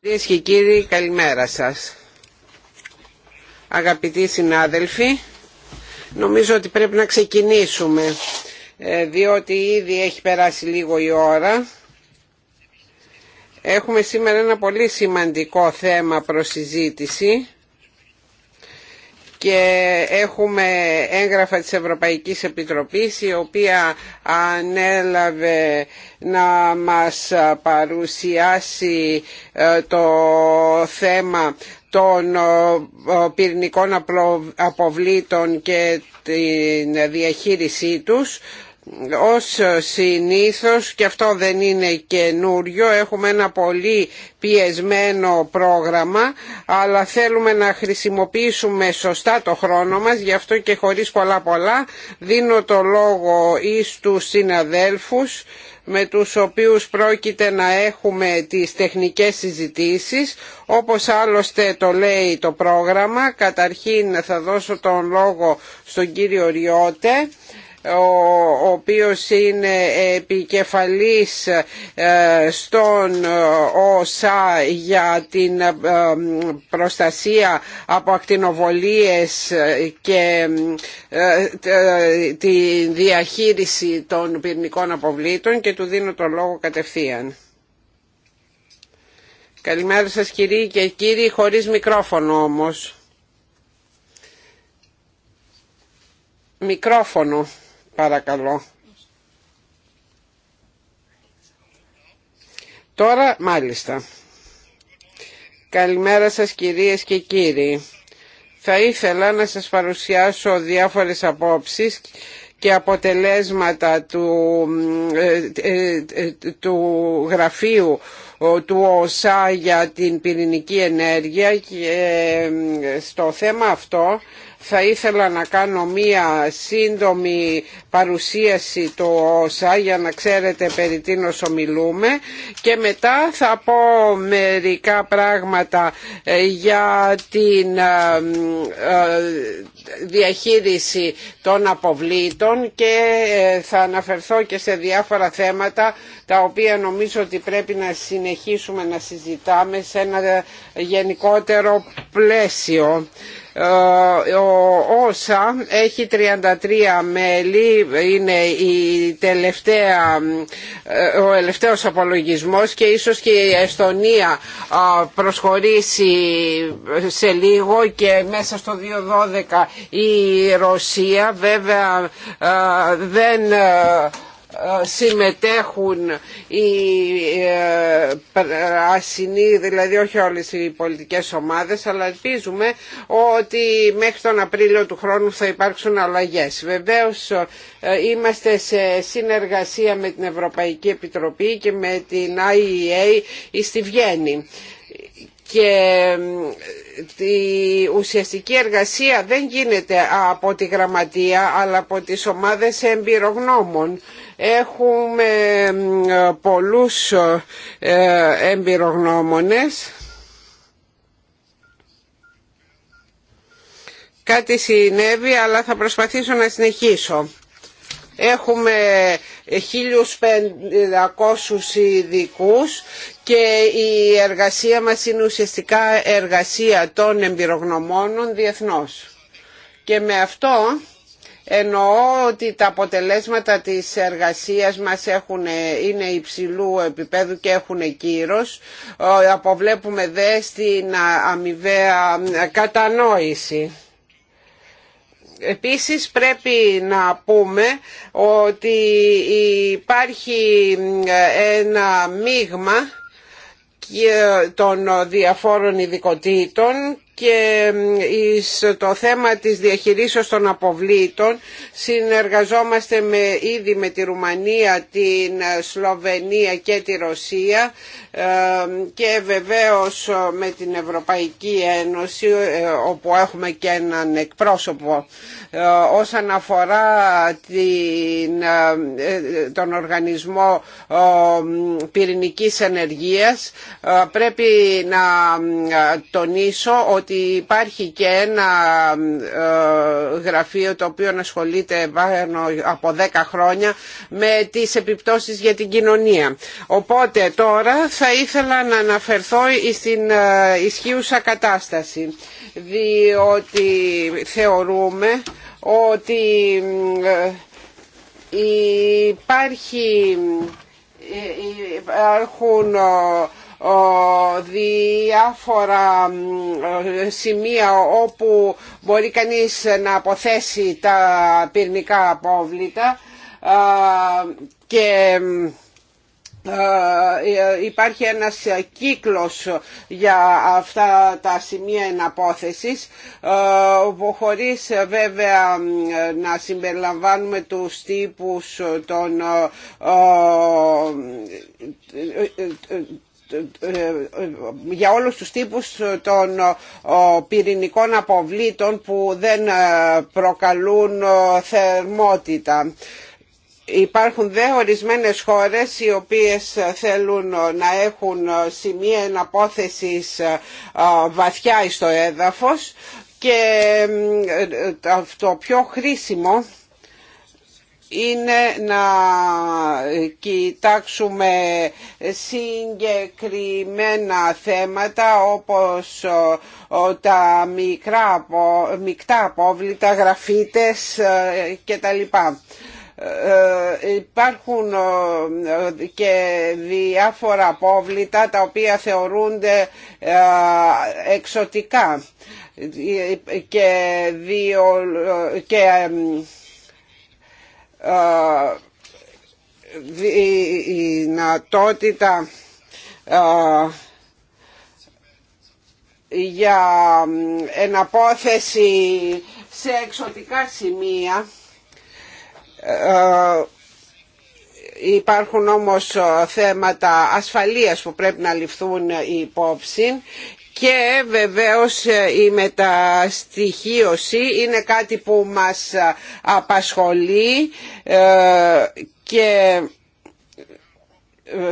Κυρίε και κύριοι, καλημέρα σας. Αγαπητοί συνάδελφοι, νομίζω ότι πρέπει να ξεκινήσουμε, ε, διότι ήδη έχει περάσει λίγο η ώρα. Έχουμε σήμερα ένα πολύ σημαντικό θέμα προς συζήτηση και έχουμε έγγραφα της Ευρωπαϊκής Επιτροπής η οποία ανέλαβε να μας παρουσιάσει ε, το θέμα των ε, πυρηνικών αποβλήτων και την διαχείρισή τους ως συνήθως και αυτό δεν είναι καινούριο έχουμε ένα πολύ πιεσμένο πρόγραμμα αλλά θέλουμε να χρησιμοποιήσουμε σωστά το χρόνο μας γι' αυτό και χωρίς πολλά πολλά δίνω το λόγο εις τους συναδέλφους με τους οποίους πρόκειται να έχουμε τις τεχνικές συζητήσεις όπως άλλωστε το λέει το πρόγραμμα καταρχήν θα δώσω τον λόγο στον κύριο Ριώτε ο οποίος είναι επικεφαλής ε, στον ε, ΩΣΑ για την ε, προστασία από ακτινοβολίες και τη διαχείριση των πυρνικών αποβλήτων και του δίνω το λόγο κατευθείαν. Καλημέρα σας κύριε και κύριοι, χωρίς μικρόφωνο όμως. Μικρόφωνο. Παρακαλώ. Τώρα μάλιστα. Καλημέρα σας κυρίες και κύριοι. Θα ήθελα να σας παρουσιάσω διάφορες απόψεις και αποτελέσματα του, ε, ε, ε, του γραφείου του ΟΣΑ για την πυρηνική ενέργεια και στο θέμα αυτό θα ήθελα να κάνω μία σύντομη παρουσίαση του ΩΣΑ για να ξέρετε περί τίνος ομιλούμε και μετά θα πω μερικά πράγματα ε, για την ε, ε, διαχείριση των αποβλήτων και θα αναφερθώ και σε διάφορα θέματα τα οποία νομίζω ότι πρέπει να συνεχίσουμε να συζητάμε σε ένα γενικότερο πλαίσιο. Ε, ο ΩΣΑ έχει 33 μέλη, είναι η τελευταία, ε, ο τελευταίος απολογισμός και ίσως και η Εστονία προσχωρήσει σε λίγο και μέσα στο 2012 η Ρωσία βέβαια ε, δεν συμμετέχουν οι ασυνοί, ε, δηλαδή όχι όλες οι πολιτικές ομάδες, αλλά ελπίζουμε ότι μέχρι τον Απρίλιο του χρόνου θα υπάρξουν αλλαγές. Βεβαίως ε, είμαστε σε συνεργασία με την Ευρωπαϊκή Επιτροπή και με την IEA στη Βιέννη και η ουσιαστική εργασία δεν γίνεται από τη γραμματεία αλλά από τις ομάδες εμπειρογνώμων Έχουμε ε, πολλούς ε, εμπειρογνώμονες. Κάτι συνέβη αλλά θα προσπαθήσω να συνεχίσω. Έχουμε 1.500 ειδικού και η εργασία μας είναι ουσιαστικά εργασία των εμπειρογνωμόνων διεθνώς. Και με αυτό Εννοώ ότι τα αποτελέσματα της εργασίας μας έχουν, είναι υψηλού επίπεδου και έχουν κύρος. Ε, αποβλέπουμε δε στην αμοιβαία κατανόηση. Επίσης πρέπει να πούμε ότι υπάρχει ένα μείγμα των διαφόρων ειδικοτήτων και το θέμα της διαχειρίσεως των αποβλήτων συνεργαζόμαστε με, ήδη με τη Ρουμανία, την ε, Σλοβενία και τη Ρωσία ε, και βεβαίως ε, με την Ευρωπαϊκή Ένωση όπου έχουμε και έναν εκπρόσωπο ε, όσον αφορά την, ε, ε, τον οργανισμό πυρηνικής ενεργείας πρέπει να τονίσω ότι υπάρχει και ένα γραφείο το οποίο ασχολείται από 10 χρόνια με τις επιπτώσεις για την κοινωνία. Οπότε τώρα θα ήθελα να αναφερθώ στην ισχύουσα κατάσταση διότι θεωρούμε ότι ε, υπάρχει, ε, υπάρχουν διάφορα ε, σημεία όπου μπορεί κανείς να αποθέσει τα πυρνικά απόβλητα και υπάρχει ένας κύκλος για αυτά τα σημεία εναπόθεσης χωρίς βέβαια να συμπεριλαμβάνουμε τους τύπους των για όλους τους τύπους των πυρηνικών αποβλήτων που δεν προκαλούν θερμότητα. Υπάρχουν δε ορισμένες χώρες οι οποίες θέλουν να έχουν σημεία εναπόθεσης ε, βαθιά στο έδαφος και ε, το πιο χρήσιμο είναι να κοιτάξουμε συγκεκριμένα θέματα όπως ε, τα μικρά, μικτά απόβλητα, γραφίτες κτλ. Ε, υπάρχουν ε, και διάφορα απόβλητα τα οποία θεωρούνται ε, εξωτικά και, δύο και δυνατότητα για εναπόθεση σε εξωτικά σημεία ε, ε, υπάρχουν όμως ε, θέματα ασφαλείας που πρέπει να ληφθούν υπόψη και βεβαίως η μεταστοιχείωση είναι κάτι που μας απασχολεί και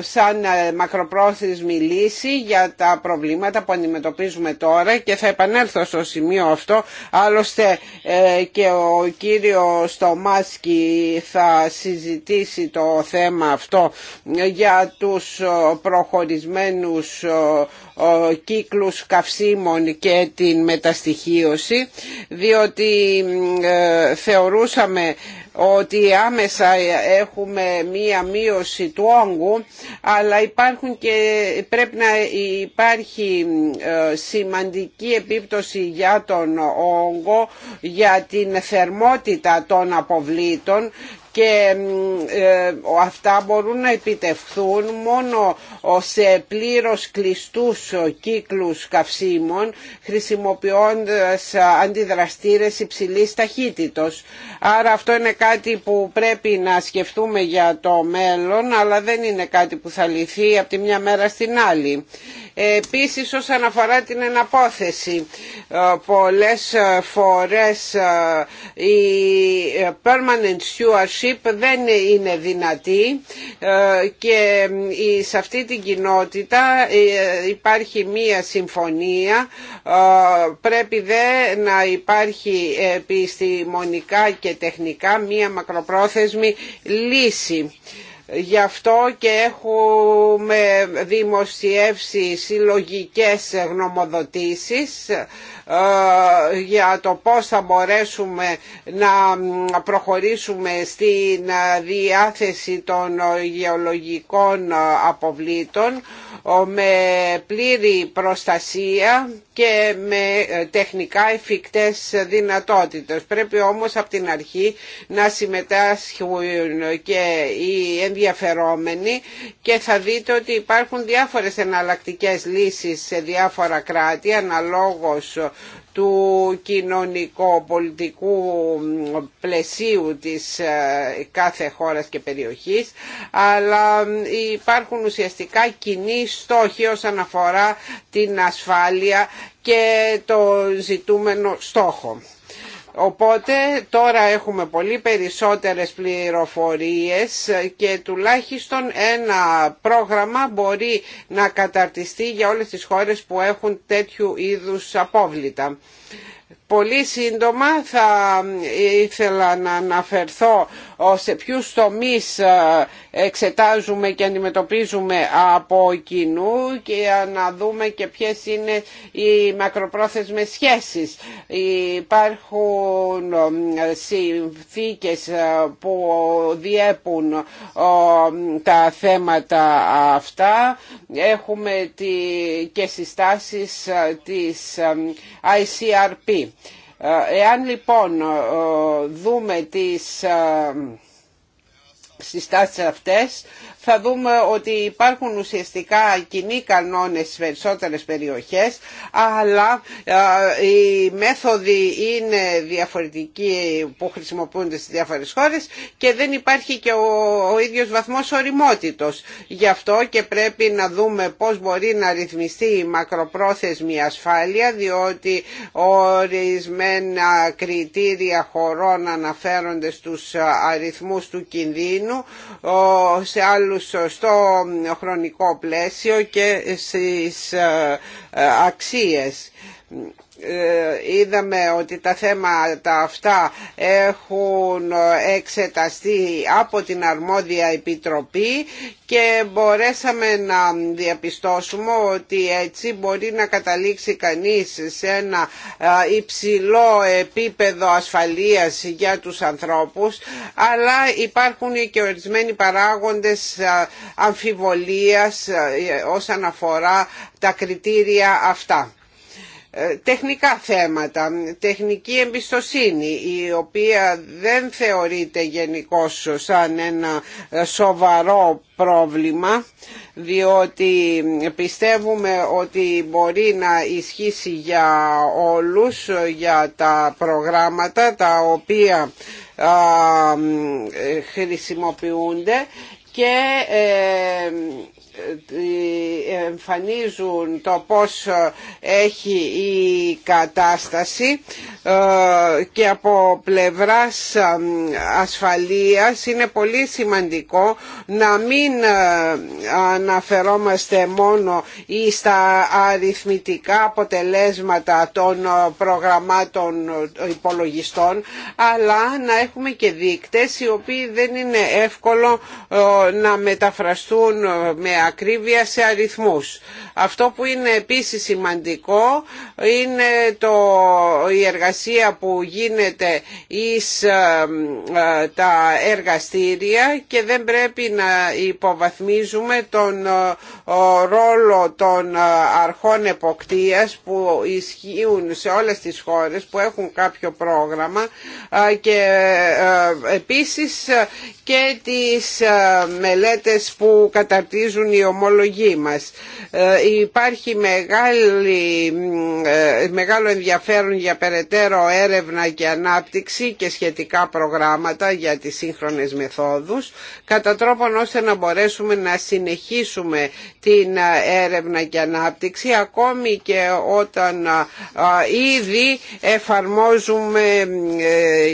σαν ε, μακροπρόθεσμη λύση για τα προβλήματα που αντιμετωπίζουμε τώρα και θα επανέλθω στο σημείο αυτό. Άλλωστε ε, και ο κύριος Στομάσκι θα συζητήσει το θέμα αυτό για τους προχωρισμένους ε, κύκλους καυσίμων και την μεταστοιχίωση, διότι ε, θεωρούσαμε ότι άμεσα έχουμε μία μείωση του όγκου αλλά υπάρχουν και πρέπει να υπάρχει ε, σημαντική επίπτωση για τον όγκο για την θερμότητα των αποβλήτων και ε, αυτά μπορούν να επιτευχθούν μόνο σε πλήρως κλειστούς κύκλους καυσίμων χρησιμοποιώντας αντιδραστήρες υψηλής ταχύτητος. Άρα αυτό είναι κάτι που πρέπει να σκεφτούμε για το μέλλον αλλά δεν είναι κάτι που θα λυθεί από τη μια μέρα στην άλλη. Επίσης όσον αφορά την εναπόθεση, ε, πολλές ε, φορές ε, η permanent stewardship δεν είναι δυνατή και σε αυτή την κοινότητα υπάρχει μία συμφωνία, πρέπει δε να υπάρχει επιστημονικά και τεχνικά μία μακροπρόθεσμη λύση. Γι' αυτό και έχουμε δημοσιεύσει συλλογικές γνωμοδοτήσεις ε, για το πώς θα μπορέσουμε να προχωρήσουμε στην διάθεση των γεωλογικών αποβλήτων με πλήρη προστασία και με τεχνικά εφικτές δυνατότητες. Πρέπει όμως από την αρχή να συμμετάσχουν και οι ενδιαφερόμενοι και θα δείτε ότι υπάρχουν διάφορες εναλλακτικές λύσεις σε διάφορα κράτη αναλόγως του πολιτικού πλαισίου της ε, κάθε χώρας και περιοχής αλλά υπάρχουν ουσιαστικά κοινοί στόχοι όσον αφορά την ασφάλεια και το ζητούμενο στόχο. Οπότε τώρα έχουμε πολύ περισσότερες πληροφορίες και τουλάχιστον ένα πρόγραμμα μπορεί να καταρτιστεί για όλες τις χώρες που έχουν τέτοιου είδους απόβλητα. Πολύ σύντομα θα ήθελα να αναφερθώ σε ποιους τομείς ε, εξετάζουμε και αντιμετωπίζουμε από κοινού και να δούμε και ποιες είναι οι μακροπρόθεσμες σχέσεις. Υπάρχουν ε, συνθήκες ε, που διέπουν τα θέματα αυτά. Έχουμε και συστάσεις της ICRP. Ε, εάν λοιπόν ε, ε, δούμε τις συστάσεις αυτές θα δούμε ότι υπάρχουν ουσιαστικά κοινοί κανόνες στις περισσότερες περιοχές αλλά οι μέθοδοι είναι διαφορετικοί που χρησιμοποιούνται στις διάφορες χώρες και δεν υπάρχει και ο, ίδιος βαθμός οριμότητος. Γι' αυτό και πρέπει να δούμε πώς μπορεί να ρυθμιστεί η μακροπρόθεσμη ασφάλεια διότι ορισμένα κριτήρια χωρών αναφέρονται στους αριθμούς του κινδύνου σε άλλους όλους στο χρονικό πλαίσιο και στις ε, ε, αξίες. Ε, είδαμε ότι τα θέματα αυτά έχουν εξεταστεί από την αρμόδια επιτροπή και μπορέσαμε να διαπιστώσουμε ότι έτσι μπορεί να καταλήξει κανείς σε ένα ε, υψηλό επίπεδο ασφαλείας για τους ανθρώπους αλλά υπάρχουν και ορισμένοι παράγοντες ε, αμφιβολίας όσον αφορά τα κριτήρια αυτά. Ε, τεχνικά θέματα, τεχνική εμπιστοσύνη η οποία δεν θεωρείται γενικώ σαν ένα ε, σοβαρό πρόβλημα διότι πιστεύουμε ότι μπορεί να ισχύσει για όλους, για τα προγράμματα τα οποία ε, χρησιμοποιούνται και εμφανίζουν το πώς ε, έχει η κατάσταση ε, και από πλευράς ε, ασφαλείας είναι πολύ σημαντικό να μην αναφερόμαστε μόνο στα αριθμητικά αποτελέσματα των προγραμμάτων υπολογιστών αλλά να έχουμε και δείκτες οι οποίοι δεν είναι εύκολο να μεταφραστούν με ακρίβεια σε αριθμούς. Αυτό που είναι επίσης σημαντικό είναι το, η εργασία που γίνεται εις ε, ε, τα εργαστήρια και δεν πρέπει να υποβαθμίζουμε τον ε, ρόλο των αρχών εποκτείας που ισχύουν σε όλες τις χώρες που έχουν κάποιο πρόγραμμα και επίσης και τις ε, μελέτες που καταρτίζουν οι ομολογοί μας. Ε, υπάρχει μεγάλη, ε, μεγάλο ενδιαφέρον για περαιτέρω έρευνα και ανάπτυξη και σχετικά προγράμματα για τις σύγχρονες μεθόδους κατά τρόπον ώστε να μπορέσουμε να συνεχίσουμε την έρευνα και ανάπτυξη ακόμη και όταν ήδη εφαρμόζουμε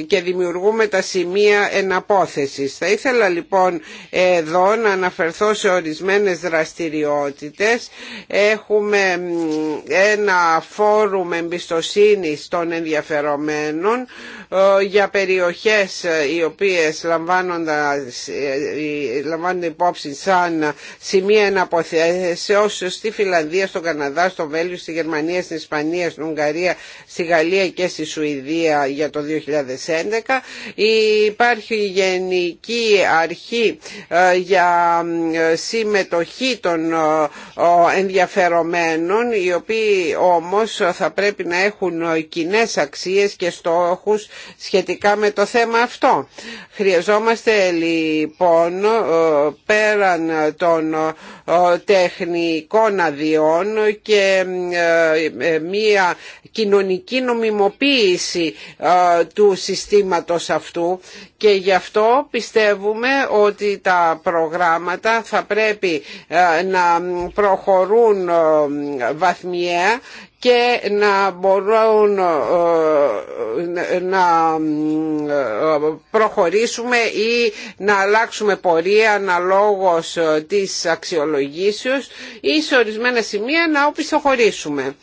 και δημιουργούμε τα σημεία εναπόθεσης. Θα ήθελα λοιπόν εδώ να αναφερθώ σε ορισμένες δραστηριότητες. Έχουμε ένα φόρουμ εμπιστοσύνης των ενδιαφερομένων ε, για περιοχές ε, οι οποίες λαμβάνονται ε, υπόψη σαν σημεία εναποθέσεως στη Φιλανδία, στον Καναδά, στο Βέλγιο, στη Γερμανία, στην Ισπανία, στην Ουγγαρία, στη Γαλλία και στη Σουηδία για το 2011. Υπάρχει γενική Ευρωπαϊκή Αρχή ε, για ε, συμμετοχή των ε, ενδιαφερομένων οι οποίοι όμως θα πρέπει να έχουν κοινέ αξίες και στόχους σχετικά με το θέμα αυτό. Χρειαζόμαστε λοιπόν πέραν των τεχνικών αδειών και μία κοινωνική νομιμοποίηση του συστήματος αυτού και γι' αυτό πιστεύω πιστεύουμε ότι τα προγράμματα θα πρέπει ε, να προχωρούν ε, βαθμιαία και να μπορούν ε, να ε, προχωρήσουμε ή να αλλάξουμε πορεία αναλόγως ε, της αξιολογήσεως ή σε ορισμένα σημεία να οπισθοχωρήσουμε.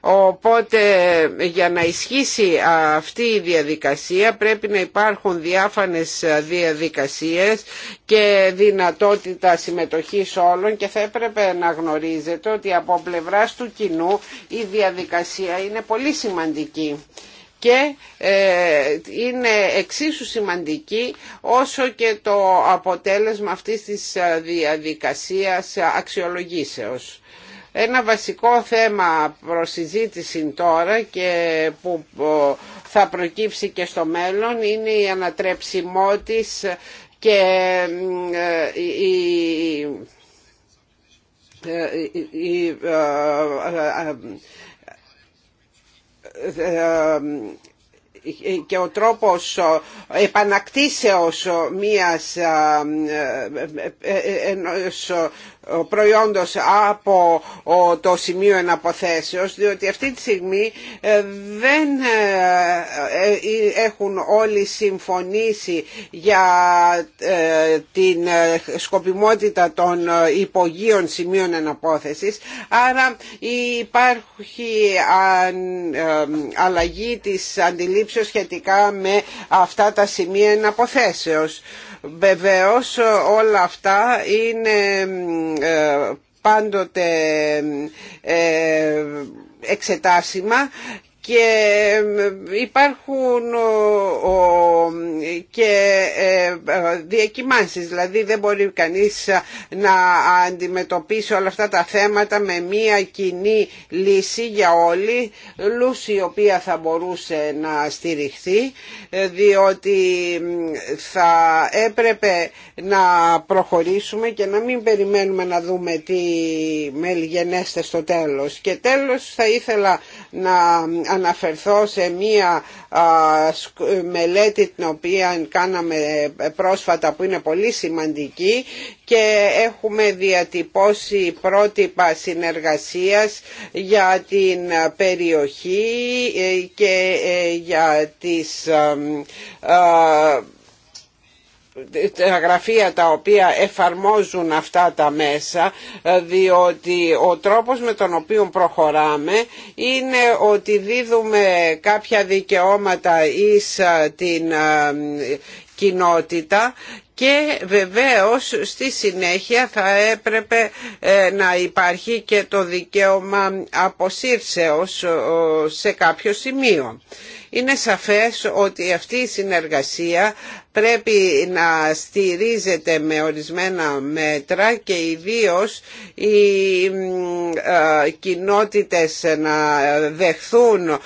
Οπότε για να ισχύσει αυτή η διαδικασία πρέπει να υπάρχουν διάφανες διαδικασίες και δυνατότητα συμμετοχής όλων και θα έπρεπε να γνωρίζετε ότι από πλευράς του κοινού η διαδικασία είναι πολύ σημαντική και ε, είναι εξίσου σημαντική όσο και το αποτέλεσμα αυτής της ε, διαδικασίας αξιολογήσεως. Ένα βασικό θέμα προσυζήτηση τώρα και που ε, θα προκύψει και στο μέλλον είναι η της και η και ο τρόπος επανακτήσεως μιας ε, ε, ε, ενός προϊόντος από το σημείο εναποθέσεως διότι αυτή τη στιγμή ε, δεν ε, ε, έχουν όλοι συμφωνήσει για την σκοπιμότητα των υπογείων σημείων εναπόθεσης άρα υπάρχει αλλαγή της αντιλήψεως σχετικά με αυτά τα σημεία εναποθέσεως. Βεβαίως όλα αυτά είναι ε, πάντοτε ε, εξετάσιμα και υπάρχουν και ε, διακοιμάνσεις δηλαδή δεν μπορεί κανείς να αντιμετωπίσει όλα αυτά τα θέματα με μία κοινή λύση για όλοι λύση η οποία θα μπορούσε να στηριχθεί ε, διότι θα έπρεπε να προχωρήσουμε και να μην περιμένουμε να δούμε τι μελγενέστε στο τέλος και τέλος θα ήθελα να αναφερθώ σε μία μελέτη την οποία κάναμε πρόσφατα που είναι πολύ σημαντική και έχουμε διατυπώσει πρότυπα συνεργασίας για την περιοχή ε, και ε, για τις ε, τα γραφεία τα οποία εφαρμόζουν αυτά τα μέσα ε, διότι ο τρόπος με τον οποίο προχωράμε είναι ότι δίδουμε κάποια δικαιώματα εις ε, την ε, κοινότητα και βεβαίως στη συνέχεια θα έπρεπε να υπάρχει και το δικαίωμα αποσύρσεως σε κάποιο σημείο. Είναι σαφές ότι αυτή η συνεργασία πρέπει να στηρίζεται με ορισμένα μέτρα και ιδίως οι κοινότητες να δεχθούν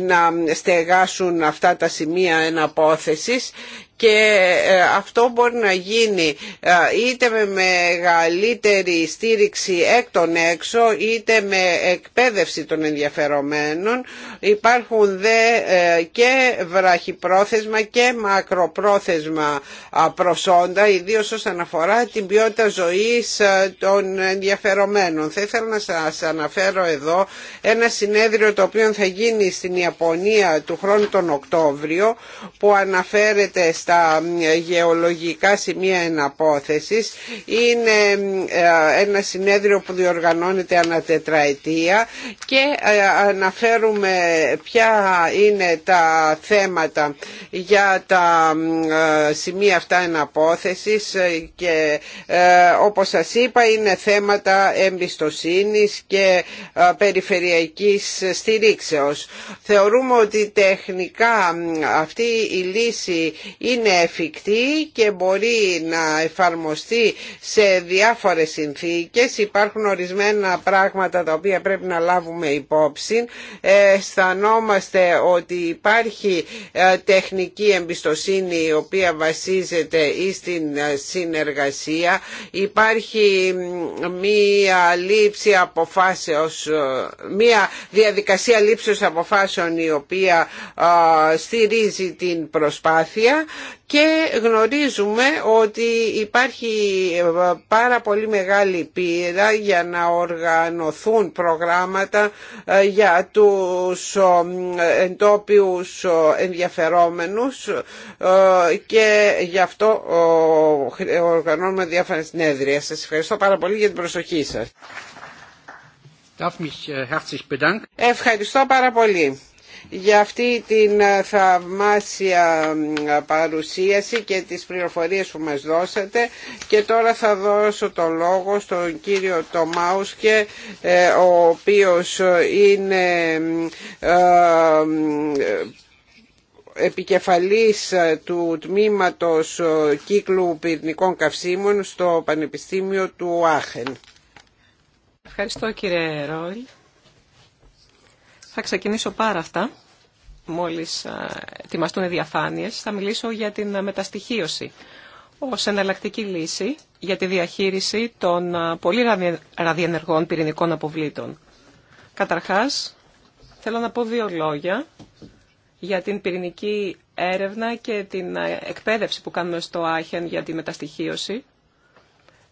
να στεγάσουν αυτά τα σημεία εναπόθεσης και ε, αυτό μπορεί να γίνει ε, είτε με μεγαλύτερη στήριξη εκ των έξω είτε με εκπαίδευση των ενδιαφερομένων υπάρχουν δε ε, και βραχυπρόθεσμα και μακροπρόθεσμα προσόντα ιδίως όσον αφορά την ποιότητα ζωής των ενδιαφερομένων θα ήθελα να σας αναφέρω εδώ ένα συνέδριο το οποίο θα γίνει στην Ιαπωνία του χρόνου τον Οκτώβριο που αναφέρεται τα γεωλογικά σημεία εναπόθεσης. Είναι ε, ένα συνέδριο που διοργανώνεται ανά τετραετία και ε, αναφέρουμε ποια είναι τα θέματα για τα ε, σημεία αυτά εναπόθεσης και όπως σας είπα είναι θέματα εμπιστοσύνης και περιφερειακής στηρίξεως. Θεωρούμε ότι τεχνικά αυτή η λύση είναι εφικτή και μπορεί να εφαρμοστεί σε διάφορες συνθήκες. Υπάρχουν ορισμένα πράγματα τα οποία πρέπει να λάβουμε υπόψη. Ε, αισθανόμαστε ότι υπάρχει ε, τεχνική εμπιστοσύνη η οποία βασίζεται ή στην ε, συνεργασία. Υπάρχει μία λήψη αποφάσεως, μία διαδικασία λήψης αποφάσεων η οποία στηρίζει την προσπάθεια και γνωρίζουμε ότι υπάρχει ε, πάρα πολύ μεγάλη πείρα για να οργανωθούν προγράμματα ε, για τους ε, εντόπιους ενδιαφερόμενους και γι' αυτό οργανώνουμε διάφορα συνέδρια. Σας ευχαριστώ πάρα πολύ για την προσοχή σας. Ευχαριστώ πάρα πολύ για αυτή την ε, θαυμάσια παρουσίαση και τις πληροφορίες που μας δώσατε και τώρα θα δώσω το λόγο στον κύριο Τομάουσκε ο οποίος είναι ε, επικεφαλής ε, του τμήματος κύκλου πυρνικών καυσίμων στο Πανεπιστήμιο του Άχεν. Ευχαριστώ κύριε Ρόιλ. Θα ξεκινήσω πάρα αυτά. Μόλις ε, ετοιμαστούν οι διαφάνειες, θα μιλήσω για την μεταστοιχείωση ως εναλλακτική λύση για τη διαχείριση των ε, πολύ ραδιενεργών πυρηνικών αποβλήτων. Καταρχάς, θέλω να πω δύο λόγια για την πυρηνική έρευνα και την ε, εκπαίδευση που κάνουμε στο Άχεν για τη μεταστοιχείωση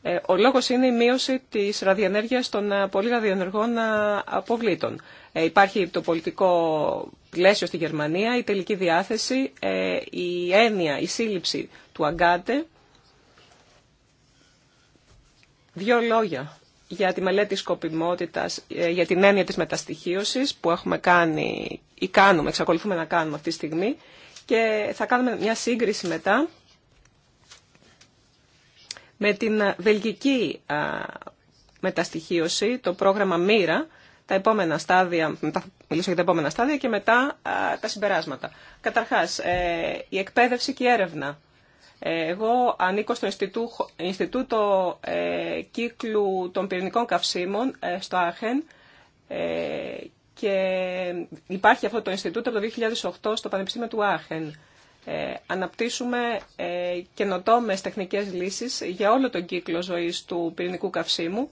ε, ο λόγος είναι η μείωση της ραδιενέργειας των ε, πολύ ραδιενεργών ε, αποβλήτων. υπάρχει το πολιτικό πλαίσιο στη Γερμανία, η τελική διάθεση, η έννοια, η σύλληψη του αγκάτε. Δύο λόγια για τη μελέτη σκοπιμότητας, για την έννοια της μεταστοιχίωσης που έχουμε κάνει ή κάνουμε, εξακολουθούμε να κάνουμε αυτή τη στιγμή και θα κάνουμε μια σύγκριση μετά με την ε, βελγική ε, μεταστοιχείωση, το πρόγραμμα ΜΥΡΑ, τα επόμενα στάδια, μετά θα για τα επόμενα στάδια και μετά ε, τα συμπεράσματα. Καταρχάς, η εκπαίδευση και η έρευνα. εγώ ανήκω στο Ινστιτούτο, Κύκλου των Πυρηνικών Καυσίμων στο Άχεν και υπάρχει αυτό το Ινστιτούτο από το 2008 στο Πανεπιστήμιο του Άχεν. Ε, αναπτύσσουμε ε, καινοτόμες τεχνικές λύσεις για όλο τον κύκλο ζωής του πυρηνικού καυσίμου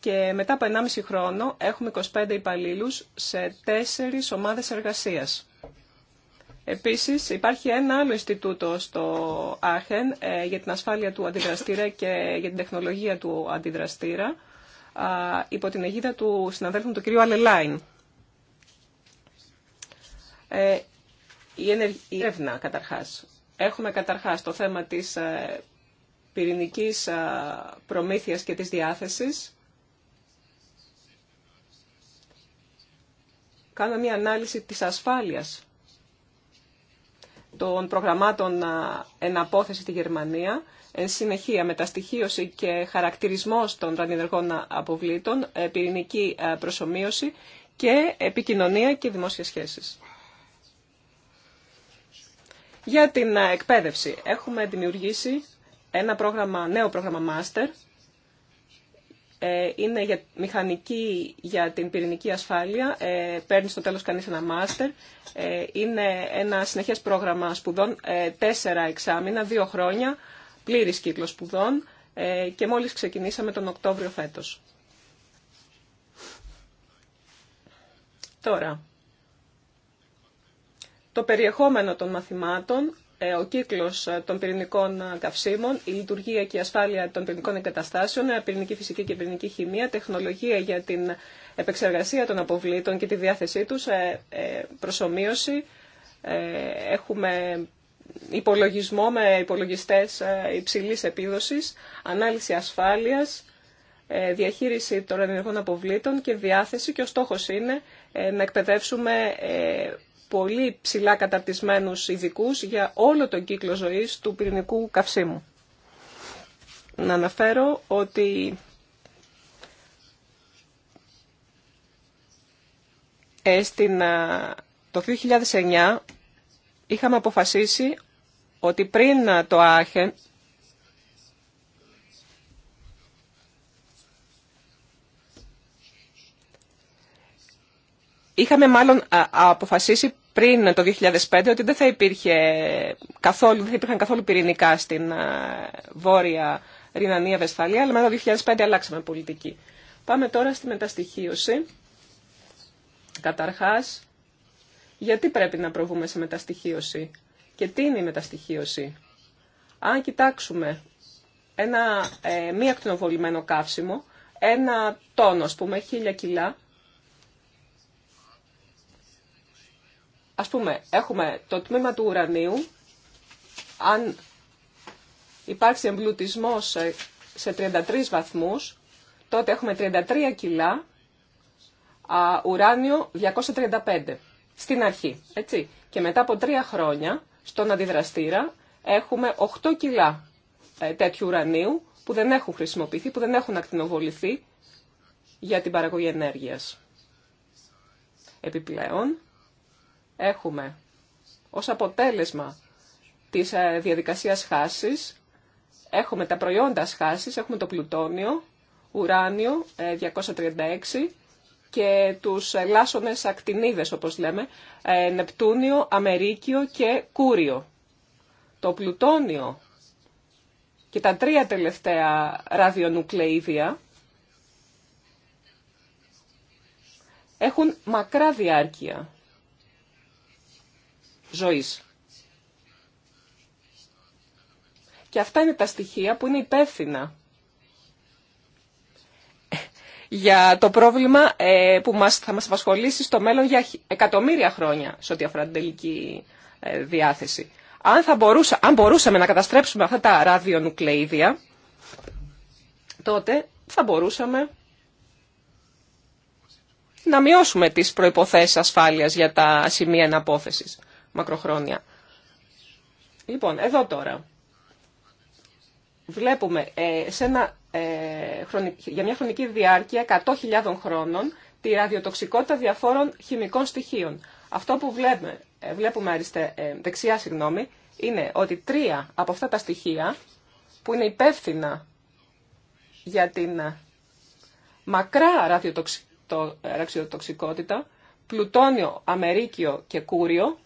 και μετά από 1,5 χρόνο έχουμε 25 υπαλλήλους σε 4 ομάδες εργασίας. Επίσης υπάρχει ένα άλλο Ινστιτούτο στο Άχεν ε, για την ασφάλεια του αντιδραστήρα και για την τεχνολογία του αντιδραστήρα υπό την αιγίδα του συναδέλφου του κ. Αλελάιν. Ε, η έρευνα καταρχάς. Έχουμε καταρχάς το θέμα της ε, πυρηνικής ε, προμήθειας και της διάθεσης. Κάνω μια ανάλυση της ασφάλειας των προγραμμάτων ε, εναπόθεση στη Γερμανία, εν συνεχεία μεταστοιχείωση και χαρακτηρισμός των ραδιενεργών αποβλήτων, πυρηνική προσωμείωση και επικοινωνία και δημόσιες σχέσεις. Για την ε, εκπαίδευση έχουμε δημιουργήσει ένα πρόγραμμα, νέο πρόγραμμα Master. Ε, είναι για μηχανική για την πυρηνική ασφάλεια. Ε, παίρνει στο τέλος κανείς ένα μάστερ. Είναι ένα συνεχές πρόγραμμα σπουδών, τέσσερα εξάμεινα, δύο χρόνια, πλήρης κύκλος σπουδών και μόλις ξεκινήσαμε τον Οκτώβριο φέτος. Τώρα, το περιεχόμενο των μαθημάτων, ε, ο κύκλος ε, των πυρηνικών ε, καυσίμων, η λειτουργία και η ασφάλεια των πυρηνικών εγκαταστάσεων, πυρηνική φυσική και πυρηνική χημεία, τεχνολογία για την επεξεργασία των αποβλήτων και τη διάθεσή τους, προσωμείωση, έχουμε υπολογισμό με υπολογιστές υψηλής επίδοσης, ανάλυση ασφάλειας, διαχείριση των ενεργών αποβλήτων και διάθεση και ο στόχος είναι να εκπαιδεύσουμε πολύ ψηλά καταρτισμένους ειδικού για όλο τον κύκλο ζωής του πυρηνικού καυσίμου. Να αναφέρω ότι ε, στην, το 2009 είχαμε αποφασίσει ότι πριν το Άχεν, Είχαμε μάλλον αποφασίσει πριν το 2005 ότι δεν θα, υπήρχε καθόλου, δεν υπήρχαν καθόλου πυρηνικά στην βόρεια Ρινανία Βεσφαλία, αλλά μετά το 2005 αλλάξαμε πολιτική. Πάμε τώρα στη μεταστοιχείωση. Καταρχάς, γιατί πρέπει να προβούμε σε μεταστοιχείωση και τι είναι η μεταστοιχείωση. Αν κοιτάξουμε ένα ε, μη ακτινοβολημένο καύσιμο, ένα τόνο, ας πούμε, χίλια κιλά, Ας πούμε, έχουμε το τμήμα του ουρανίου, αν υπάρξει εμπλουτισμός σε 33 βαθμούς, τότε έχουμε 33 κιλά α, ουράνιο 235 στην αρχή. Έτσι. Και μετά από τρία χρόνια στον αντιδραστήρα έχουμε 8 κιλά ε, τέτοιου ουρανίου που δεν έχουν χρησιμοποιηθεί, που δεν έχουν ακτινοβοληθεί για την παραγωγή ενέργειας. Επιπλέον, έχουμε ως αποτέλεσμα της ε, διαδικασίας χάσης, έχουμε τα προϊόντα χάσης, έχουμε το πλουτόνιο, ουράνιο 236 ε, και τους ε, λάσονες ακτινίδες όπως λέμε, νεπτούνιο, αμερίκιο και κούριο. Το πλουτόνιο και τα τρία τελευταία ραδιονουκλεΐδια έχουν μακρά διάρκεια ζωής. Και αυτά είναι τα στοιχεία που είναι υπεύθυνα για το πρόβλημα ε, που μας, θα μας απασχολήσει στο μέλλον για εκατομμύρια χρόνια σε ό,τι αφορά την τελική ε, διάθεση. Αν, θα μπορούσα, αν μπορούσαμε να καταστρέψουμε αυτά τα ραδιονουκλεΐδια, τότε θα μπορούσαμε να μειώσουμε τις προϋποθέσεις ασφάλειας για τα σημεία εναπόθεσης μακροχρόνια. Λοιπόν, εδώ τώρα βλέπουμε ε, σε ένα, ε, για μια χρονική διάρκεια 100.000 χρόνων τη ραδιοτοξικότητα διαφόρων χημικών στοιχείων. Αυτό που βλέπουμε, ε, βλέπουμε αριστε, δεξιά συγγνώμη, είναι ότι τρία από αυτά τα στοιχεία που είναι υπεύθυνα για την μακρά ραδιοτοξικότητα, πλουτόνιο, αμερίκιο και κούριο,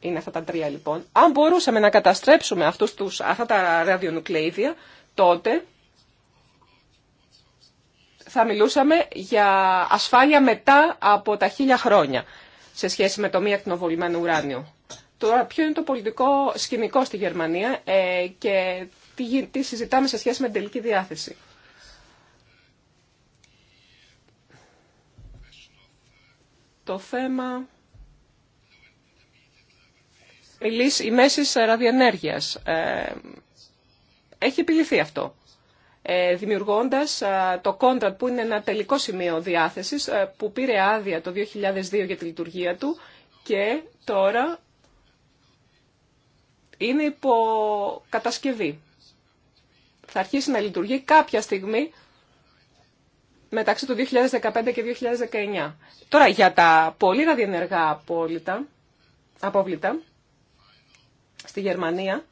είναι αυτά τα τρία λοιπόν. Αν μπορούσαμε να καταστρέψουμε αυτούς τους, αυτά τα ραδιονουκλεΐδια, τότε θα μιλούσαμε για ασφάλεια μετά από τα χίλια χρόνια σε σχέση με το μη ακτινοβολημένο ουράνιο. Τώρα, ποιο είναι το πολιτικό σκηνικό στη Γερμανία ε, και τι, τι συζητάμε σε σχέση με την τελική διάθεση. Το θέμα η λύση η ε, ραδιενέργειας. Ε, έχει επιληθεί αυτό, ε, δημιουργώντας το κόντρατ που είναι ένα τελικό σημείο διάθεσης που πήρε άδεια το 2002 για τη λειτουργία του και τώρα είναι υπό κατασκευή. Θα αρχίσει να λειτουργεί κάποια στιγμή μεταξύ του 2015 και 2019. Τώρα για τα πολύ ραδιενεργά απόλυτα, απόβλητα, στη Γερμανία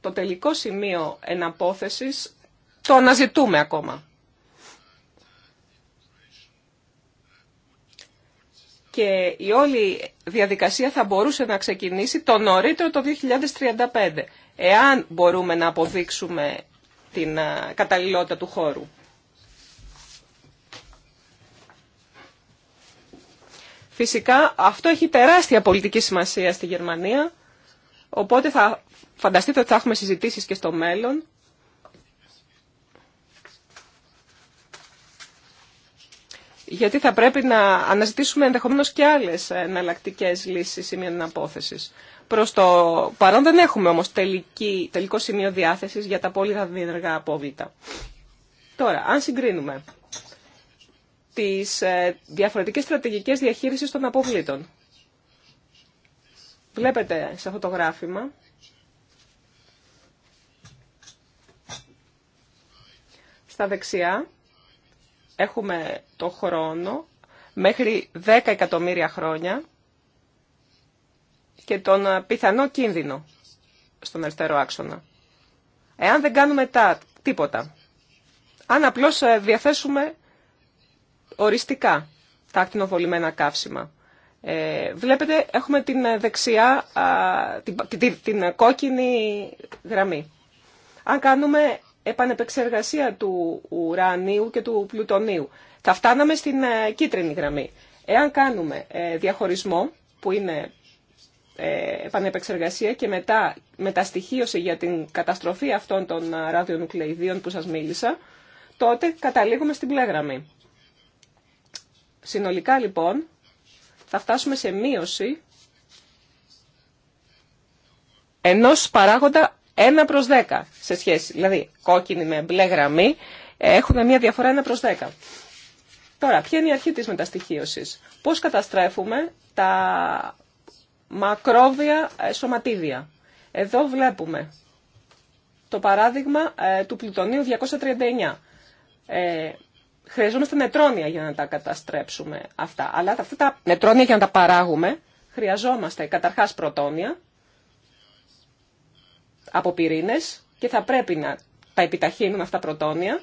το τελικό σημείο εναπόθεσης το αναζητούμε ακόμα. Και η όλη διαδικασία θα μπορούσε να ξεκινήσει το νωρίτερο το 2035, εάν μπορούμε να αποδείξουμε την καταλληλότητα του χώρου. Φυσικά αυτό έχει τεράστια πολιτική σημασία στη Γερμανία Οπότε θα φανταστείτε ότι θα έχουμε συζητήσεις και στο μέλλον. Γιατί θα πρέπει να αναζητήσουμε ενδεχομένως και άλλες εναλλακτικέ λύσεις σημείων αναπόθεσης. Προς το παρόν δεν έχουμε όμως τελική, τελικό σημείο διάθεσης για τα πολύ διενεργά απόβλητα. Τώρα, αν συγκρίνουμε τις ε, διαφορετικές στρατηγικές διαχείρισης των αποβλήτων. Βλέπετε σε αυτό το γράφημα στα δεξιά έχουμε το χρόνο μέχρι 10 εκατομμύρια χρόνια και τον πιθανό κίνδυνο στον αριστερό άξονα. Εάν δεν κάνουμε τα τίποτα, αν απλώς ε, διαθέσουμε οριστικά τα ακτινοβολημένα καύσιμα ε, βλέπετε, έχουμε την δεξιά, την, την κόκκινη γραμμή. Αν κάνουμε επανεπεξεργασία του ουρανίου και του πλουτονίου, θα φτάναμε στην ε, κίτρινη γραμμή. Εάν κάνουμε ε, διαχωρισμό, που είναι επανεπεξεργασία και μετά μεταστοιχείωση για την καταστροφή αυτών των ραδιονουκλεϊδίων που σας μίλησα, τότε καταλήγουμε στην πλέγραμμη. Συνολικά λοιπόν, θα φτάσουμε σε μείωση ενός παράγοντα 1 προς 10 σε σχέση. Δηλαδή, κόκκινη με μπλε γραμμή έχουν μια διαφορά 1 προς 10. Τώρα, ποια είναι η αρχή της μεταστοιχείωσης. Πώς καταστρέφουμε τα μακρόβια ε, σωματίδια. Εδώ βλέπουμε το παράδειγμα ε, του πλουτονίου 239 χρειαζόμαστε νετρόνια για να τα καταστρέψουμε αυτά. Αλλά αυτά τα νετρόνια για να τα παράγουμε χρειαζόμαστε καταρχάς πρωτόνια από πυρήνε και θα πρέπει να τα επιταχύνουμε αυτά πρωτόνια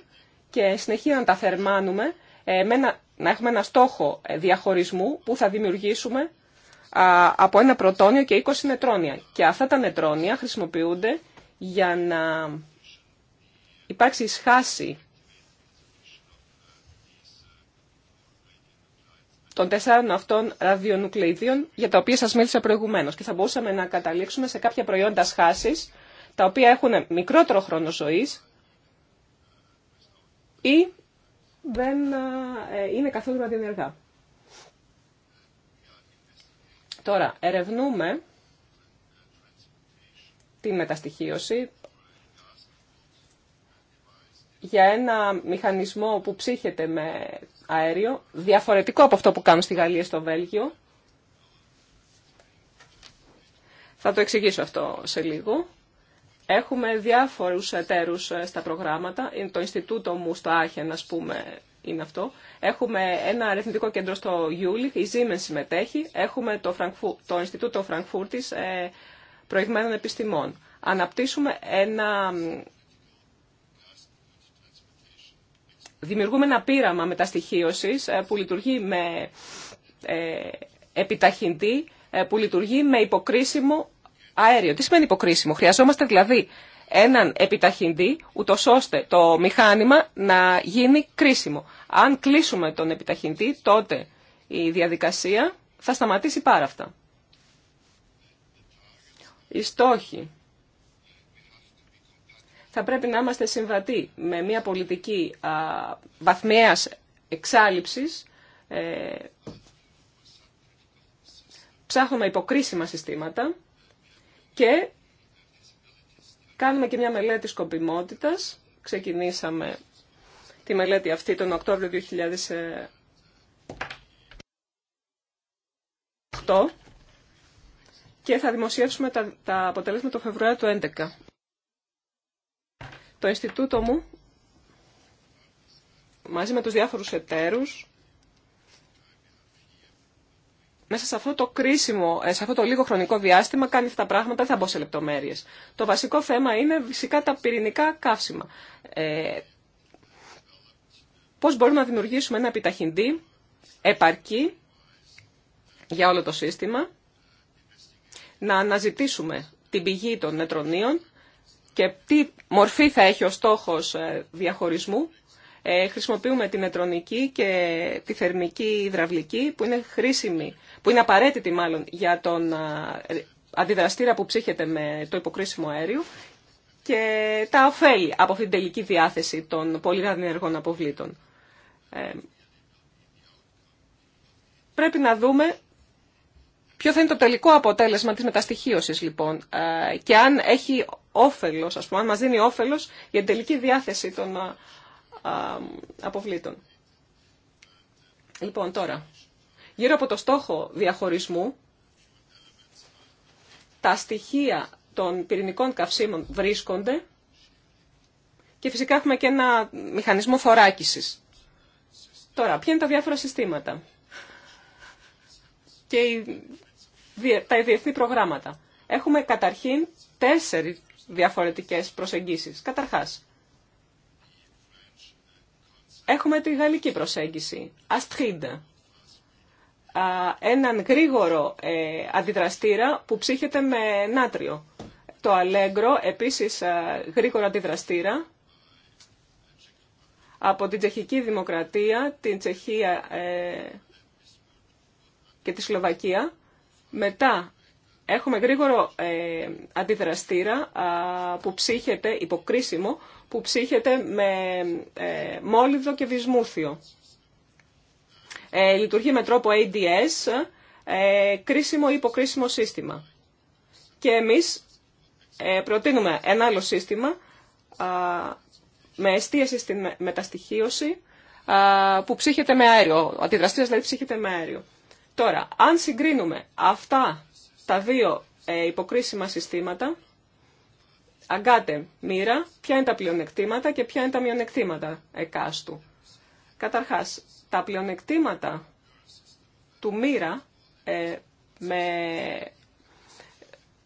και συνεχεία να τα θερμάνουμε ε, με ένα, να έχουμε ένα στόχο ε, διαχωρισμού που θα δημιουργήσουμε από ένα πρωτόνιο και 20 νετρόνια. Και αυτά τα νετρόνια χρησιμοποιούνται για να υπάρξει σχάση των τεσσάρων αυτών ραδιονουκλεϊδίων για τα οποία σας μίλησα προηγουμένως και θα μπορούσαμε να καταλήξουμε σε κάποια προϊόντα σχάσης τα οποία έχουν μικρότερο χρόνο ζωής ή δεν ε, είναι καθόλου ραδιενεργά. Τώρα, ερευνούμε την μεταστοιχείωση για ένα μηχανισμό που ψύχεται με αέριο, διαφορετικό από αυτό που κάνουν στη Γαλλία στο Βέλγιο. Θα το εξηγήσω αυτό σε λίγο. Έχουμε διάφορους εταίρους ε, στα προγράμματα. Είναι το Ινστιτούτο μου στο Άχεν, ας πούμε, είναι αυτό. Έχουμε ένα αριθμητικό κέντρο στο Γιούλιχ. η Ζήμεν συμμετέχει. Έχουμε το, το Ινστιτούτο Φραγκφούρτης ε, προηγμένων επιστημών. Αναπτύσσουμε ένα δημιουργούμε ένα πείραμα μεταστοιχείωσης ε, που λειτουργεί με ε, επιταχυντή, ε, που λειτουργεί με υποκρίσιμο αέριο. Τι σημαίνει υποκρίσιμο. Χρειαζόμαστε δηλαδή έναν επιταχυντή, ούτω ώστε το μηχάνημα να γίνει κρίσιμο. Αν κλείσουμε τον επιταχυντή, τότε η διαδικασία θα σταματήσει πάρα αυτά. Οι στόχοι θα πρέπει να είμαστε συμβατοί με μια πολιτική α, βαθμιαίας εξάλληψης. Ε, ψάχνουμε υποκρίσιμα συστήματα και κάνουμε και μια μελέτη σκοπιμότητας. Ξεκινήσαμε τη μελέτη αυτή τον Οκτώβριο 2008 και θα δημοσιεύσουμε τα, τα αποτελέσματα το Φεβρουάριο του 2011 το Ινστιτούτο μου, μαζί με τους διάφορους εταίρους, μέσα σε αυτό το κρίσιμο, ε, σε αυτό το λίγο χρονικό διάστημα κάνει αυτά τα πράγματα, δεν θα μπω σε λεπτομέρειες. Το βασικό θέμα είναι φυσικά τα πυρηνικά καύσιμα. Ε, πώς μπορούμε να δημιουργήσουμε ένα επιταχυντή επαρκή για όλο το σύστημα, να αναζητήσουμε την πηγή των νετρονίων και τι μορφή θα έχει ο στόχος ε, διαχωρισμού. Ε, χρησιμοποιούμε τη μετρονική και τη θερμική υδραυλική που είναι χρήσιμη, που είναι απαραίτητη μάλλον για τον ε, αντιδραστήρα που ψύχεται με το υποκρίσιμο αέριο και τα ωφέλη από αυτή την τελική διάθεση των πολυραδινεργών αποβλήτων. πρέπει να δούμε Ποιο θα είναι το τελικό αποτέλεσμα της μεταστοιχίωσης λοιπόν και αν έχει όφελος, ας πούμε, αν μας δίνει όφελος για την τελική διάθεση των αποβλήτων. Λοιπόν, τώρα, γύρω από το στόχο διαχωρισμού, τα στοιχεία των πυρηνικών καυσίμων βρίσκονται και φυσικά έχουμε και ένα μηχανισμό θωράκισης. Τώρα, ποια είναι τα διάφορα συστήματα και τα διεθνή προγράμματα. Έχουμε καταρχήν τέσσερι, διαφορετικές προσεγγίσεις. Καταρχάς, έχουμε τη γαλλική προσέγγιση, Astrid, έναν γρήγορο ε, αντιδραστήρα που ψύχεται με νάτριο. Το αλέγκρο, επίσης γρήγορο αντιδραστήρα, από την Τσεχική Δημοκρατία, την Τσεχία ε, και τη Σλοβακία. Μετά Έχουμε γρήγορο ε, αντιδραστήρα που ψύχεται, υποκρίσιμο, που ψύχεται με ε, μόλυβδο και βυσμούθιο. Ε, λειτουργεί με τρόπο ADS, ε, κρίσιμο ή υποκρίσιμο σύστημα. Και εμείς ε, προτείνουμε ένα άλλο σύστημα με εστίαση στην μεταστοιχείωση που ψύχεται με αέριο. Ο αντιδραστήρας δηλαδή ψύχεται με αέριο. Τώρα, αν συγκρίνουμε αυτά τα δύο ε, υποκρίσιμα συστήματα, αγκάτε μοίρα, ποια είναι τα πλεονεκτήματα και ποια είναι τα μειονεκτήματα εκάστου. Καταρχάς, τα πλεονεκτήματα του μοίρα ε, με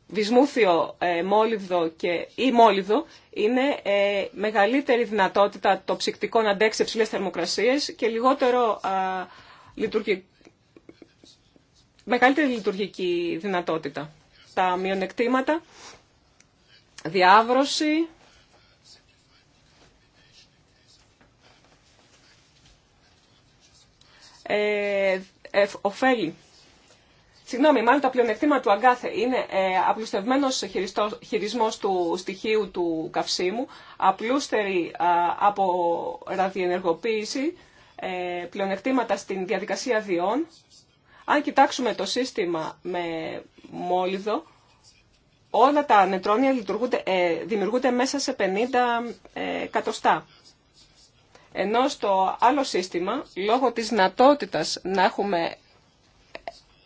βυσμούθιο ε, και, ή μόλιβδο είναι ε, μεγαλύτερη δυνατότητα το ψυκτικό να αντέξει υψηλές θερμοκρασίες και λιγότερο λειτουργικό μεγαλύτερη λειτουργική δυνατότητα. Τα μειονεκτήματα, διάβρωση, ε, ε, Συγγνώμη, μάλλον τα πλεονεκτήματα του αγκάθε είναι ε, απλουστευμένος χειρισμός του στοιχείου του καυσίμου, απλούστερη από ραδιενεργοποίηση, ε, πλεονεκτήματα στην διαδικασία διών, αν κοιτάξουμε το σύστημα με μόλιδο, όλα τα νετρόνια ε, δημιουργούνται μέσα σε 50 ε, εκατοστά. Ενώ στο άλλο σύστημα, λόγω της δυνατότητα να έχουμε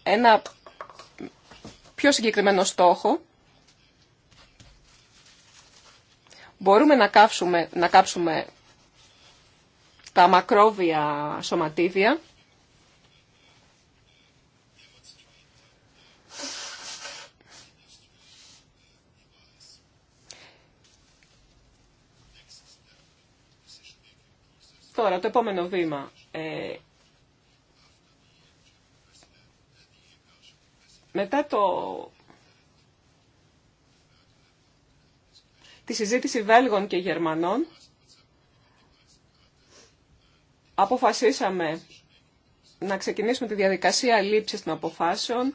ένα πιο συγκεκριμένο στόχο, μπορούμε να κάψουμε, να κάψουμε τα μακρόβια σωματίδια Τώρα, το επόμενο βήμα. Ε, μετά το... τη συζήτηση Βέλγων και Γερμανών, αποφασίσαμε να ξεκινήσουμε τη διαδικασία λήψης των αποφάσεων,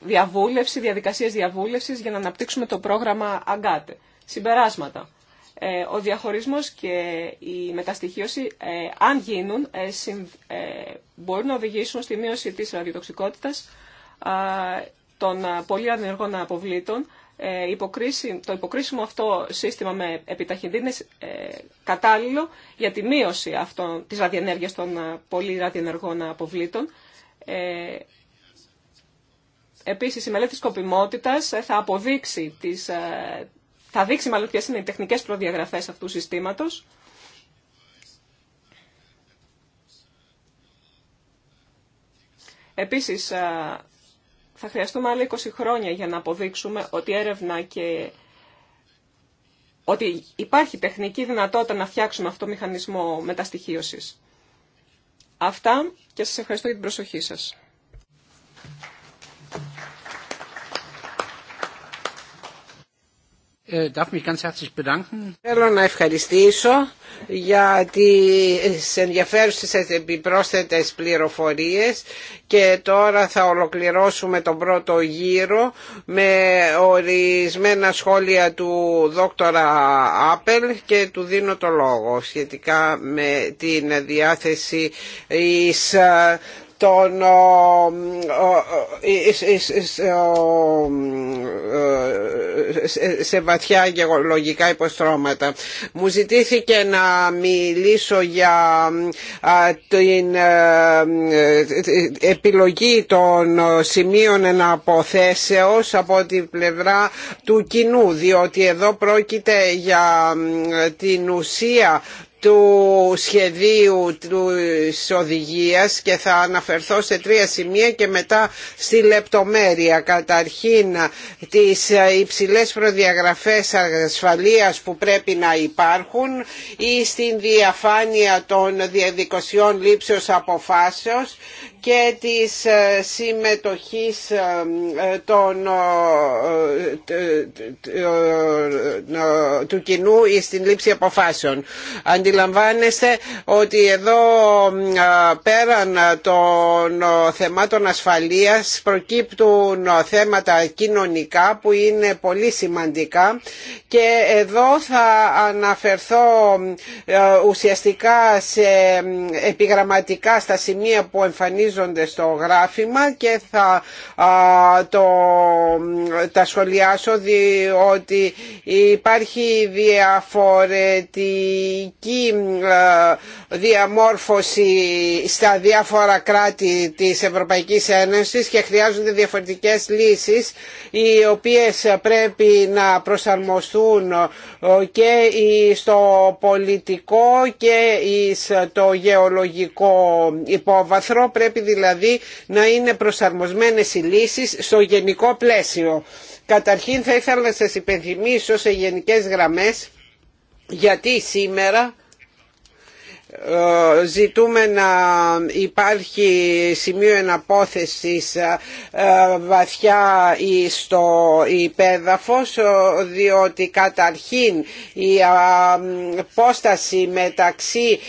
διαβούλευση, διαδικασίες διαβούλευσης για να αναπτύξουμε το πρόγραμμα Αγκάτε. Συμπεράσματα. Ε, ο διαχωρισμός και η μεταστοιχείωση, ε, αν γίνουν, ε, μπορούν να οδηγήσουν στη μείωση της ραδιοτοξικότητας των πολύ ανεργών αποβλήτων. το υποκρίσιμο αυτό σύστημα με επιταχυντή είναι κατάλληλο για τη μείωση αυτών, της ραδιενέργειας των πολύ ραδιενεργών αποβλήτων. Επίσης, η μελέτη σκοπιμότητας θα αποδείξει τις, θα δείξει μάλλον ποιε είναι οι τεχνικέ προδιαγραφέ αυτού του συστήματο. Επίση, θα χρειαστούμε άλλα 20 χρόνια για να αποδείξουμε ότι έρευνα και ότι υπάρχει τεχνική δυνατότητα να φτιάξουμε αυτό το μηχανισμό μεταστοιχείωσης. Αυτά και σας ευχαριστώ για την προσοχή σας. Äh, Θέλω να ευχαριστήσω για τις ενδιαφέρουσες επιπρόσθετες πληροφορίες και τώρα θα ολοκληρώσουμε τον πρώτο γύρο με ορισμένα σχόλια του δόκτορα Άπελ και του δίνω το λόγο σχετικά με την διάθεση τον, ε, ε, σε βαθιά γεωλογικά υποστρώματα. Μου ζητήθηκε να μιλήσω για την ε, επιλογή των σημείων εναποθέσεως από την πλευρά του κοινού, διότι εδώ πρόκειται για την ουσία του σχεδίου της οδηγίας και θα αναφερθώ σε τρία σημεία και μετά στη λεπτομέρεια. Καταρχήν τις υψηλές προδιαγραφές ασφαλείας που πρέπει να υπάρχουν ή στην διαφάνεια των διαδικασιών λήψεως αποφάσεως και της ε, συμμετοχής ε, των, ε, του κοινού στην λήψη αποφάσεων αντιλαμβάνεστε ότι εδώ πέραν των θεμάτων ασφαλείας προκύπτουν θέματα κοινωνικά που είναι πολύ σημαντικά και εδώ θα αναφερθώ ουσιαστικά σε επιγραμματικά στα σημεία που εμφανίζονται στο γράφημα και θα το, τα σχολιάσω διότι υπάρχει διαφορετική ε, διαμόρφωση στα διάφορα κράτη της Ευρωπαϊκής Ένωσης και χρειάζονται διαφορετικές λύσεις οι οποίες πρέπει να προσαρμοστούν ε, και στο πολιτικό και στο γεωλογικό υπόβαθρο πρέπει δηλαδή να είναι προσαρμοσμένες οι λύσεις στο γενικό πλαίσιο. Καταρχήν θα ήθελα να σας υπενθυμίσω σε γενικές γραμμές γιατί σήμερα ε, ζητούμε να υπάρχει σημείο εναπόθεσης ε, βαθιά στο υπέδαφος ε, διότι καταρχήν η απόσταση μεταξύ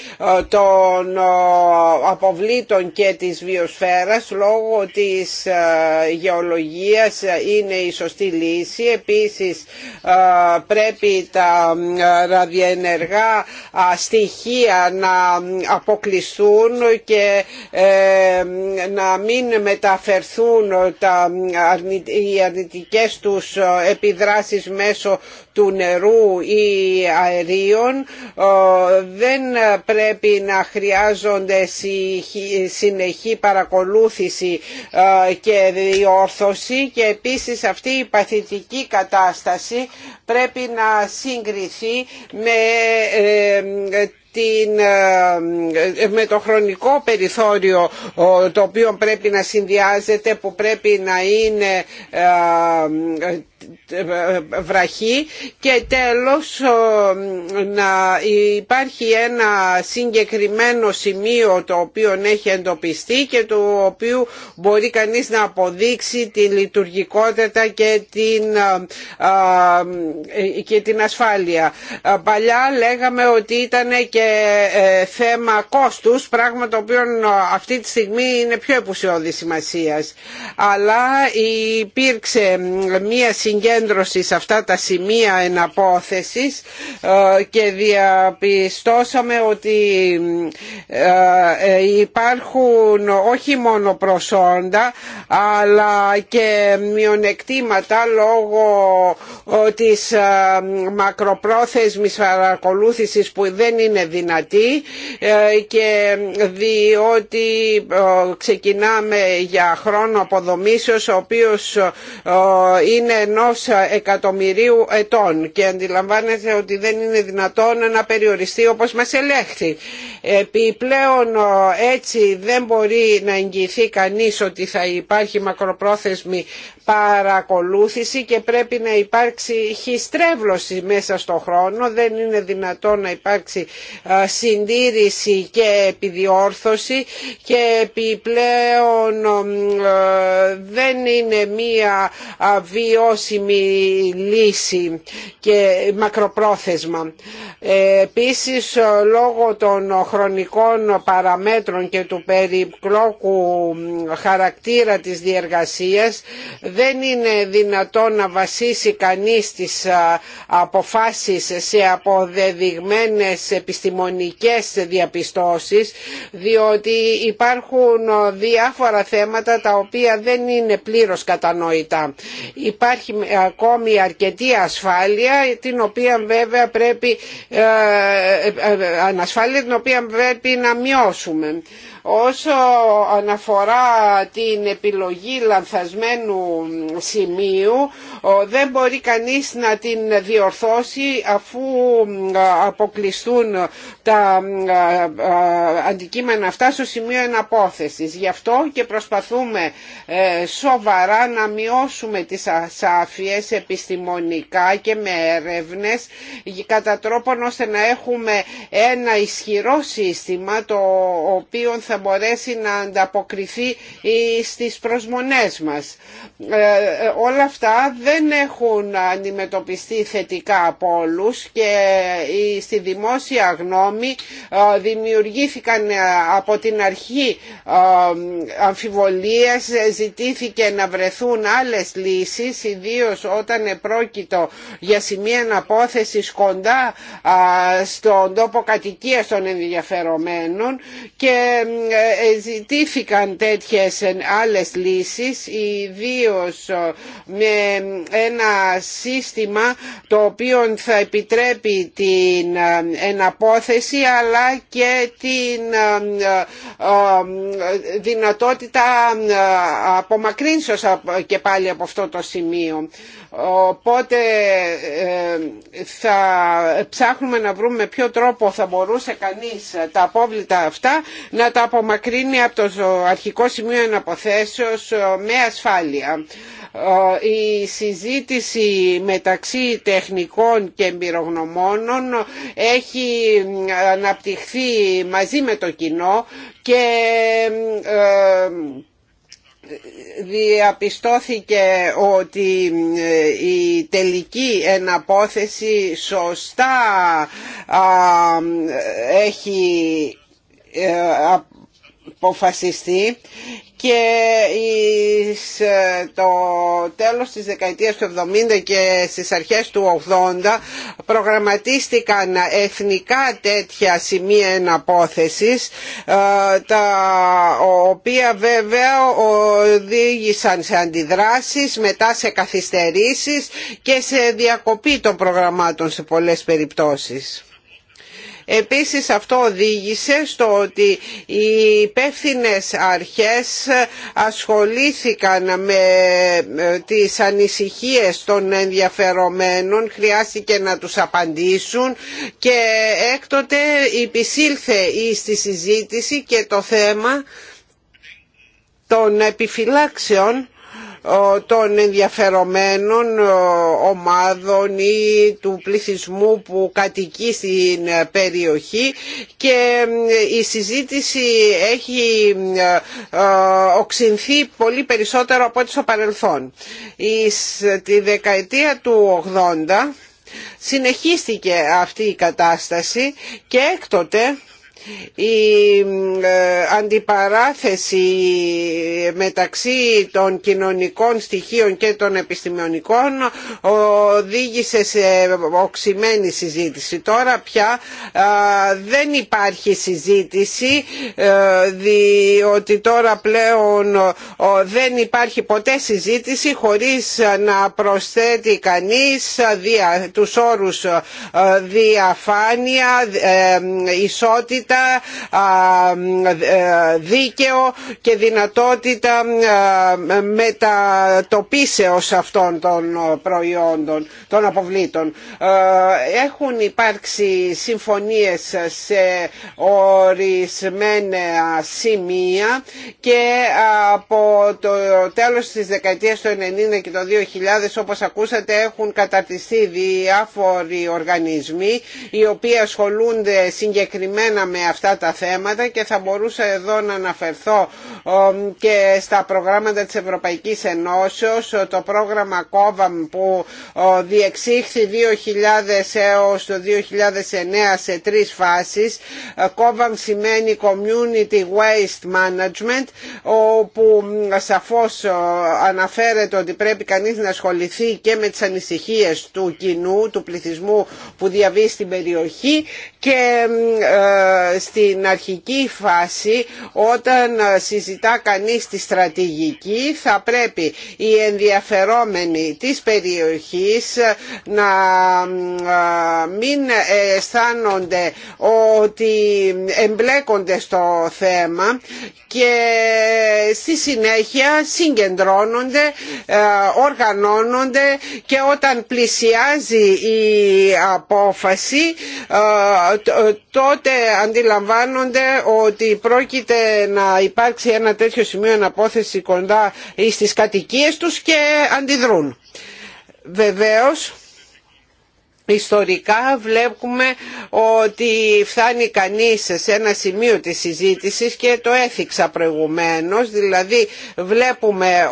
των αποβλήτων και της βιοσφαίρας λόγω της γεωλογίας είναι η σωστή λύση επίσης πρέπει τα ραδιενεργά στοιχεία να αποκλειστούν και ε, να μην μεταφερθούν τα, οι αρνητικές τους επιδράσεις μέσω του νερού ή αερίων ε, δεν πρέπει να χρειάζονται συνεχή παρακολούθηση ε, και διόρθωση και επίσης αυτή η παθητική κατάσταση πρέπει να συγκριθεί με την, ε, ε, με το χρονικό περιθώριο το οποίο πρέπει να συνδυάζεται που πρέπει να είναι ε, βραχή και τέλος να υπάρχει ένα συγκεκριμένο σημείο το οποίο έχει εντοπιστεί και το οποίο μπορεί κανείς να αποδείξει τη λειτουργικότητα και την, και την ασφάλεια. Παλιά λέγαμε ότι ήταν και ε, θέμα κόστους, πράγμα το οποίο αυτή τη στιγμή είναι πιο επουσιώδη σημασίας. Αλλά υπήρξε ε, μία συγκεκριμένη συγκέντρωση σε αυτά τα σημεία εναπόθεσης ε, και διαπιστώσαμε ότι ε, ε, υπάρχουν όχι μόνο προσόντα αλλά και μειονεκτήματα λόγω της μακροπρόθεσμης παρακολούθησης που δεν είναι δυνατή και διότι ξεκινάμε για χρόνο αποδομήσεως ο οποίος είναι ενός εκατομμυρίου ετών και αντιλαμβάνεται ότι δεν είναι δυνατόν να περιοριστεί όπως μας ελέγχθη. Επιπλέον έτσι δεν μπορεί να εγγυηθεί κανείς ότι θα υπάρχει μακροπρόθεσμη παρακολούθηση και πρέπει να υπάρξει χιστρέβλωση μέσα στο χρόνο. Δεν είναι δυνατόν να υπάρξει συντήρηση και επιδιόρθωση και επιπλέον δεν είναι μία βιώσιμη λύση και μακροπρόθεσμα. Ε, επίσης λόγω των χρονικών παραμέτρων και του περιπλόκου χαρακτήρα της διεργασίας δεν είναι δυνατό να βασίσει κανείς τις αποφάσεις σε αποδεδειγμένες επιστημονικές διαπιστώσεις διότι υπάρχουν διάφορα θέματα τα οποία δεν είναι πλήρως κατανοητά. Υπάρχει ακόμη αρκετή ασφάλεια την οποία βέβαια πρέπει ανασφάλεια την οποία πρέπει να μειώσουμε. Όσο αναφορά την επιλογή λανθασμένου σημείου δεν μπορεί κανείς να την διορθώσει αφού αποκλειστούν τα αντικείμενα αυτά στο σημείο εναπόθεσης. Γι' αυτό και προσπαθούμε ε, σοβαρά να μειώσουμε τις ασάφειες επιστημονικά και με έρευνες κατά τρόπον ώστε να έχουμε ένα ισχυρό σύστημα το οποίο θα θα μπορέσει να ανταποκριθεί στις προσμονές μας. Ε, όλα αυτά δεν έχουν αντιμετωπιστεί θετικά από όλους και στη δημόσια γνώμη ε, δημιουργήθηκαν ε, από την αρχή αμφιβολίες, ζητήθηκε να βρεθούν άλλες λύσεις, ιδίως όταν επρόκειτο για σημεία αναπόθεση κοντά στον τόπο κατοικίας των ενδιαφερομένων και ζητήθηκαν τέτοιες άλλες λύσεις ιδίω με ένα σύστημα το οποίο θα επιτρέπει την εναπόθεση αλλά και την ε, ε, δυνατότητα απομακρύνσεως και πάλι από αυτό το σημείο. Οπότε ε, θα ψάχνουμε να βρούμε με ποιο τρόπο θα μπορούσε κανείς τα απόβλητα αυτά να τα απομακρύνει από το αρχικό σημείο εναποθέσεως ε, με ασφάλεια. Ε, η συζήτηση μεταξύ τεχνικών και εμπειρογνωμόνων έχει αναπτυχθεί μαζί με το κοινό και διαπιστώθηκε ότι ε, η τελική εναπόθεση σωστά έχει ε, αποφασιστεί και ε, το τέλος της δεκαετίας του 70 και στις αρχές του 80 προγραμματίστηκαν εθνικά τέτοια σημεία εναπόθεσης ε, τα οποία βέβαια οδήγησαν σε αντιδράσεις μετά σε καθυστερήσεις και σε διακοπή των προγραμμάτων σε πολλές περιπτώσεις. Επίσης αυτό οδήγησε στο ότι οι υπεύθυνε αρχές ασχολήθηκαν με τις ανησυχίες των ενδιαφερομένων, χρειάστηκε να τους απαντήσουν και έκτοτε υπησήλθε στη συζήτηση και το θέμα των επιφυλάξεων των ενδιαφερομένων ομάδων ή του πληθυσμού που κατοικεί στην ε, περιοχή και η συζήτηση έχει ε, ε, οξυνθεί πολύ περισσότερο από ό,τι στο παρελθόν. Στη δεκαετία του 80 συνεχίστηκε αυτή η κατάσταση και έκτοτε η ε, αντιπαράθεση μεταξύ των κοινωνικών στοιχείων και των επιστημονικών οδήγησε σε οξυμένη συζήτηση. Τώρα πια δεν υπάρχει συζήτηση ε, διότι τώρα πλέον δεν υπάρχει ποτέ συζήτηση χωρίς να προσθέτει κανείς τους όρους ε, διαφάνεια, ισότητα α, ε, δίκαιο και δυνατότητα ε, μετατοπίσεως αυτών των προϊόντων, των αποβλήτων. Ε, έχουν υπάρξει συμφωνίες σε ορισμένα σημεία και από το τέλος της δεκαετίας του 90 και το 2000 όπως ακούσατε έχουν καταρτιστεί διάφοροι οργανισμοί οι οποίοι ασχολούνται συγκεκριμένα με αυτά τα θέματα και θα μπορούσα εδώ να αναφερθώ και στα προγράμματα της Ευρωπαϊκής Ενώσεως, το πρόγραμμα COVAM που διεξήχθη 2000 έως το 2009 σε τρεις φάσεις. COVAM σημαίνει Community Waste Management όπου σαφώς αναφέρεται ότι πρέπει κανείς να ασχοληθεί και με τις ανησυχίες του κοινού, του πληθυσμού που διαβεί στην περιοχή και ε, στην αρχική φάση όταν συζητά κανείς τη στρατηγική θα πρέπει οι ενδιαφερόμενοι της περιοχής να μην αισθάνονται ότι εμπλέκονται στο θέμα και στη συνέχεια συγκεντρώνονται, οργανώνονται και όταν πλησιάζει η απόφαση τότε αντι αντιλαμβάνονται ότι πρόκειται να υπάρξει ένα τέτοιο σημείο αναπόθεση κοντά στις κατοικίες τους και αντιδρούν. Βεβαίως ιστορικά βλέπουμε ότι φτάνει κανείς σε ένα σημείο της συζήτησης και το έθιξα προηγουμένως, δηλαδή βλέπουμε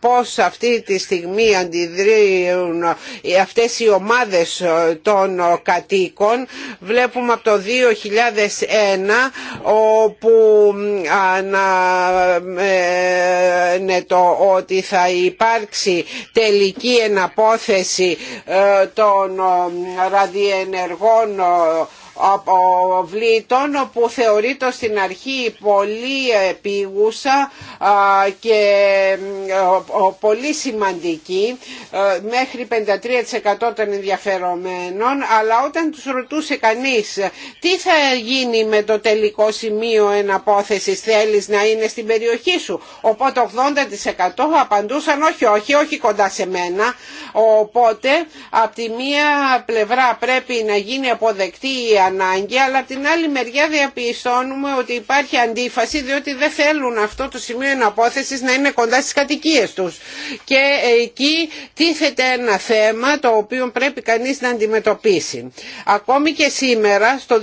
πώς αυτή τη στιγμή αντιδρύουν αυτές οι ομάδες των κατοίκων. Βλέπουμε από το 2001 όπου το ότι θα υπάρξει τελική εναπόθεση ε, των ραδιενεργών βλήτων που θεωρείται στην αρχή πολύ επίγουσα και πολύ σημαντική ε, μέχρι 53% των ενδιαφερομένων αλλά όταν τους ρωτούσε κανείς τι θα γίνει με το τελικό σημείο εναπόθεσης θέλεις να είναι στην περιοχή σου οπότε 80% απαντούσαν όχι όχι όχι κοντά σε μένα οπότε από τη μία πλευρά πρέπει να γίνει αποδεκτή η ανάγκη αλλά από την άλλη μεριά διαπιστώνουμε ότι υπάρχει αντίφαση διότι δεν θέλουν αυτό το σημείο εναπόθεσης να είναι κοντά στι κατοικίε τους και εκεί τίθεται ένα θέμα το οποίο πρέπει κανείς να αντιμετωπίσει. Ακόμη και σήμερα, στο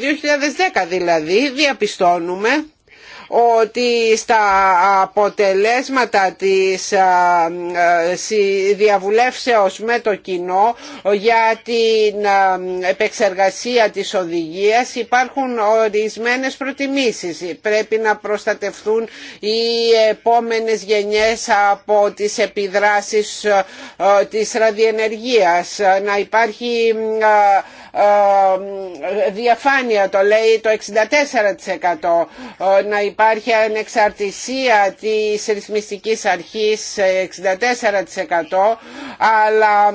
2010 δηλαδή, διαπιστώνουμε ότι στα αποτελέσματα της διαβουλεύσεως με το κοινό για την επεξεργασία της οδηγίας υπάρχουν ορισμένες προτιμήσεις. Πρέπει να προστατευτούν οι επόμενες γενιές από τις επιδράσεις της ραδιενεργίας, να υπάρχει ε, διαφάνεια, το λέει το 64%. Ε, να υπάρχει ανεξαρτησία της ρυθμιστικής αρχής 64% αλλά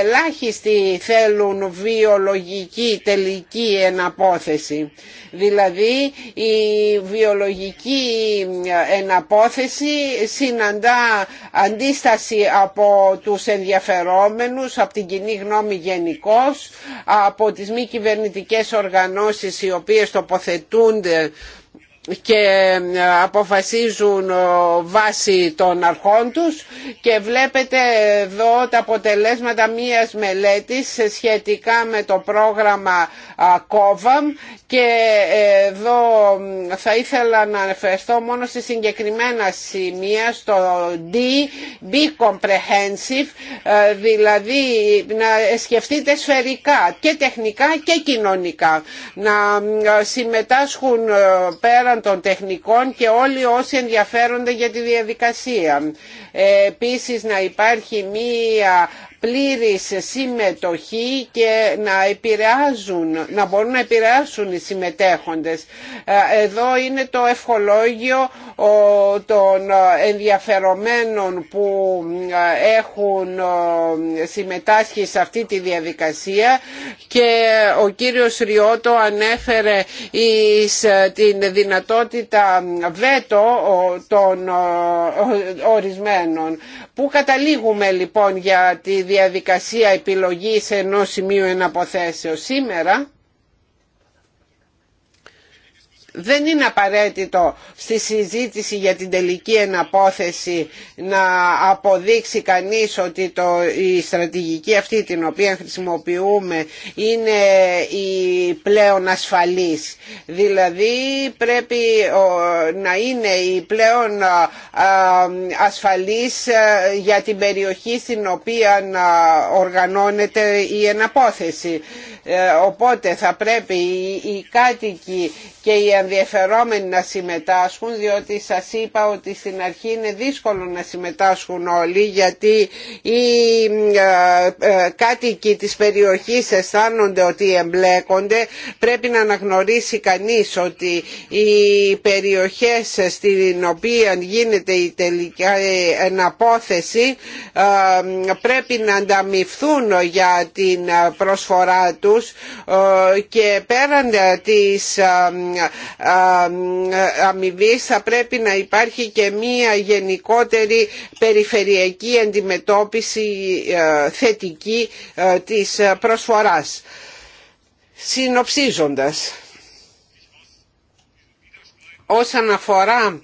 ελάχιστοι θέλουν βιολογική τελική εναπόθεση. Δηλαδή η βιολογική εναπόθεση συναντά αντίσταση από τους ενδιαφερόμενους, από την κοινή γνώμη γενικώ, από τις μη κυβερνητικές οργανώσεις οι οποίες τοποθετούνται και ε, αποφασίζουν ε, βάσει των αρχών τους και βλέπετε εδώ τα αποτελέσματα μίας μελέτης σχετικά με το πρόγραμμα COVAM και ε, εδώ θα ήθελα να αναφερθώ μόνο σε συγκεκριμένα σημεία στο D, B comprehensive δηλαδή να σκεφτείτε σφαιρικά και τεχνικά και κοινωνικά να συμμετάσχουν πέρα των τεχνικών και όλοι όσοι ενδιαφέρονται για τη διαδικασία. Ε, επίσης να υπάρχει μία πλήρης συμμετοχή και να επηρεάζουν, να μπορούν να επηρεάσουν οι συμμετέχοντες. Ε, εδώ είναι το ευχολόγιο των ενδιαφερομένων που ε, έχουν συμμετάσχει σε αυτή τη διαδικασία και ο κύριος Ριώτο ανέφερε ε, την δυνατότητα βέτο των ορισμένων Πού καταλήγουμε λοιπόν για τη διαδικασία επιλογής ενός σημείου εναποθέσεως σήμερα δεν είναι απαραίτητο στη συζήτηση για την τελική εναπόθεση να αποδείξει κανείς ότι το, η στρατηγική αυτή την οποία χρησιμοποιούμε είναι η πλέον ασφαλής. Δηλαδή πρέπει να είναι η πλέον ασφαλής για την περιοχή στην οποία οργανώνεται η εναπόθεση. Ε, οπότε θα πρέπει οι κάτοικοι και οι ενδιαφερόμενοι να συμμετάσχουν διότι σας είπα ότι στην αρχή είναι δύσκολο να συμμετάσχουν όλοι γιατί οι ε, ε, κάτοικοι της περιοχής αισθάνονται ότι εμπλέκονται πρέπει να αναγνωρίσει κανείς ότι οι περιοχές στην οποία γίνεται η τελική ε, εναπόθεση πρέπει να ανταμυφθούν για την προσφορά τους και πέραν της ε, ε, ε, αμοιβή θα πρέπει να υπάρχει και μία γενικότερη περιφερειακή αντιμετώπιση θετική της προσφοράς. Συνοψίζοντας, όσον αφορά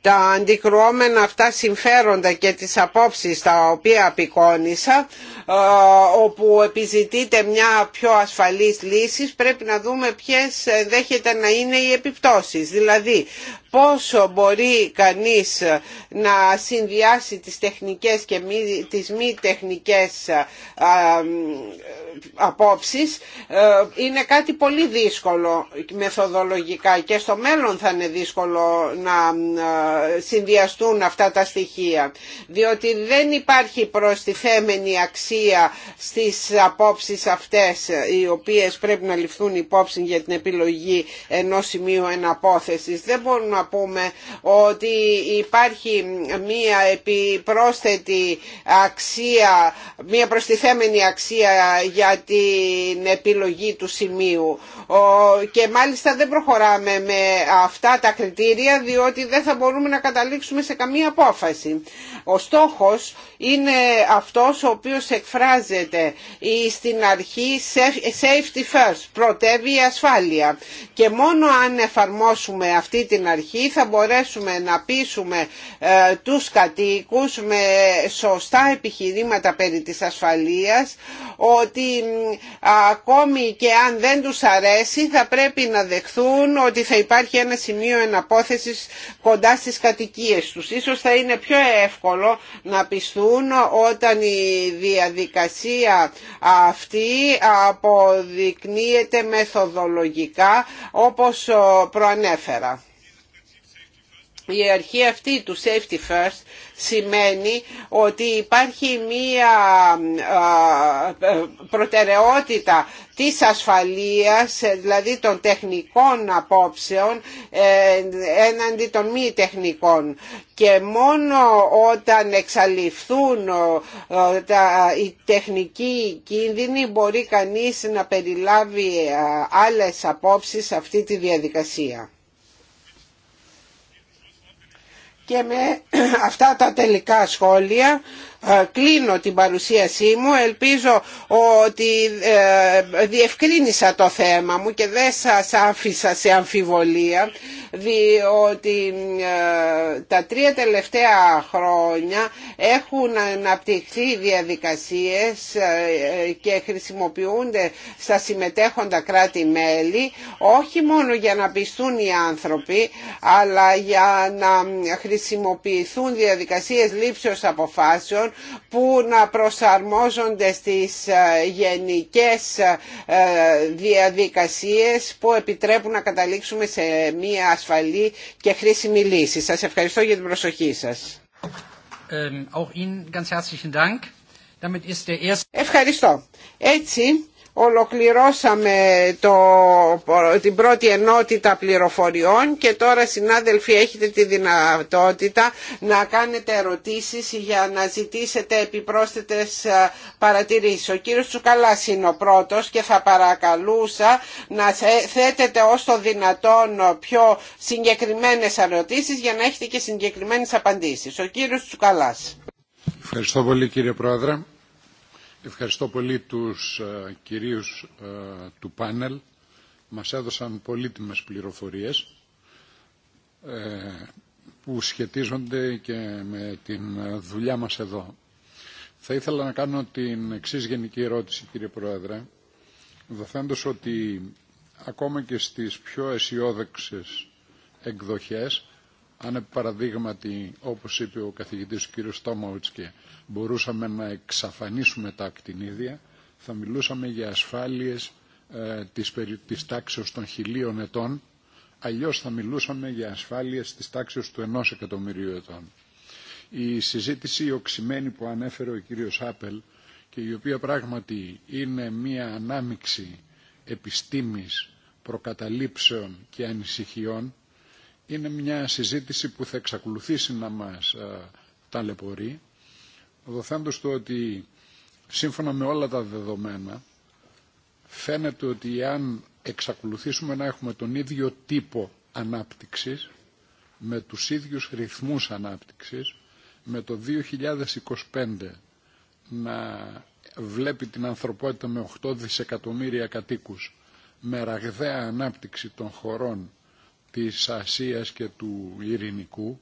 τα αντικρουόμενα αυτά συμφέροντα και τις απόψεις τα οποία απεικόνισα, όπου επιζητείται μια πιο ασφαλής λύση πρέπει να δούμε ποιες δέχεται να είναι οι επιπτώσεις. Δηλαδή πόσο μπορεί κανείς να συνδυάσει τις τεχνικές και τις μη τεχνικές απόψεις ε, είναι κάτι πολύ δύσκολο μεθοδολογικά και στο μέλλον θα είναι δύσκολο να συνδυαστούν αυτά τα στοιχεία διότι δεν υπάρχει προστιθέμενη αξία στις απόψεις αυτές οι οποίες πρέπει να ληφθούν υπόψη για την επιλογή ενός σημείου εναπόθεσης δεν μπορούμε πούμε ότι υπάρχει μία επιπρόσθετη αξία, μία προστιθέμενη αξία για την επιλογή του σημείου. Και μάλιστα δεν προχωράμε με αυτά τα κριτήρια διότι δεν θα μπορούμε να καταλήξουμε σε καμία απόφαση. Ο στόχος είναι αυτός ο οποίος εκφράζεται στην αρχή safety first, πρωτεύει η ασφάλεια. Και μόνο αν εφαρμόσουμε αυτή την αρχή ή θα μπορέσουμε να πείσουμε ε, τους κατοίκους με σωστά επιχειρήματα περί της ασφαλείας ότι ακόμη και αν δεν τους αρέσει θα πρέπει να δεχθούν ότι θα υπάρχει ένα σημείο εναπόθεσης κοντά στις κατοικίες τους. Ίσως θα είναι πιο εύκολο να πιστούν όταν η διαδικασία αυτή αποδεικνύεται μεθοδολογικά όπως προανέφερα η αρχή αυτή του safety first σημαίνει ότι υπάρχει μία προτεραιότητα της ασφαλείας, δηλαδή των τεχνικών απόψεων ε, έναντι των μη τεχνικών. Και μόνο όταν εξαλειφθούν οι τεχνικοί κίνδυνοι μπορεί κανείς να περιλάβει ε, άλλες απόψεις σε αυτή τη διαδικασία. Και με αυτά τα τελικά σχόλια ε, κλείνω την παρουσίασή μου. Ελπίζω ότι ε, διευκρίνησα το θέμα μου και δεν σας άφησα σε αμφιβολία διότι ε, τα τρία τελευταία χρόνια έχουν αναπτυχθεί διαδικασίες ε, και χρησιμοποιούνται στα συμμετέχοντα κράτη-μέλη όχι μόνο για να πιστούν οι άνθρωποι αλλά για να χρησιμοποιηθούν διαδικασίες λήψεως αποφάσεων που να προσαρμόζονται στις ε, γενικές διαδικασίες που επιτρέπουν να καταλήξουμε σε μία ασφαλή και χρήσιμη λύση. Σας ευχαριστώ για την προσοχή σας. Ähm, ευχαριστώ. Έτσι Ολοκληρώσαμε το, την πρώτη ενότητα πληροφοριών και τώρα συνάδελφοι έχετε τη δυνατότητα να κάνετε ερωτήσεις για να ζητήσετε επιπρόσθετες παρατηρήσεις. Ο κύριος Τσουκαλάς είναι ο πρώτος και θα παρακαλούσα να θέτετε ως το δυνατόν πιο συγκεκριμένες ερωτήσεις για να έχετε και συγκεκριμένες απαντήσεις. Ο κύριος Τσουκαλάς. Ευχαριστώ πολύ κύριε Πρόεδρε. Ευχαριστώ πολύ τους ε, κυρίους ε, του πάνελ. Μας έδωσαν πολύτιμες πληροφορίες ε, που σχετίζονται και με την δουλειά μας εδώ. Θα ήθελα να κάνω την εξή γενική ερώτηση, κύριε Πρόεδρε, δοθέντως ότι ακόμα και στις πιο αισιόδεξε εκδοχές, αν παραδείγματι, όπως είπε ο καθηγητής κύριος Τόμαουτς μπορούσαμε να εξαφανίσουμε τα ακτινίδια, θα μιλούσαμε για ασφάλειες ε, της, της τάξεως των χιλίων ετών, αλλιώς θα μιλούσαμε για ασφάλειες της τάξεως του ενός εκατομμυρίου ετών. Η συζήτηση οξυμένη που ανέφερε ο κύριος Άπελ και η οποία πράγματι είναι μία ανάμιξη επιστήμης, προκαταλήψεων και ανησυχιών, είναι μια συζήτηση που θα εξακολουθήσει να μας ε, ταλαιπωρεί δοθέντως το ότι σύμφωνα με όλα τα δεδομένα φαίνεται ότι αν εξακολουθήσουμε να έχουμε τον ίδιο τύπο ανάπτυξης με τους ίδιους ρυθμούς ανάπτυξης με το 2025 να βλέπει την ανθρωπότητα με 8 δισεκατομμύρια κατοίκους με ραγδαία ανάπτυξη των χωρών της Ασίας και του Ειρηνικού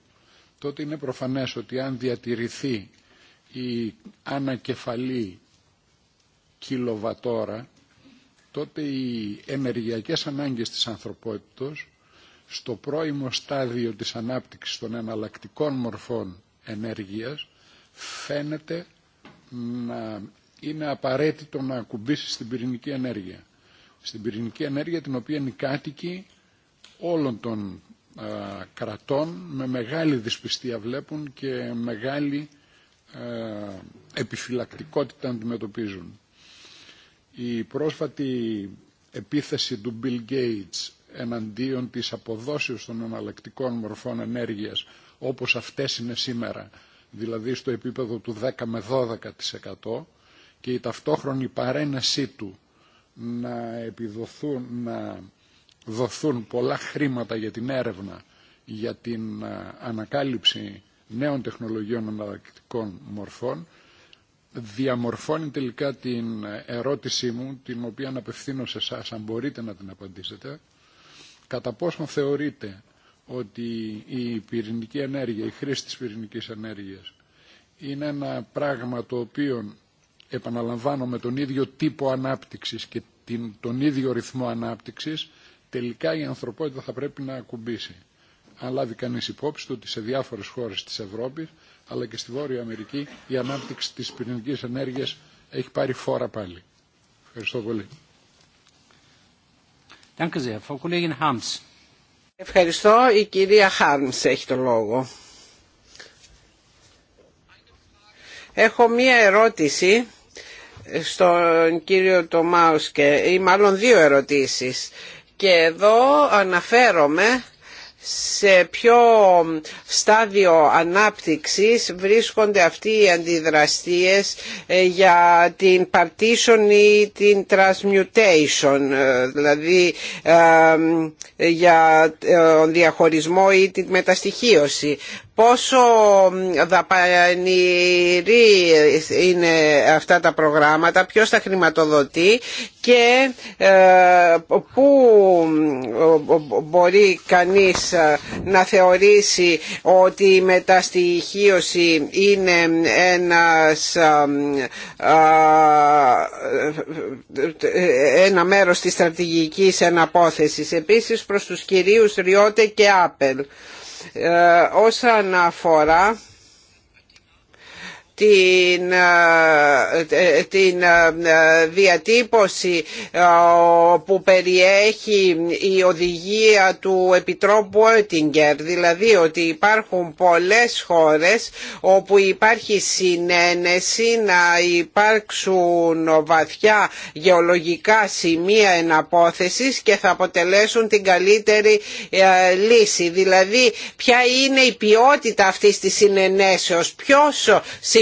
τότε είναι προφανές ότι αν διατηρηθεί η ανακεφαλή κιλοβατόρα, τότε οι ενεργειακές ανάγκες της ανθρωπότητος στο πρώιμο στάδιο της ανάπτυξης των εναλλακτικών μορφών ενέργειας φαίνεται να είναι απαραίτητο να ακουμπήσει στην πυρηνική ενέργεια. Στην πυρηνική ενέργεια την οποία είναι κάτοικοι όλων των κρατών με μεγάλη δυσπιστία βλέπουν και μεγάλη ε, επιφυλακτικότητα αντιμετωπίζουν. Η πρόσφατη επίθεση του Bill Gates εναντίον της αποδόσεως των εναλλακτικών μορφών ενέργειας όπως αυτές είναι σήμερα, δηλαδή στο επίπεδο του 10 με 12% και η ταυτόχρονη παρένεσή του να επιδοθούν, να δοθούν πολλά χρήματα για την έρευνα, για την ε, ανακάλυψη νέων τεχνολογιών αναλλακτικών μορφών διαμορφώνει τελικά την ερώτησή μου, την οποία απευθύνω σε εσά, αν μπορείτε να την απαντήσετε, κατά πόσο θεωρείτε ότι η πυρηνική ενέργεια, η χρήση της πυρηνικής ενέργειας, είναι ένα πράγμα το οποίο, επαναλαμβάνω, με τον ίδιο τύπο ανάπτυξης και τον ίδιο ρυθμό ανάπτυξης, τελικά η ανθρωπότητα θα πρέπει να ακουμπήσει αν λάβει κανείς υπόψη του ότι σε διάφορες χώρες της Ευρώπης αλλά και στη Βόρεια Αμερική η ανάπτυξη της πυρηνικής ενέργειας έχει πάρει φόρα πάλι. Ευχαριστώ πολύ. Ευχαριστώ. Η κυρία Χάρμς έχει το λόγο. Έχω μία ερώτηση στον κύριο Τομάουσκε ή μάλλον δύο ερωτήσεις και εδώ αναφέρομαι σε ποιο στάδιο ανάπτυξης βρίσκονται αυτοί οι αντιδραστίες ε, για την partition ή την transmutation, ε, δηλαδή ε, για τον διαχωρισμό ή την μεταστοιχείωση πόσο δαπανηρή είναι αυτά τα προγράμματα, ποιος τα χρηματοδοτεί και ε, πού μπορεί κανείς ε, να θεωρήσει ότι η μεταστοιχείωση είναι ε, ένα μέρος της στρατηγικής εναπόθεσης. Επίσης προς τους κυρίους Ριώτε και Άπελ. Ε, όσον αφορά την, ε, ε, την ε, διατύπωση που περιέχει η οδηγία του Επιτρόπου Ότιγκερ, δηλαδή ότι υπάρχουν πολλές χώρες όπου υπάρχει συνένεση να υπάρξουν βαθιά γεωλογικά σημεία εναπόθεσης και θα αποτελέσουν την καλύτερη λύση. Δηλαδή ποια είναι η ποιότητα αυτής της συνενέσεως, ποιος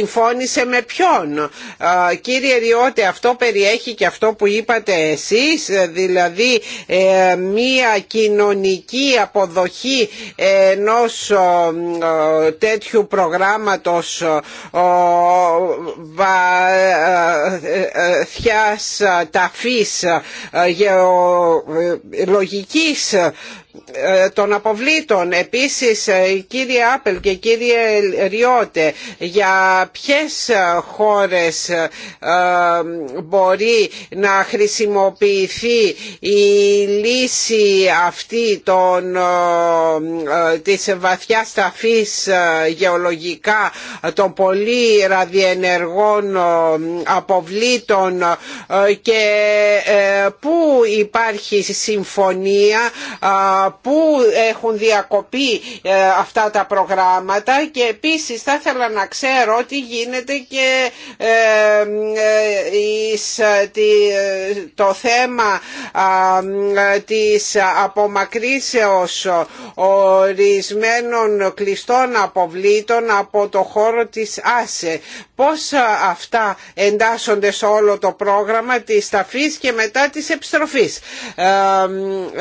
συμφώνησε με ποιον. Κύριε Ριώτε, αυτό περιέχει και αυτό που είπατε εσείς, ε, δηλαδή ε, μία κοινωνική αποδοχή ενός τέτοιου προγράμματος βαθιάς ε, ταφής γεωλογικής ε, των αποβλήτων επίσης ε, κύριε Άπελ και κύριε Ριώτε για ποιες χώρες ε, μπορεί να χρησιμοποιηθεί η λύση αυτή των, της βαθιάς ταφής γεωλογικά των πολύ ραδιενεργών αποβλήτων και πού υπάρχει συμφωνία που έχουν διακοπεί ε, αυτά τα προγράμματα και επίσης θα ήθελα να ξέρω τι γίνεται και ε, ε, το θέμα της απομακρύσεως ορισμένων κλειστών αποβλήτων από το χώρο της ΆΣΕ. Πώς αυτά εντάσσονται σε όλο το πρόγραμμα της ταφής και μετά της επιστροφής.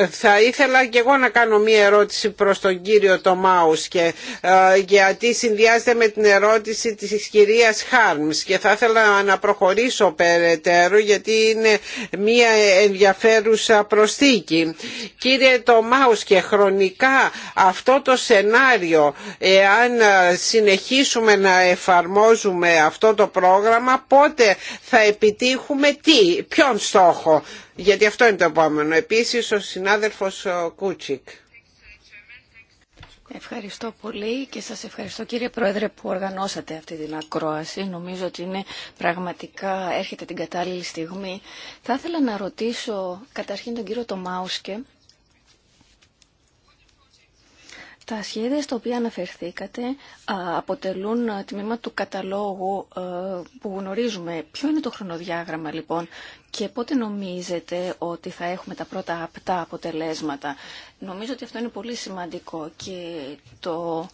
Θα ήθελα και εγώ εγώ να κάνω μία ερώτηση προς τον κύριο Τομάους και, ε, γιατί συνδυάζεται με την ερώτηση της κυρίας Χάρμς και θα ήθελα να προχωρήσω περαιτέρω γιατί είναι μία ενδιαφέρουσα προσθήκη. Κύριε Τομάους και χρονικά αυτό το σενάριο εάν συνεχίσουμε να εφαρμόζουμε αυτό το πρόγραμμα πότε θα επιτύχουμε τι, ποιον στόχο γιατί αυτό είναι το επόμενο. Επίσης ο συνάδελφος Κούτσικ. Ευχαριστώ πολύ και σας ευχαριστώ κύριε Πρόεδρε που οργανώσατε αυτή την ακρόαση. Νομίζω ότι είναι πραγματικά έρχεται την κατάλληλη στιγμή. Θα ήθελα να ρωτήσω καταρχήν τον κύριο Τομάουσκε Τα σχέδια στα οποία αναφερθήκατε αποτελούν τμήμα του καταλόγου ε, που γνωρίζουμε. Ποιο είναι το χρονοδιάγραμμα λοιπόν και πότε νομίζετε ότι θα έχουμε τα πρώτα απτά αποτελέσματα. Νομίζω ότι αυτό είναι πολύ σημαντικό και το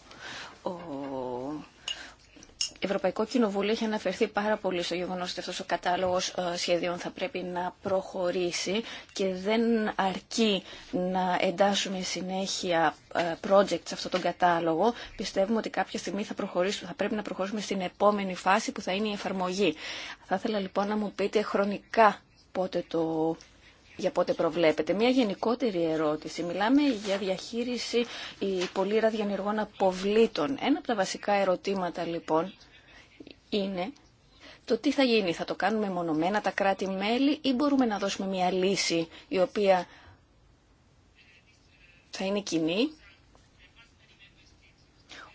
Ευρωπαϊκό Κοινοβούλιο έχει αναφερθεί πάρα πολύ στο γεγονός ότι αυτό ο κατάλογος ε, σχεδίων θα πρέπει να προχωρήσει και δεν αρκεί να εντάσσουμε συνέχεια ε, projects σε αυτόν τον κατάλογο. Πιστεύουμε ότι κάποια στιγμή θα, θα πρέπει να προχωρήσουμε στην επόμενη φάση που θα είναι η εφαρμογή. Θα ήθελα λοιπόν να μου πείτε χρονικά πότε το για πότε προβλέπετε. Μια γενικότερη ερώτηση. Μιλάμε για διαχείριση πολύ ραδιενεργών αποβλήτων. Ένα από τα βασικά ερωτήματα λοιπόν είναι το τι θα γίνει. Θα το κάνουμε μονομένα τα κράτη-μέλη ή μπορούμε να δώσουμε μια λύση η οποία θα είναι κοινή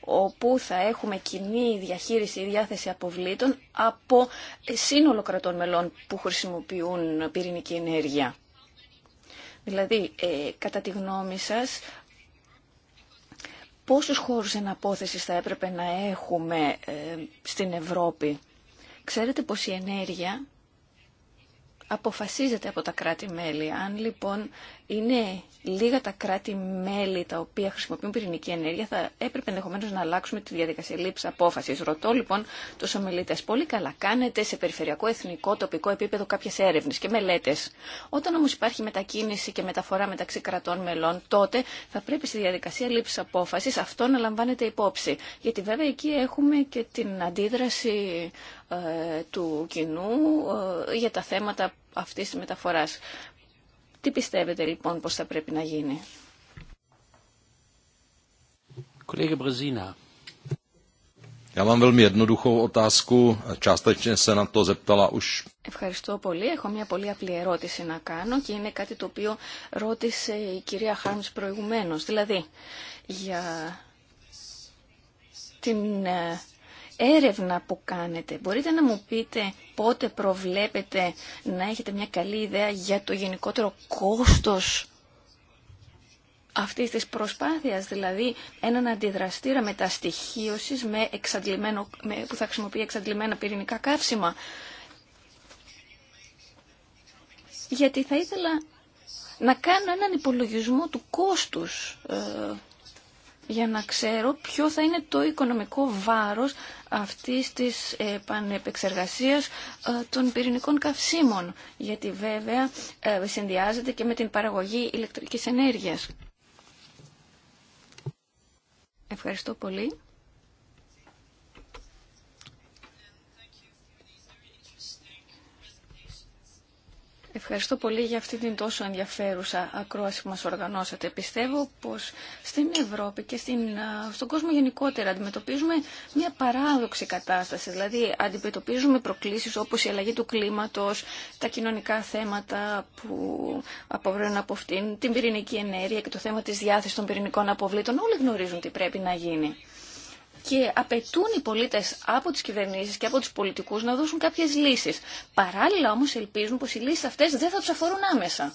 όπου θα έχουμε κοινή διαχείριση ή διάθεση αποβλήτων από σύνολο κρατών μελών που χρησιμοποιούν πυρηνική ενέργεια. Δηλαδή, ε, κατά τη γνώμη σας, πόσους χώρους εναπόθεσης θα έπρεπε να έχουμε ε, στην Ευρώπη. Ξέρετε πως η ενέργεια αποφασίζεται από τα κράτη-μέλη. Αν λοιπόν είναι λίγα τα κράτη-μέλη τα οποία χρησιμοποιούν πυρηνική ενέργεια, θα έπρεπε ενδεχομένω να αλλάξουμε τη διαδικασία λήψη απόφαση. Ρωτώ λοιπόν του ομιλητέ, πολύ καλά κάνετε σε περιφερειακό, εθνικό, τοπικό επίπεδο κάποιε έρευνε και μελέτε. Όταν όμω υπάρχει μετακίνηση και μεταφορά μεταξύ κρατών μελών, τότε θα πρέπει στη διαδικασία λήψη απόφαση αυτό να λαμβάνεται υπόψη. Γιατί βέβαια εκεί έχουμε και την αντίδραση ε, του κοινού ε, για τα θέματα αυτής της μεταφοράς. Τι πιστεύετε λοιπόν πως θα πρέπει να γίνει. Ευχαριστώ πολύ. Έχω μια πολύ απλή ερώτηση να κάνω και είναι κάτι το οποίο ρώτησε η κυρία Χάρμς προηγουμένως. Δηλαδή, για την ε, έρευνα που κάνετε. Μπορείτε να μου πείτε πότε προβλέπετε να έχετε μια καλή ιδέα για το γενικότερο κόστος αυτής της προσπάθειας, δηλαδή έναν αντιδραστήρα μεταστοιχείωσης με με, που θα χρησιμοποιεί εξαντλημένα πυρηνικά καύσιμα. Γιατί θα ήθελα να κάνω έναν υπολογισμό του κόστους ε, για να ξέρω ποιο θα είναι το οικονομικό βάρος αυτής της ε, πανεπεξεργασίας ε, των πυρηνικών καυσίμων, γιατί βέβαια ε, συνδυάζεται και με την παραγωγή ηλεκτρικής ενέργειας. Ευχαριστώ πολύ. Ευχαριστώ πολύ για αυτή την τόσο ενδιαφέρουσα ακρόαση που μας οργανώσατε. Πιστεύω πως στην Ευρώπη και στην, στον κόσμο γενικότερα αντιμετωπίζουμε μια παράδοξη κατάσταση. Δηλαδή αντιμετωπίζουμε προκλήσεις όπως η αλλαγή του κλίματος, τα κοινωνικά θέματα που αποβραίνουν από αυτήν, την πυρηνική ενέργεια και το θέμα της διάθεσης των πυρηνικών αποβλήτων. Όλοι γνωρίζουν τι πρέπει να γίνει και απαιτούν οι πολίτες από τις κυβερνήσεις και από του πολιτικούς να δώσουν κάποιες λύσεις. Παράλληλα όμως ελπίζουν πως οι λύσεις αυτές δεν θα τους αφορούν άμεσα.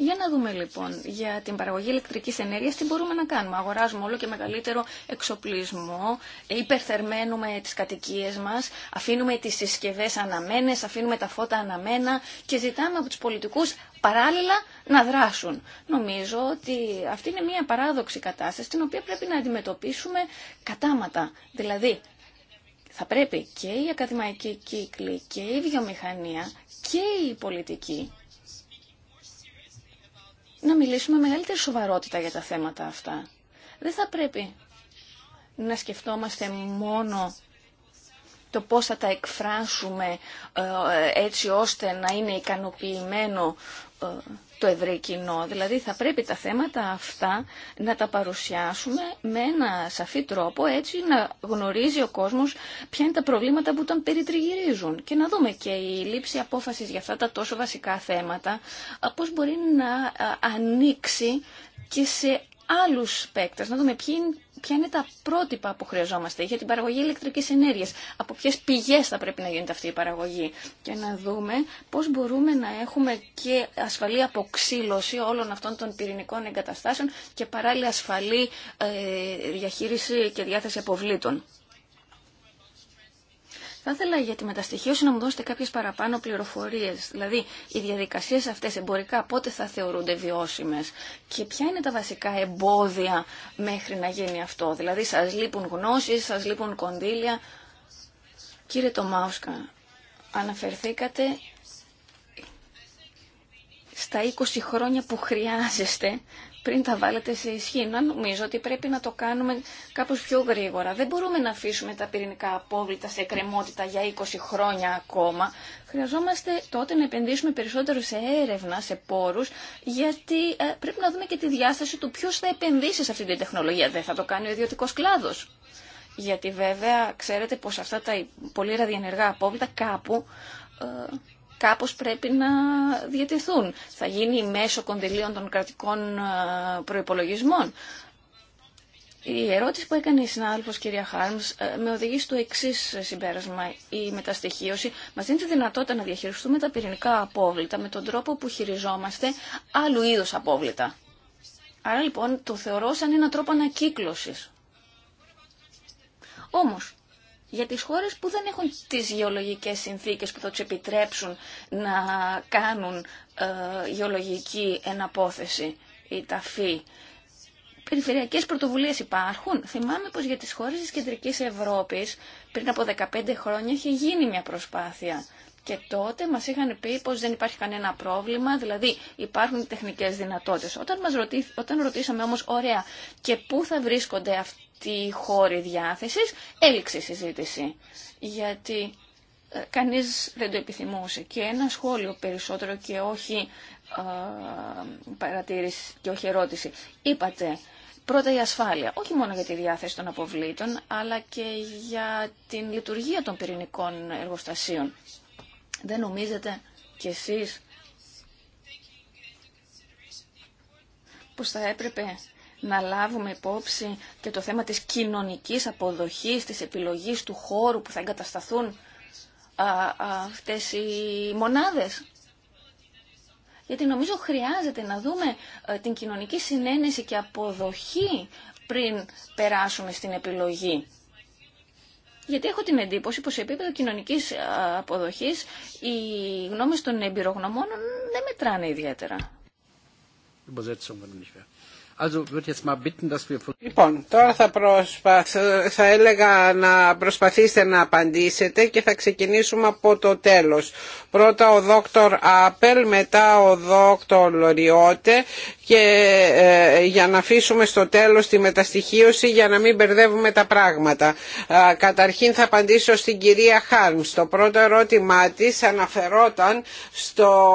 Για να δούμε λοιπόν για την παραγωγή ηλεκτρικής ενέργειας τι μπορούμε να κάνουμε. Αγοράζουμε όλο και μεγαλύτερο εξοπλισμό, υπερθερμαίνουμε τις κατοικίες μας, αφήνουμε τις συσκευές αναμένες, αφήνουμε τα φώτα αναμένα και ζητάμε από τους πολιτικούς παράλληλα να δράσουν. Νομίζω ότι αυτή είναι μια παράδοξη κατάσταση την οποία πρέπει να αντιμετωπίσουμε κατάματα. Δηλαδή, θα πρέπει και η ακαδημαϊκή κύκλη και η βιομηχανία και η πολιτική να μιλήσουμε με μεγαλύτερη σοβαρότητα για τα θέματα αυτά. Δεν θα πρέπει να σκεφτόμαστε μόνο το πώς θα τα εκφράσουμε ε, ε, έτσι ώστε να είναι ικανοποιημένο ε, το ευρύ κοινό. Δηλαδή θα πρέπει τα θέματα αυτά να τα παρουσιάσουμε με ένα σαφή τρόπο έτσι να γνωρίζει ο κόσμος ποια είναι τα προβλήματα που τον περιτριγυρίζουν και να δούμε και η λήψη απόφασης για αυτά τα τόσο βασικά θέματα πώς μπορεί να ε, ανοίξει και σε άλλους παίκτε, να δούμε ποια είναι τα πρότυπα που χρειαζόμαστε για την παραγωγή ηλεκτρικής ενέργειας, από ποιες πηγές θα πρέπει να γίνεται αυτή η παραγωγή και να δούμε πώς μπορούμε να έχουμε και ασφαλή αποξύλωση όλων αυτών των πυρηνικών εγκαταστάσεων και παράλληλα ασφαλή ε, διαχείριση και διάθεση αποβλήτων. Θα ήθελα για τη μεταστοιχείωση να μου δώσετε κάποιες παραπάνω πληροφορίες. Δηλαδή, οι διαδικασίες αυτές εμπορικά πότε θα θεωρούνται βιώσιμες και ποια είναι τα βασικά εμπόδια μέχρι να γίνει αυτό. Δηλαδή, σας λείπουν γνώσεις, σας λείπουν κονδύλια. Κύριε Τομάουσκα, αναφερθήκατε στα 20 χρόνια που χρειάζεστε πριν τα βάλετε σε ισχύ. Νομίζω ότι πρέπει να το κάνουμε κάπως πιο γρήγορα. Δεν μπορούμε να αφήσουμε τα πυρηνικά απόβλητα σε κρεμότητα για 20 χρόνια ακόμα. Χρειαζόμαστε τότε να επενδύσουμε περισσότερο σε έρευνα, σε πόρους, γιατί ε, πρέπει να δούμε και τη διάσταση του ποιο θα επενδύσει σε αυτή την τεχνολογία. Δεν θα το κάνει ο ιδιωτικό κλάδο. Γιατί βέβαια ξέρετε πω αυτά τα πολύ ραδιενεργά απόβλητα κάπου ε, κάπως πρέπει να διατηθούν. Θα γίνει μέσω κοντελίων των κρατικών ε, προϋπολογισμών. Η ερώτηση που έκανε η συνάδελφος κυρία Χάρμς ε, με οδηγεί στο εξή συμπέρασμα. Η μεταστοιχείωση μας δίνει τη δυνατότητα να διαχειριστούμε τα πυρηνικά απόβλητα με τον τρόπο που χειριζόμαστε άλλου είδους απόβλητα. Άρα λοιπόν το θεωρώ σαν έναν τρόπο ανακύκλωσης. Όμως, για τις χώρες που δεν έχουν τις γεωλογικές συνθήκες που θα τους επιτρέψουν να κάνουν ε, γεωλογική εναπόθεση ή ταφή. Περιφερειακές πρωτοβουλίες υπάρχουν. Θυμάμαι πως για τις χώρες της Κεντρικής Ευρώπης πριν από 15 χρόνια είχε γίνει μια προσπάθεια. Και τότε μας είχαν πει πως δεν υπάρχει κανένα πρόβλημα, δηλαδή υπάρχουν τεχνικές δυνατότητες. Όταν, μας ρωτή, όταν ρωτήσαμε όμως, ωραία, και πού θα βρίσκονται αυτοί τη χώρη διάθεσης, έληξε η συζήτηση. Γιατί ε, κανείς δεν το επιθυμούσε. Και ένα σχόλιο περισσότερο και όχι ε, παρατήρηση και όχι ερώτηση. Είπατε πρώτα η ασφάλεια, όχι μόνο για τη διάθεση των αποβλήτων, αλλά και για την λειτουργία των πυρηνικών εργοστασίων. Δεν νομίζετε κι εσείς πως θα έπρεπε να λάβουμε υπόψη και το θέμα της κοινωνικής αποδοχής, της επιλογής του χώρου που θα εγκατασταθούν αυτές οι μονάδες. Γιατί νομίζω χρειάζεται να δούμε ε, την κοινωνική συνένεση και αποδοχή πριν περάσουμε στην επιλογή. Γιατί έχω την εντύπωση πως σε επίπεδο κοινωνικής ε, αποδοχής οι γνώμες των εμπειρογνωμόνων δεν μετράνε ιδιαίτερα. Also Λοιπόν, τώρα θα, έλεγα να προσπαθήσετε να απαντήσετε και θα ξεκινήσουμε από το τέλος. Πρώτα ο δόκτωρ Άπελ, μετά ο δόκτωρ Λοριότε και ε, για να αφήσουμε στο τέλος τη μεταστοιχίωση για να μην μπερδεύουμε τα πράγματα. καταρχήν θα απαντήσω στην κυρία Χάρμ. Το πρώτο ερώτημά της αναφερόταν στο,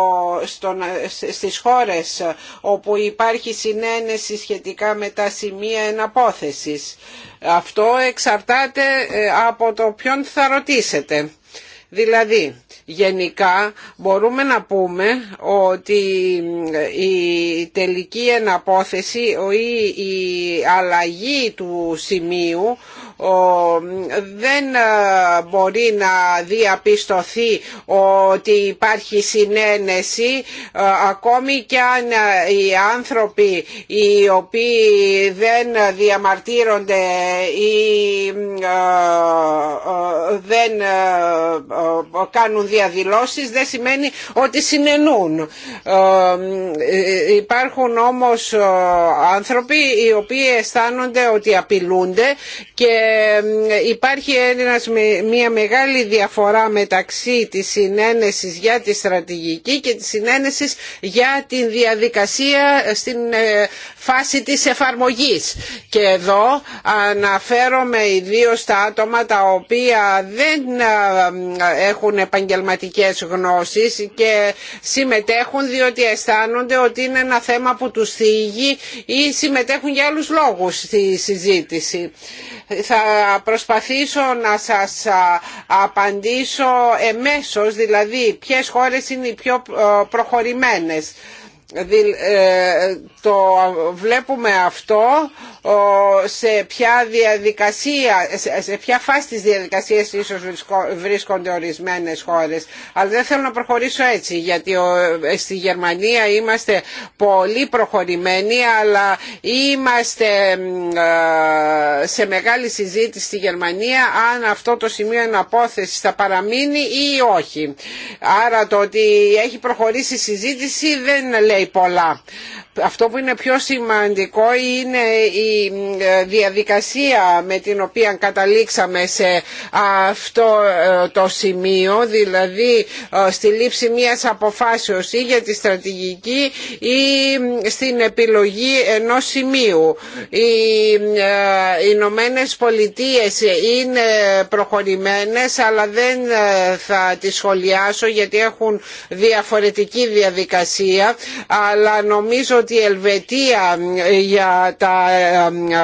ε, στις χώρες όπου υπάρχει συνένεση σχετικά με τα σημεία εναπόθεσης. Αυτό εξαρτάται ε, από το ποιον θα ρωτήσετε. Δηλαδή, γενικά μπορούμε να πούμε ότι ε, η τελική εναπόθεση ή η αλλαγή του σημείου δεν ε, μπορεί να διαπιστωθεί ότι υπάρχει συνένεση ε, ακόμη και αν ε, οι άνθρωποι οι οποίοι δεν διαμαρτύρονται ή δεν κάνουν διαδηλώσεις δεν σημαίνει ότι συνενούν. Υπάρχουν όμως άνθρωποι οι οποίοι αισθάνονται ότι απειλούνται και ε, υπάρχει ένας, μια μεγάλη διαφορά μεταξύ της συνένεσης για τη στρατηγική και της συνένεσης για τη διαδικασία στην ε, φάση της εφαρμογής. Και εδώ αναφέρομαι ιδίως στα άτομα τα οποία δεν ε, ε, έχουν επαγγελματικές γνώσεις και συμμετέχουν διότι αισθάνονται ότι είναι ένα θέμα που τους θίγει ή συμμετέχουν για άλλους λόγους στη συζήτηση. Θα προσπαθήσω να σας ε, απαντήσω εμέσως, δηλαδή ποιες χώρες είναι οι πιο προχωρημένες. Ε, το βλέπουμε αυτό σε ποια διαδικασία, σε ποια φάση της διαδικασίας ίσως βρίσκονται ορισμένες χώρες. Αλλά δεν θέλω να προχωρήσω έτσι, γιατί στη Γερμανία είμαστε πολύ προχωρημένοι, αλλά είμαστε σε μεγάλη συζήτηση στη Γερμανία αν αυτό το σημείο εναπόθεση θα παραμείνει ή όχι. Άρα το ότι έχει προχωρήσει η συζήτηση δεν λέει πολλά. Αυτό που είναι πιο σημαντικό είναι η ε, διαδικασία με την οποία καταλήξαμε σε αυτό ε, το σημείο, δηλαδή ε, στη λήψη μιας αποφάσεως ή για τη στρατηγική ή στην επιλογή ενός σημείου. Οι Ηνωμένε Πολιτείε είναι προχωρημένες αλλά δεν θα τις σχολιάσω γιατί έχουν διαφορετική διαδικασία αλλά νομίζω ότι η Ελβετία για τα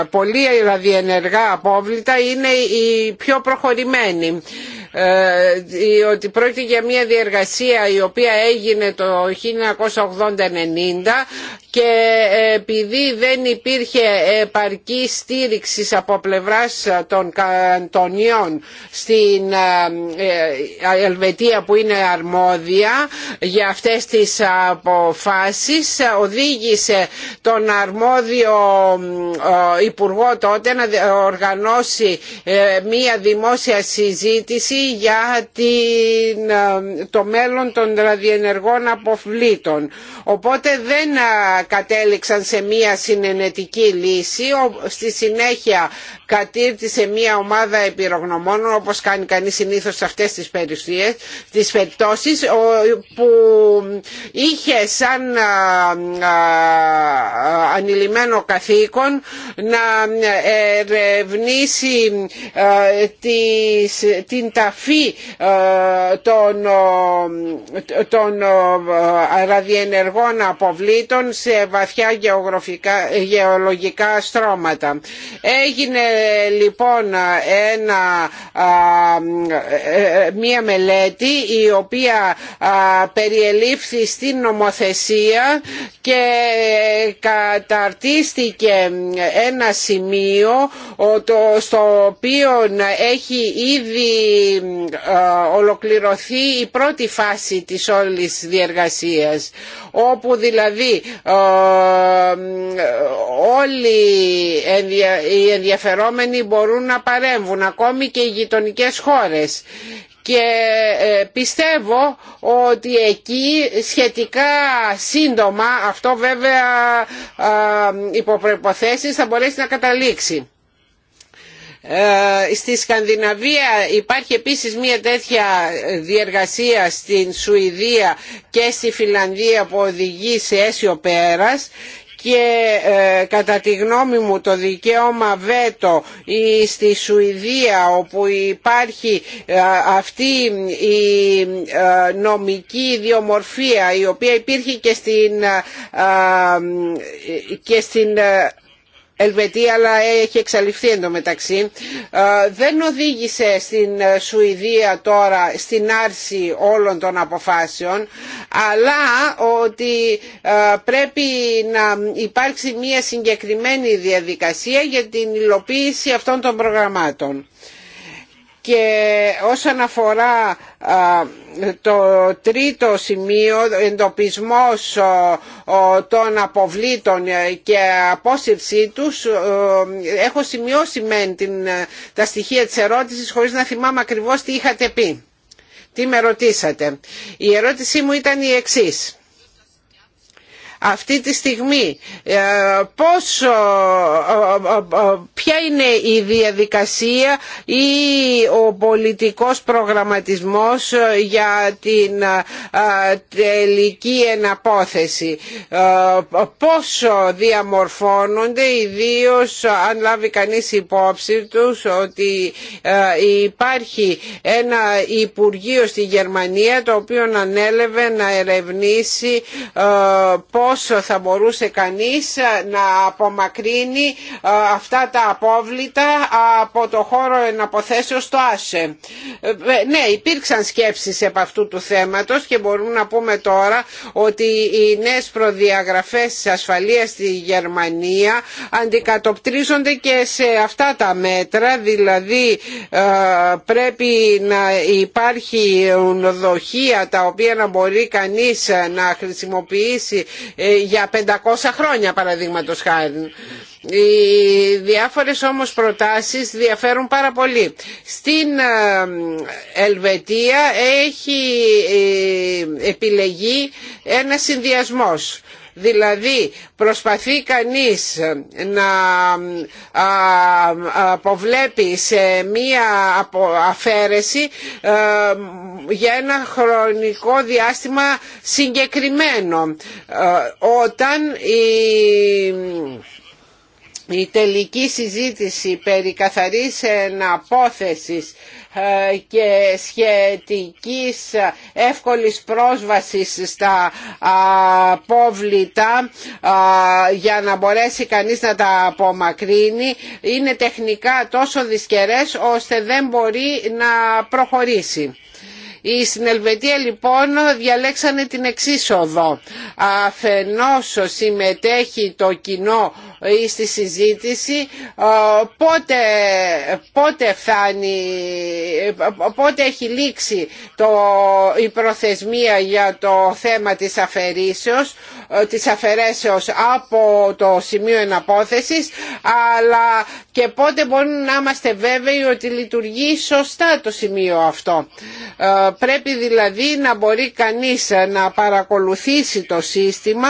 πολύ ραδιενεργά απόβλητα είναι η πιο προχωρημένη ε, ότι πρόκειται για μια διεργασία η οποία έγινε το 1980-90 και επειδή δεν υπήρχε επαρκή στήριξη από πλευράς των καντονιών στην ε, ε, Ελβετία που είναι αρμόδια για αυτές τις αποφάσεις οδήγησε οδήγησε τον αρμόδιο υπουργό τότε να οργανώσει ε, μία δημόσια συζήτηση για την, ε, το μέλλον των ραδιενεργών αποβλήτων. Οπότε δεν ε, κατέληξαν σε μία συνενετική λύση. Στη συνέχεια κατήρτισε μια ομάδα επιρρογνωμόνων όπως κάνει κανείς συνήθως σε αυτές τις, περιουσίες, τις περιπτώσεις που είχε σαν ανηλιμένο καθήκον να ερευνήσει την ταφή των, των ραδιενεργών αποβλήτων σε βαθιά γεωγραφικά, γεωλογικά στρώματα. Έγινε ε, λοιπόν ένα, ε, μία μελέτη η οποία περιελήφθη στην νομοθεσία και καταρτίστηκε ένα σημείο στο οποίο έχει ήδη ολοκληρωθεί η πρώτη φάση της όλης διεργασίας όπου δηλαδή όλοι οι ενδιαφερόμενοι εργαζόμενοι μπορούν να παρέμβουν, ακόμη και οι γειτονικές χώρες και ε, πιστεύω ότι εκεί σχετικά σύντομα αυτό βέβαια υποπροϋποθέσεις θα μπορέσει να καταλήξει. Ε, στη Σκανδιναβία υπάρχει επίσης μια τέτοια διεργασία στην Σουηδία και στη Φιλανδία που οδηγεί σε αίσιο πέρας και ε, κατά τη γνώμη μου το δικαίωμα βέτο στη Σουηδία όπου υπάρχει ε, αυτή η ε, νομική διομορφία η οποία υπήρχε και στην, και στην Ελβετία αλλά έχει εξαλειφθεί εντωμεταξύ ε, δεν οδήγησε στην ε, Σουηδία τώρα στην άρση όλων των αποφάσεων αλλά ότι ε, πρέπει να υπάρξει μια συγκεκριμένη διαδικασία για την υλοποίηση αυτών των προγραμμάτων. Και όσον αφορά το τρίτο σημείο, εντοπισμός των αποβλήτων ε, και απόσυρσή τους, έχω σημειώσει μεν την, ε, τα στοιχεία της ερώτησης χωρίς να θυμάμαι ακριβώς τι είχατε πει. Τι με ρωτήσατε. Η ερώτησή μου ήταν η εξής αυτή τη στιγμή ε, ε, ε, ποια είναι η διαδικασία ή ο πολιτικός προγραμματισμός για την τελική εναπόθεση πόσο διαμορφώνονται ιδίως αν λάβει κανείς υπόψη τους ότι υπάρχει ένα Υπουργείο στη Γερμανία το οποίο ανέλευε να ερευνήσει πώς πώς θα μπορούσε κανείς να απομακρύνει ε, αυτά τα απόβλητα από το χώρο εναποθέσεως στο ΆΣΕ. Ε, ναι, υπήρξαν σκέψεις επ' αυτού του θέματος και μπορούμε να πούμε τώρα ότι οι νέες προδιαγραφές της ασφαλείας στη Γερμανία αντικατοπτρίζονται και σε αυτά τα μέτρα, δηλαδή ε, πρέπει να υπάρχει δοχεία τα οποία να μπορεί κανείς να χρησιμοποιήσει ε, για 500 χρόνια παραδείγματο χάρη. Οι διάφορες όμως προτάσεις διαφέρουν πάρα πολύ. Στην ε, Ελβετία έχει ε, επιλεγεί ένα συνδυασμός Δηλαδή προσπαθεί κανείς να αποβλέπει σε μία αφαίρεση για ένα χρονικό διάστημα συγκεκριμένο. Όταν η... τελική συζήτηση περί καθαρής εναπόθεσης ε, και σχετικής εύκολης πρόσβασης στα απόβλητα για να μπορέσει κανείς να τα απομακρύνει είναι τεχνικά τόσο δυσκερές ώστε δεν μπορεί να προχωρήσει. Οι στην λοιπόν διαλέξανε την εξίσοδο. Αφενός συμμετέχει το κοινό ε, στη συζήτηση ε, πότε, πότε ε, πότε έχει λήξει το, η προθεσμία για το θέμα της αφαιρήσεως της αφαιρέσεως από το σημείο εναπόθεσης αλλά και πότε μπορούμε να είμαστε βέβαιοι ότι λειτουργεί σωστά το σημείο αυτό. Ε, πρέπει δηλαδή να μπορεί κανείς να παρακολουθήσει το σύστημα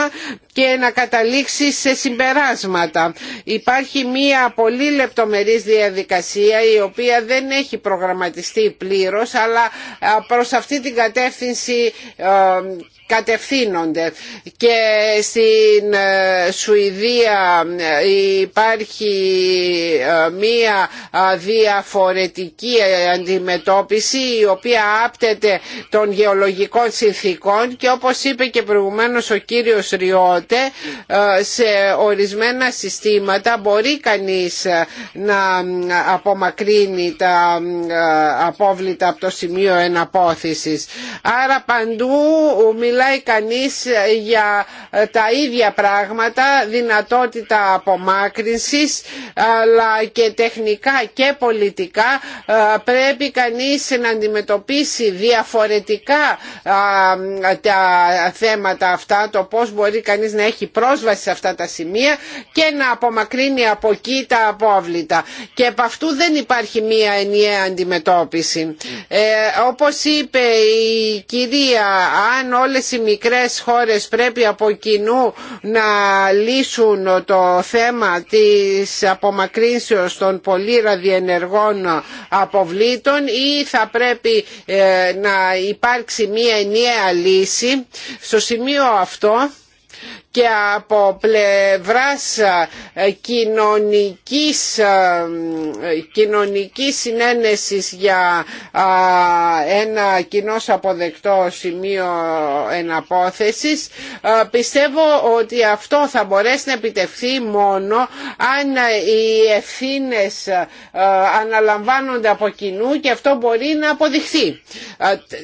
και να καταλήξει σε συμπεράσματα. Υπάρχει μία πολύ λεπτομερής διαδικασία η οποία δεν έχει προγραμματιστεί πλήρως αλλά προς αυτή την κατεύθυνση ε, κατευθύνονται και στην ε, Σουηδία ε, υπάρχει μία διαφορετική αντιμετώπιση η οποία άπτεται των γεωλογικών συνθήκων και όπως είπε και προηγουμένως ο κύριος Ριώτη ε, σε ορισμένα συστήματα μπορεί κανείς ε, να ε, απομακρύνει τα απόβλητα από το σημείο εναπόθεσης. Άρα παντού μιλάει κανείς για τα ίδια πράγματα, δυνατότητα απομάκρυνσης αλλά και τεχνικά και πολιτικά πρέπει κανείς να αντιμετωπίσει διαφορετικά τα θέματα αυτά, το πώς μπορεί κανείς να έχει πρόσβαση σε αυτά τα σημεία και να απομακρύνει από εκεί τα απόβλητα. Και επ' αυτού δεν υπάρχει μία ενιαία αντιμετώπιση. Ε, όπως είπε η κυρία, αν όλες οι μικρές χώρες πρέπει από κοινού να λύσουν το θέμα της απομακρύνσεως των πολύ ραδιενεργών αποβλήτων ή θα πρέπει ε, να υπάρξει μία ενιαία λύση. Στο σημείο αυτό και από πλευράς ε, κοινωνικής, ε, κοινωνικής συνένεσης για ε, ένα κοινό αποδεκτό σημείο εναπόθεσης πιστεύω ότι αυτό θα μπορέσει να επιτευχθεί μόνο αν οι ευθύνε αναλαμβάνονται από κοινού και αυτό μπορεί να αποδειχθεί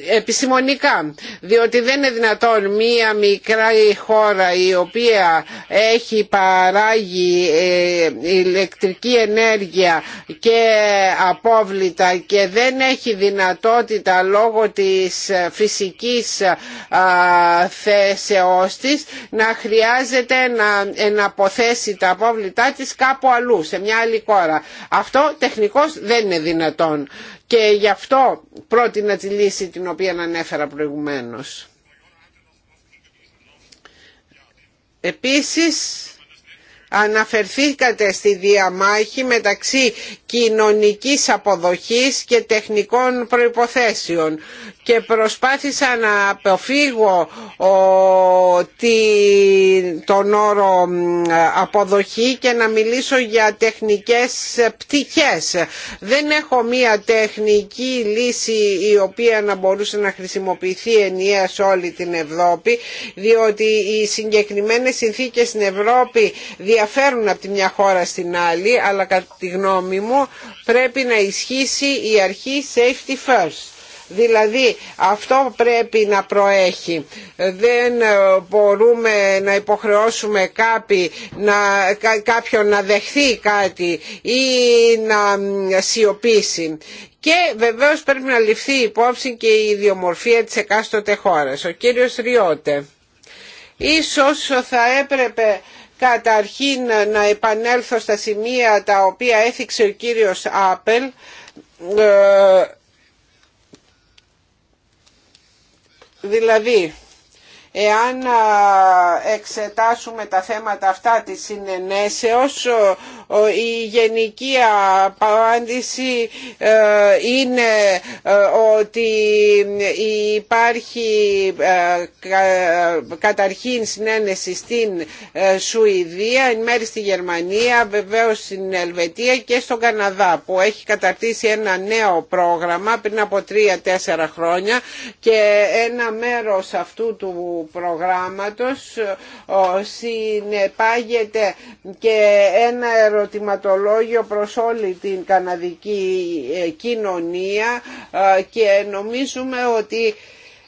επιστημονικά διότι δεν είναι δυνατόν μία μικρά χώρα η οποία έχει παράγει ε, ηλεκτρική ενέργεια και απόβλητα και δεν έχει δυνατότητα λόγω της φυσικής θέσεώς της να χρειάζεται να αποθέσει τα απόβλητά της κάπου αλλού, σε μια άλλη χώρα. Αυτό τεχνικώς δεν είναι δυνατόν και γι' αυτό πρότεινα τη λύση την οποία ανέφερα προηγουμένως. Επίσης Αναφερθήκατε στη διαμάχη μεταξύ κοινωνικής αποδοχής και τεχνικών προϋποθέσεων και προσπάθησα να αποφύγω τον όρο αποδοχή και να μιλήσω για τεχνικές πτυχές. Δεν έχω μία τεχνική λύση η οποία να μπορούσε να χρησιμοποιηθεί ενιαία σε όλη την Ευρώπη διότι οι συγκεκριμένες συνθήκες στην Ευρώπη διαφέρουν από τη μια χώρα στην άλλη, αλλά κατά τη γνώμη μου πρέπει να ισχύσει η αρχή safety first. Δηλαδή αυτό πρέπει να προέχει. Δεν ε, μπορούμε να υποχρεώσουμε να, κάποιον να δεχθεί κάτι ή να σιωπήσει. Και βεβαίως πρέπει να ληφθεί υπόψη και η ιδιομορφία της εκάστοτε χώρας. Ο κύριος Ριώτε. Ίσως θα έπρεπε καταρχήν να επανέλθω στα σημεία τα οποία έθιξε ο κύριος Άπελ ε, δηλαδή εάν ε, εξετάσουμε τα θέματα αυτά της συνενέσεως η γενική απάντηση ε, είναι ε, ότι υπάρχει ε, καταρχήν συνένεση στην Σουηδία, εν μέρη στη Γερμανία, βεβαίως στην Ελβετία και στον Καναδά που έχει καταρτήσει ένα νέο πρόγραμμα πριν από τρία-τέσσερα χρόνια και ένα μέρος αυτού του προγράμματος συνεπάγεται και ένα ερωτηματολόγιο προς όλη την καναδική ε, κοινωνία ε, και νομίζουμε ότι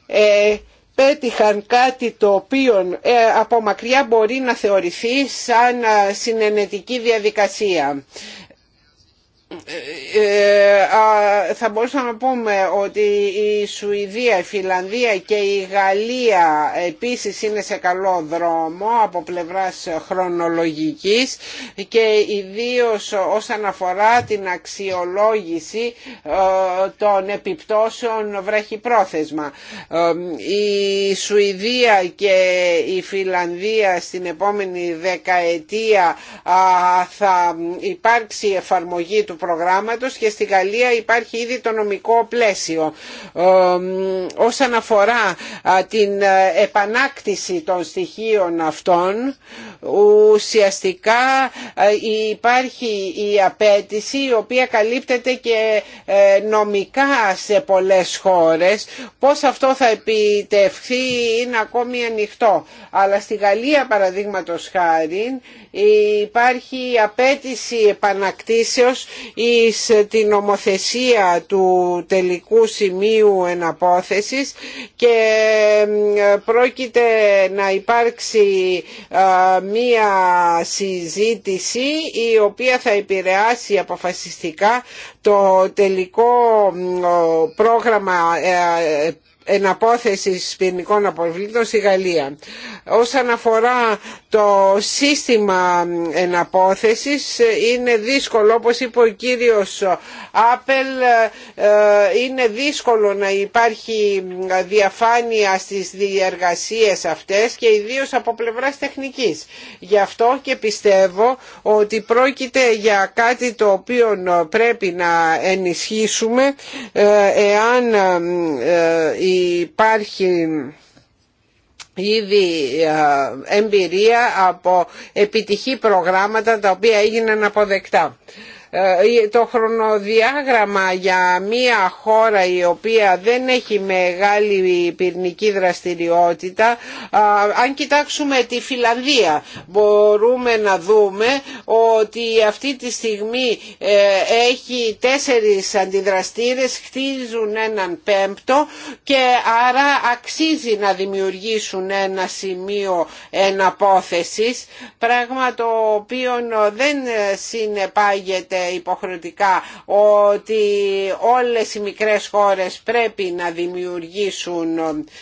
ε, πέτυχαν κάτι το οποίο από μακριά μπορεί να θεωρηθεί σαν συνενετική διαδικασία. Ε, ε, θα μπορούσαμε να πούμε ότι η Σουηδία, η Φιλανδία και η Γαλλία επίσης είναι σε καλό δρόμο από πλευράς χρονολογικής και ιδίως όσον αφορά την αξιολόγηση ε, των επιπτώσεων βρέχει πρόθεσμα. Η Σουηδία και η Φιλανδία στην επόμενη δεκαετία θα υπάρξει εφαρμογή του προγράμματος και στη Γαλλία υπάρχει ήδη το νομικό πλαίσιο. Ε, όσον αφορά την ε, επανάκτηση των στοιχείων αυτών ουσιαστικά ε, υπάρχει η απέτηση η οποία καλύπτεται και ε, νομικά σε πολλές χώρες. Πώς αυτό θα επιτευχθεί είναι ακόμη ανοιχτό. Αλλά στη Γαλλία παραδείγματος χάρη υπάρχει η απέτηση επανακτήσεως εις την νομοθεσία του τελικού σημείου εναπόθεσης και ε, πρόκειται να υπάρξει μία συζήτηση η οποία θα επηρεάσει αποφασιστικά το τελικό πρόγραμμα ε, εναπόθεσης πυρηνικών αποβλήτων στη Γαλλία. Όσον αφορά το σύστημα εναπόθεσης είναι δύσκολο, όπως είπε ο κύριος Άπελ, ε, είναι δύσκολο να υπάρχει διαφάνεια στις διεργασίες αυτές και ιδίως από πλευράς τεχνικής. Γι' αυτό και πιστεύω ότι πρόκειται για κάτι το οποίο πρέπει να ενισχύσουμε ε, εάν ε, υπάρχει ήδη εμπειρία από επιτυχή προγράμματα τα οποία έγιναν αποδεκτά. Ε, το χρονοδιάγραμμα για μια χώρα η οποία δεν έχει μεγάλη πυρνική δραστηριότητα αν κοιτάξουμε τη Φιλανδία μπορούμε να δούμε ότι αυτή τη στιγμή ε, έχει τέσσερις αντιδραστήρες χτίζουν έναν πέμπτο και άρα αξίζει να δημιουργήσουν ένα σημείο εναπόθεσης πράγμα το οποίο δεν συνεπάγεται υποχρεωτικά ότι όλες οι μικρές χώρες πρέπει να δημιουργήσουν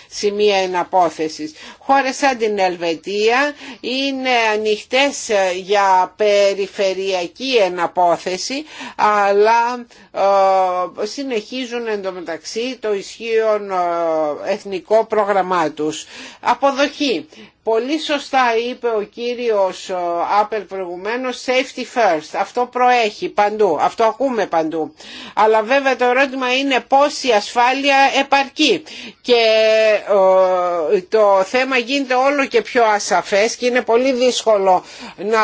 σημεία εναπόθεσης. Χώρες σαν την Ελβετία είναι ανοιχτές για περιφερειακή εναπόθεση αλλά ε, συνεχίζουν εντωμεταξύ το ισχύον ε, εθνικό πρόγραμμά τους. Αποδοχή. Πολύ σωστά είπε ο κύριος Άπελ προηγουμένως safety first. Αυτό προέχει παντού, αυτό ακούμε παντού. Αλλά βέβαια το ερώτημα είναι η ασφάλεια επαρκεί. Και το θέμα γίνεται όλο και πιο ασαφές και είναι πολύ δύσκολο να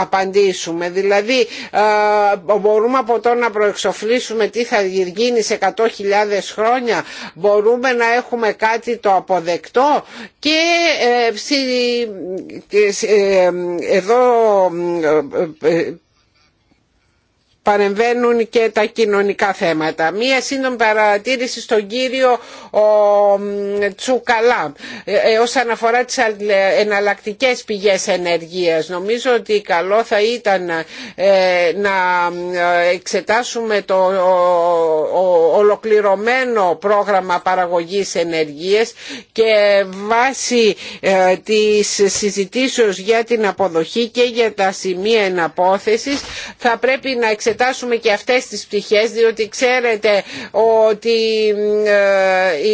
απαντήσουμε. Δηλαδή μπορούμε από τώρα να προεξοφλήσουμε τι θα γίνει σε 100.000 χρόνια. Μπορούμε να έχουμε κάτι το αποδεκτό και ε, και εδώ παρεμβαίνουν και τα κοινωνικά θέματα. Μία σύντομη παρατήρηση στον κύριο ο, Τσουκαλά ε, ε, όσον αφορά τις εναλλακτικέ πηγές ενεργείας. Νομίζω ότι καλό θα ήταν ε, να ε, εξετάσουμε το ολοκληρωμένο πρόγραμμα παραγωγής ενεργείας και βάσει ε, της συζητήσεως για την αποδοχή και για τα σημεία εναπόθεσης θα πρέπει να εξετάσουμε εξετάσουμε και αυτές τις πτυχές διότι ξέρετε ότι ε,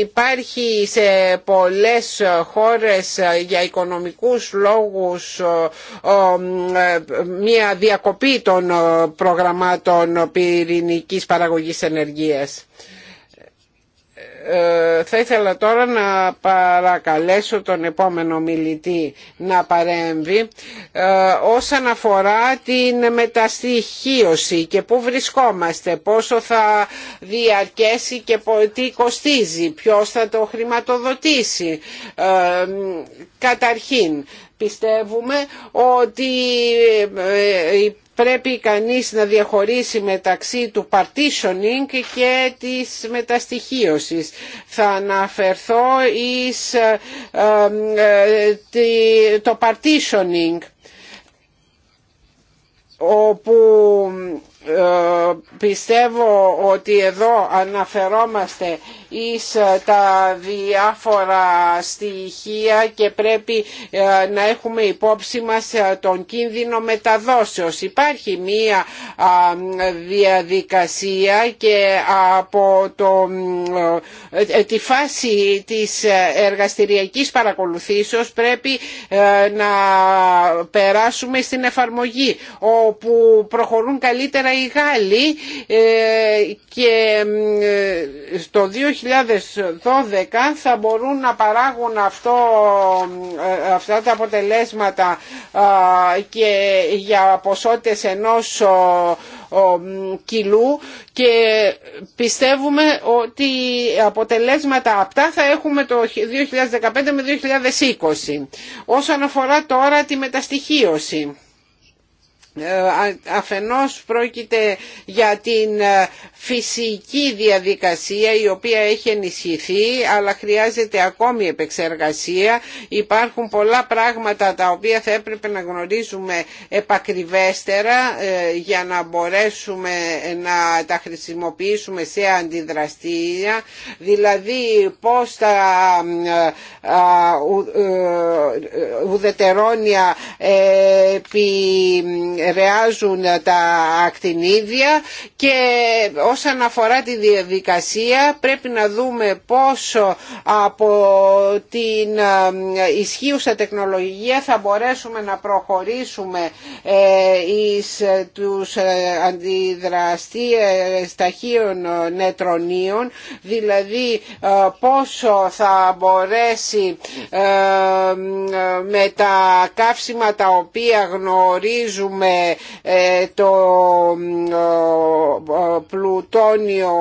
υπάρχει σε πολλές χώρες για οικονομικούς λόγους ε, ε, μια διακοπή των προγραμμάτων πυρηνικής παραγωγής ενεργείας. Ε, θα ήθελα τώρα να παρακαλέσω τον επόμενο μιλητή να παρέμβει ε, όσον αφορά την μεταστοιχείωση και πού βρισκόμαστε, πόσο θα διαρκέσει και τι κοστίζει, ποιος θα το χρηματοδοτήσει. Ε, καταρχήν, πιστεύουμε ότι πρέπει κανείς να διαχωρίσει μεταξύ του partitioning και της μεταστοιχίωσης. Θα αναφερθώ εις ε, ε, το partitioning όπου ε, πιστεύω ότι εδώ αναφερόμαστε εις ε, τα διάφορα στοιχεία και πρέπει ε, να έχουμε υπόψη μας τον κίνδυνο μεταδόσεως. Υπάρχει μία διαδικασία και από το, τη φάση της εργαστηριακής παρακολουθήσεως πρέπει να περάσουμε στην εφαρμογή όπου προχωρούν καλύτερα οι Γάλλοι ε, και ε, το 2012 θα μπορούν να παράγουν αυτό, ε, αυτά τα αποτελέσματα και για ποσότητες ενός κιλού και πιστεύουμε ότι αποτελέσματα αυτά θα έχουμε το 2015 με 2020. Όσον αφορά τώρα τη μεταστοιχείωση. Ε, αφενός πρόκειται για την ε, φυσική διαδικασία η οποία έχει ενισχυθεί αλλά χρειάζεται ακόμη επεξεργασία υπάρχουν πολλά πράγματα τα οποία θα έπρεπε να γνωρίζουμε επακριβέστερα ε, για να μπορέσουμε να τα χρησιμοποιήσουμε σε αντιδραστήρια δηλαδή πως τα ουδετερόνια επί επηρεάζουν τα ακτινίδια και όσον αφορά τη διαδικασία πρέπει να δούμε πόσο από την ε, ισχύουσα τεχνολογία θα μπορέσουμε να προχωρήσουμε ε, εις ε, τους αντιδραστίες ταχύων νετρονίων δηλαδή πόσο θα μπορέσει με τα καύσιμα τα οποία γνωρίζουμε ε, το πλουτόνιο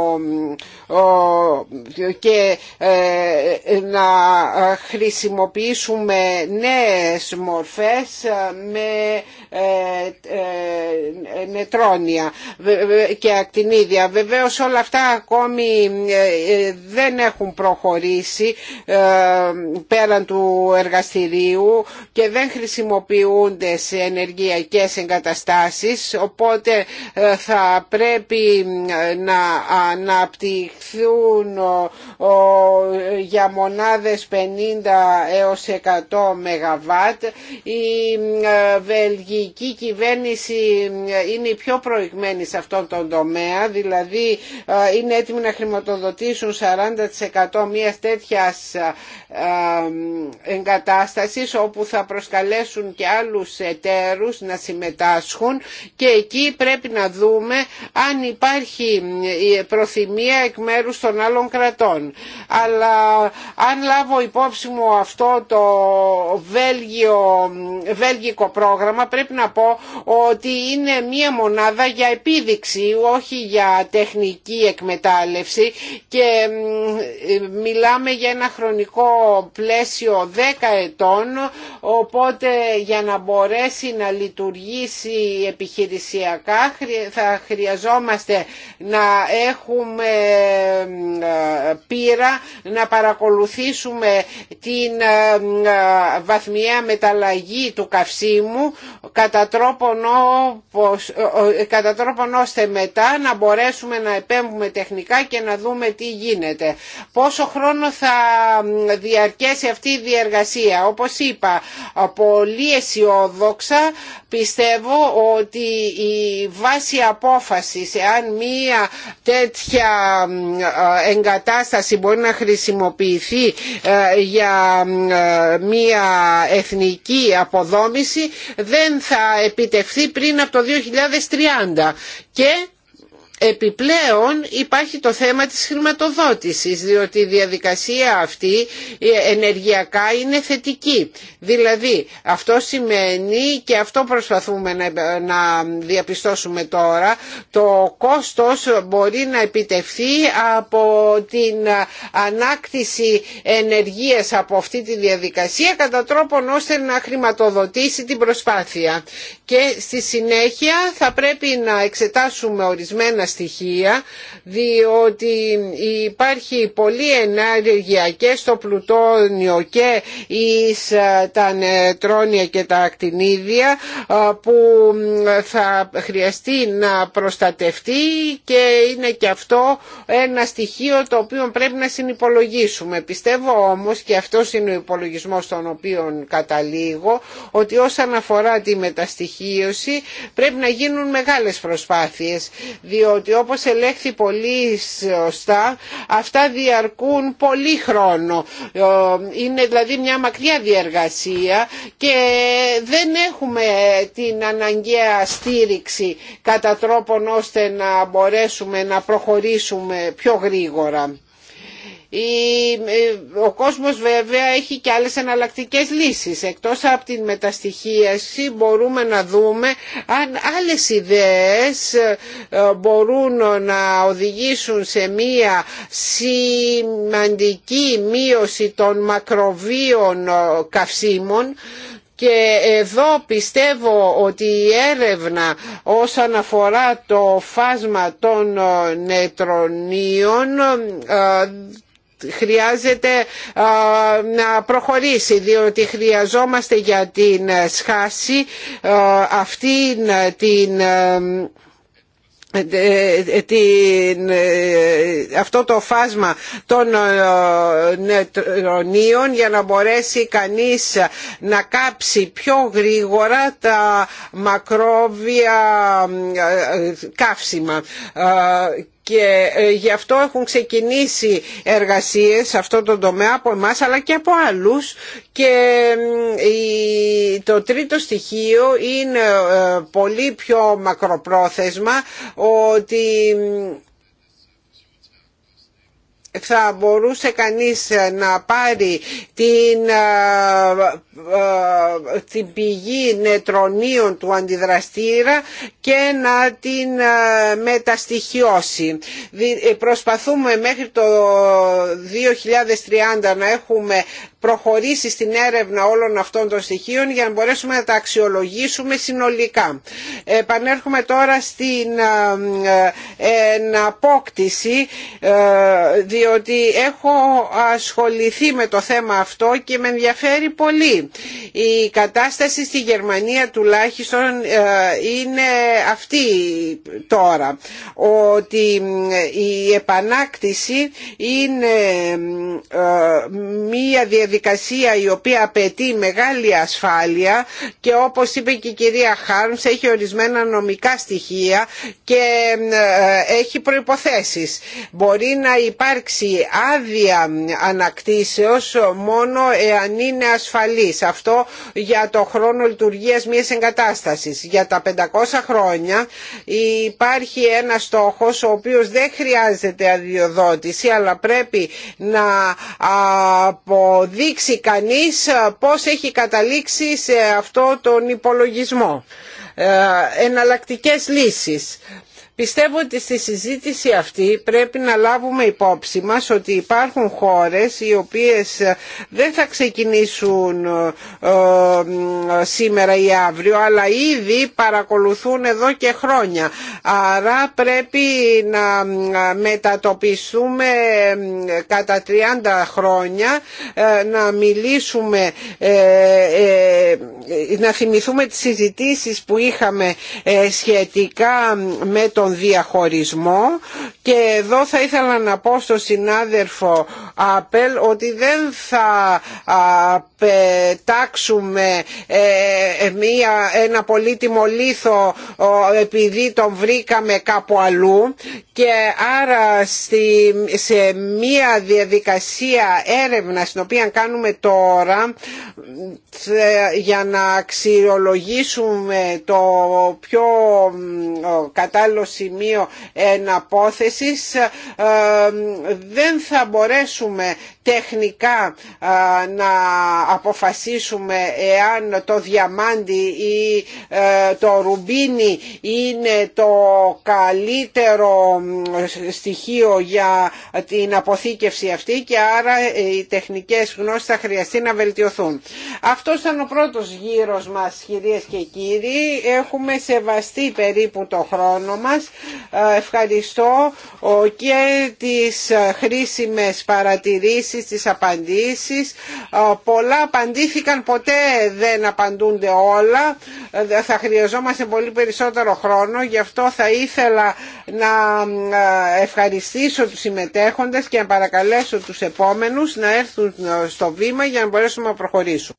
και ε, να χρησιμοποιήσουμε νέες μορφές ε, με ε, ε, νετρόνια και ακτινίδια. Βεβαίως όλα αυτά ακόμη ε, δεν έχουν προχωρήσει πέραν του εργαστηρίου και δεν χρησιμοποιούνται σε ενεργειακές εγκαταστάσεις οπότε θα πρέπει να αναπτυχθούν για μονάδες 50 έως 100 ΜΒ η Βέλγια η κυβέρνηση είναι η πιο προηγμένη σε αυτόν τον τομέα, δηλαδή ε, είναι έτοιμη να χρηματοδοτήσουν 40% μια τέτοια εγκατάστασης όπου θα προσκαλέσουν και άλλους εταίρους να συμμετάσχουν και εκεί πρέπει να δούμε αν υπάρχει ε, προθυμία εκ μέρου των άλλων κρατών. Αλλά αν λάβω υπόψη μου αυτό το Βέλγιο, ε, βέλγικο πρόγραμμα πρέπει πρέπει να πω ότι είναι μία μονάδα για επίδειξη, όχι για τεχνική εκμετάλλευση και ε, μιλάμε για ένα χρονικό πλαίσιο 10 ετών, οπότε για να μπορέσει να λειτουργήσει επιχειρησιακά θα χρειαζόμαστε να έχουμε ε, πείρα, να παρακολουθήσουμε την ε, βαθμιαία μεταλλαγή του καυσίμου κατά τρόπον, ώστε μετά να μπορέσουμε να επέμβουμε τεχνικά και να δούμε τι γίνεται. Πόσο χρόνο θα διαρκέσει αυτή η διεργασία. Όπως είπα, πολύ αισιόδοξα πιστεύω ότι η βάση απόφασης εάν μία τέτοια εγκατάσταση μπορεί να χρησιμοποιηθεί ε, για μία εθνική αποδόμηση δεν θα επιτευχθεί πριν από το 2030 και Επιπλέον υπάρχει το θέμα της χρηματοδότησης, διότι η διαδικασία αυτή ενεργειακά είναι θετική. Δηλαδή αυτό σημαίνει και αυτό προσπαθούμε να διαπιστώσουμε τώρα, το κόστος μπορεί να επιτευχθεί από την ανάκτηση ενεργείας από αυτή τη διαδικασία κατά τρόπον ώστε να χρηματοδοτήσει την προσπάθεια. Και στη συνέχεια θα πρέπει να εξετάσουμε ορισμένα στοιχεία διότι υπάρχει πολύ ενέργεια και στο πλουτόνιο και εις ε, τα νετρόνια και τα ακτινίδια ε, που θα χρειαστεί να προστατευτεί και είναι και αυτό ένα στοιχείο το οποίο πρέπει να συνυπολογίσουμε. Πιστεύω όμως και αυτό είναι ο υπολογισμός τον οποίο καταλήγω ότι όσον αφορά τη μεταστοιχείωση πρέπει να γίνουν μεγάλες προσπάθειες διότι ότι όπως ελέγχθη πολύ σωστά αυτά διαρκούν πολύ χρόνο. Ε, είναι δηλαδή μια μακριά διεργασία και δεν έχουμε την αναγκαία στήριξη κατά τρόπον ώστε να μπορέσουμε να προχωρήσουμε πιο γρήγορα. Ε, ο κόσμος βέβαια έχει και άλλες εναλλακτικές λύσεις. Εκτός από την μεταστοιχίαση μπορούμε να δούμε αν άλλες ιδέες ε, μπορούν να οδηγήσουν σε μία σημαντική μείωση των μακροβίων ε, καυσίμων και εδώ πιστεύω ότι η έρευνα όσον αφορά το φάσμα των νετρονίων χρειάζεται να προχωρήσει διότι χρειαζόμαστε για την σχάση αυτήν την ε, ε, ε, αυτό το φάσμα των νετρονίων για να μπορέσει κανείς να κάψει πιο γρήγορα τα μακρόβια καύσιμα και ε, γι' αυτό έχουν ξεκινήσει εργασίες σε αυτό το τομέα από εμάς αλλά και από άλλους και ε, το τρίτο στοιχείο είναι ε, πολύ πιο μακροπρόθεσμα ότι θα μπορούσε κανείς ε, να πάρει την, ε, ε, την πηγή νετρονίων του αντιδραστήρα και να την μεταστοιχειώσει. Προσπαθούμε μέχρι το 2030 να έχουμε προχωρήσει στην έρευνα όλων αυτών των στοιχείων για να μπορέσουμε να τα αξιολογήσουμε συνολικά. Επανέρχομαι τώρα στην ε, εναπόκτηση ε, διότι έχω ασχοληθεί με το θέμα αυτό και με ενδιαφέρει πολύ. Η κατάσταση στη Γερμανία τουλάχιστον ε, είναι αυτή τώρα ότι η επανάκτηση είναι μία διαδικασία διαδικασία η οποία απαιτεί μεγάλη ασφάλεια και όπως είπε και η κυρία Χάρμς έχει ορισμένα νομικά στοιχεία και ε, έχει προϋποθέσεις. Μπορεί να υπάρξει άδεια ανακτήσεως μόνο εάν είναι ασφαλής. Αυτό για το χρόνο λειτουργίας μιας εγκατάστασης. Για τα 500 χρόνια υπάρχει ένα στόχος ο οποίος δεν χρειάζεται αδειοδότηση αλλά πρέπει να δείξει κανείς ε, πώς έχει καταλήξει σε αυτό τον υπολογισμό ε, εναλλακτικές λύσεις. Πιστεύω ότι στη συζήτηση αυτή πρέπει να λάβουμε υπόψη μας ότι υπάρχουν χώρες οι οποίες ε, δεν θα ξεκινήσουν ε, ε, σήμερα ή αύριο αλλά ήδη παρακολουθούν εδώ και χρόνια. Άρα πρέπει να μετατοπιστούμε κατά 30 χρόνια να μιλήσουμε να θυμηθούμε τις συζητήσεις που είχαμε σχετικά με το τον διαχωρισμό και εδώ θα ήθελα να πω στον συνάδελφο Απέλ ότι δεν θα πετάξουμε ε, μία, ένα πολύτιμο λίθο επειδή τον βρήκαμε κάπου αλλού και άρα στη, σε μία διαδικασία έρευνα στην οποία κάνουμε τώρα ε, για να αξιολογήσουμε το πιο κατάλληλο σημείο εναπόθεσης ε, δεν θα μπορέσουμε τεχνικά ε, να αποφασίσουμε εάν το διαμάντι ή ε, το ρουμπίνι είναι το καλύτερο στοιχείο για την αποθήκευση αυτή και άρα οι τεχνικές γνώσεις θα χρειαστεί να βελτιωθούν. Αυτό ήταν ο πρώτος γύρος μας κυρίες και κύριοι. Έχουμε σεβαστεί περίπου το χρόνο μας Ευχαριστώ και τις χρήσιμες παρατηρήσεις, τις απαντήσεις. Πολλά απαντήθηκαν, ποτέ δεν απαντούνται όλα. Θα χρειαζόμαστε πολύ περισσότερο χρόνο, γι' αυτό θα ήθελα να ε, ευχαριστήσω τους συμμετέχοντες και να παρακαλέσω τους επόμενους να έρθουν ε, στο βήμα για να μπορέσουμε να προχωρήσουμε.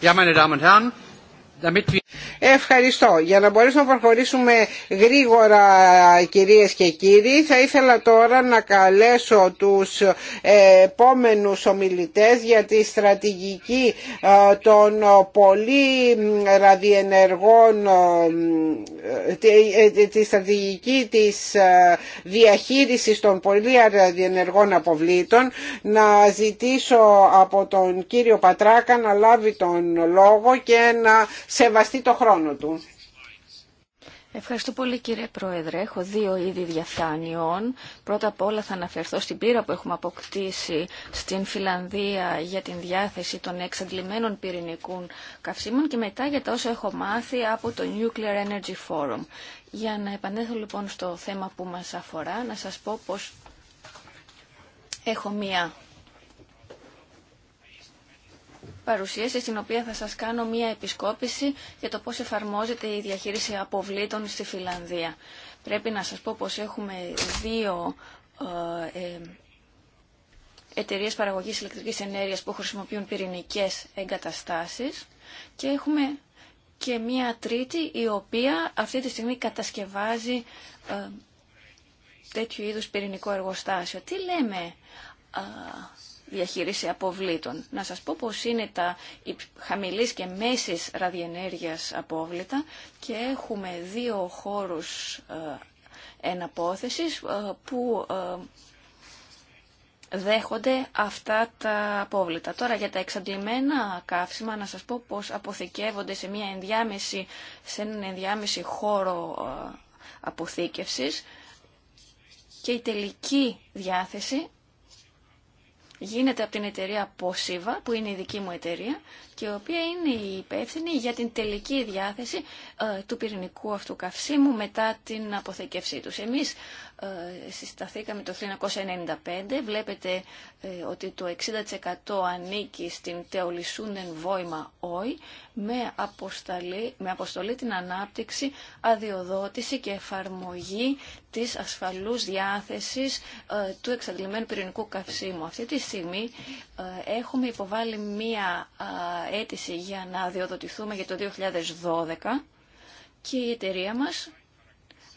Ja, meine Damen und Herren, damit wir... Ευχαριστώ. Για να μπορέσουμε να προχωρήσουμε γρήγορα κυρίες και κύριοι θα ήθελα τώρα να καλέσω τους επόμενους ομιλητές για τη στρατηγική ε, των πολύ ραδιενεργών ε, ε, τη στρατηγική της διαχείρισης των πολύ ραδιενεργών αποβλήτων να ζητήσω από τον κύριο Πατράκα να λάβει τον λόγο και να σεβαστεί το χρόνο Ευχαριστώ πολύ κύριε Πρόεδρε. Έχω δύο είδη διαφάνειών. Πρώτα απ' όλα θα αναφερθώ στην πύρα που έχουμε αποκτήσει στην Φιλανδία για την διάθεση των εξαντλημένων πυρηνικών καυσίμων και μετά για τα όσα έχω μάθει από το Nuclear Energy Forum. Για να επανέλθω λοιπόν στο θέμα που μας αφορά, να σας πω πως έχω μία παρουσίαση στην οποία θα σας κάνω μία επισκόπηση για το πώς εφαρμόζεται η διαχείριση αποβλήτων στη Φιλανδία. Πρέπει να σας πω πως έχουμε δύο ε, ε εταιρείες παραγωγής ηλεκτρικής ενέργειας που χρησιμοποιούν πυρηνικές εγκαταστάσεις και έχουμε και μία τρίτη η οποία αυτή τη στιγμή κατασκευάζει ε, τέτοιου είδους πυρηνικό εργοστάσιο. Τι λέμε διαχείριση αποβλήτων. Να σας πω πως είναι τα χαμηλής και μέσης ραδιενέργειας απόβλητα και έχουμε δύο χώρους ε, εναπόθεσης ε, που ε, δέχονται αυτά τα απόβλητα. Τώρα για τα εξαντλημένα καύσιμα να σας πω πως αποθηκεύονται σε, μια ενδιάμεση, σε έναν ενδιάμεση χώρο αποθήκευσης και η τελική διάθεση γίνεται από την εταιρεία Ποσίβα, που είναι η δική μου εταιρεία, και η οποία είναι η υπεύθυνη για την τελική διάθεση ε, του πυρηνικού αυτού καυσίμου μετά την αποθηκευσή τους. Εμείς ε, συσταθήκαμε το 1995. Βλέπετε ε, ότι το 60% ανήκει στην Τεολισούνεν Βόημα ΟΗ με αποστολή, με αποστολή την ανάπτυξη, αδειοδότηση και εφαρμογή της ασφαλούς διάθεσης ε, του εξαντλημένου πυρηνικού καυσίμου. Αυτή τη στιγμή έχουμε υποβάλει μία αίτηση για να αδειοδοτηθούμε για το 2012 και η εταιρεία μας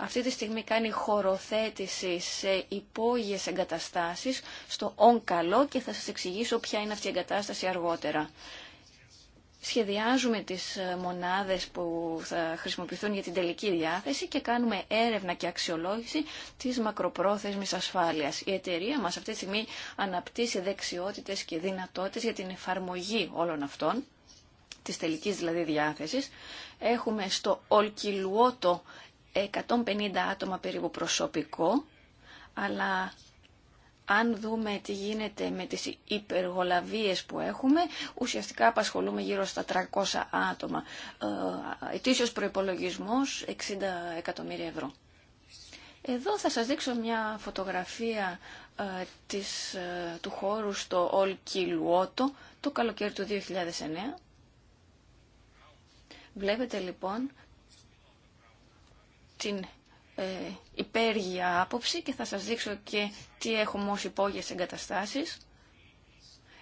αυτή τη στιγμή κάνει χωροθέτηση σε υπόγειες εγκαταστάσεις στο «ον καλό» και θα σας εξηγήσω ποια είναι αυτή η εγκατάσταση αργότερα. Σχεδιάζουμε τις μονάδες που θα χρησιμοποιηθούν για την τελική διάθεση και κάνουμε έρευνα και αξιολόγηση της μακροπρόθεσμης ασφάλειας. Η εταιρεία μας αυτή τη στιγμή αναπτύσσει δεξιότητες και δυνατότητες για την εφαρμογή όλων αυτών της τελικής δηλαδή διάθεσης. Έχουμε στο Ολκυλουότο 150 άτομα περίπου προσωπικό, αλλά αν δούμε τι γίνεται με τις υπεργολαβίες που έχουμε, ουσιαστικά απασχολούμε γύρω στα 300 άτομα. Ε, ετήσιος προϋπολογισμός 60 εκατομμύρια ευρώ. Εδώ θα σας δείξω μια φωτογραφία ε, της, ε, του χώρου στο Όλ Κιλουότο... το καλοκαίρι του 2009. Βλέπετε λοιπόν την ε, υπέργεια άποψη και θα σας δείξω και τι έχουμε ως υπόγειες εγκαταστάσεις.